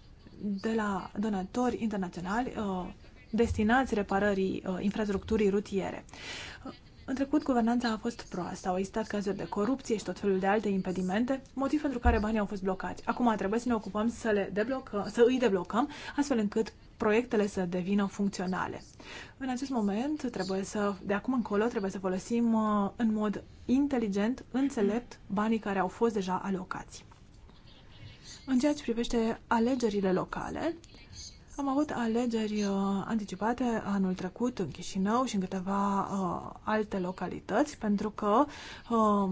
de la donatori internaționali uh, destinați reparării uh, infrastructurii rutiere. În trecut, guvernanța a fost proastă, au existat cazuri de corupție și tot felul de alte impedimente, motiv pentru care banii au fost blocați. Acum trebuie să ne ocupăm să, le deblocăm, să îi deblocăm, astfel încât proiectele să devină funcționale. În acest moment, trebuie să, de acum încolo, trebuie să folosim uh, în mod inteligent, înțelept, banii care au fost deja alocați. În ceea ce privește alegerile locale, am avut alegeri uh, anticipate anul trecut în Chișinău și în câteva uh, alte localități, pentru că uh,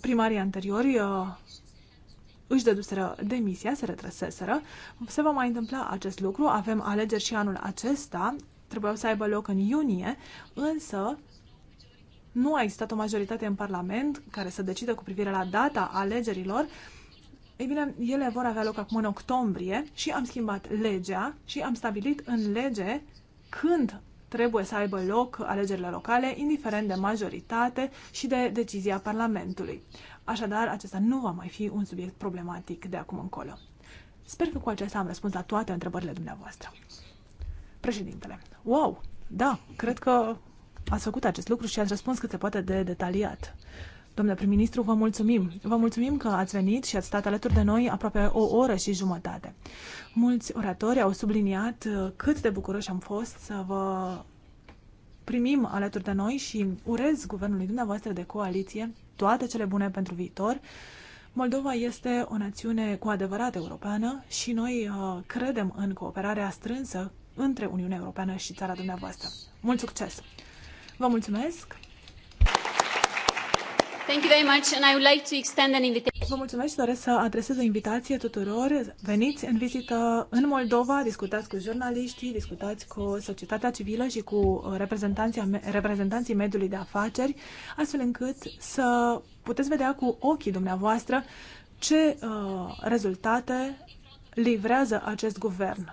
primarii anteriori uh, își dăduseră demisia, se retrăseseră. Se va mai întâmpla acest lucru. Avem alegeri și anul acesta. Trebuiau să aibă loc în iunie, însă nu a existat o majoritate în Parlament care să decidă cu privire la data alegerilor. Uh, ei bine, ele vor avea loc acum în octombrie și am schimbat legea și am stabilit în lege când trebuie să aibă loc alegerile locale, indiferent de majoritate și de decizia Parlamentului. Așadar, acesta nu va mai fi un subiect problematic de acum încolo. Sper că cu acesta am răspuns la toate întrebările dumneavoastră. Președintele, wow, da, cred că ați făcut acest lucru și ați răspuns cât se poate de detaliat. Domnule prim-ministru, vă mulțumim. Vă mulțumim că ați venit și ați stat alături de noi aproape o oră și jumătate. Mulți oratori au subliniat uh, cât de bucuroși am fost să vă primim alături de noi și urez guvernului dumneavoastră de coaliție toate cele bune pentru viitor. Moldova este o națiune cu adevărat europeană și noi uh, credem în cooperarea strânsă între Uniunea Europeană și țara dumneavoastră. Mult succes! Vă mulțumesc! Thank you very much and I would like to extend an invitation. Vă mulțumesc și doresc să adresez o invitație tuturor. Veniți în vizită în Moldova, discutați cu jurnaliștii, discutați cu societatea civilă și cu uh, reprezentanții, reprezentanții mediului de afaceri, astfel încât să puteți vedea cu ochii dumneavoastră ce uh, rezultate livrează acest guvern,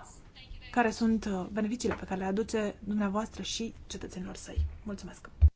care sunt uh, beneficiile pe care le aduce dumneavoastră și cetățenilor săi. Mulțumesc!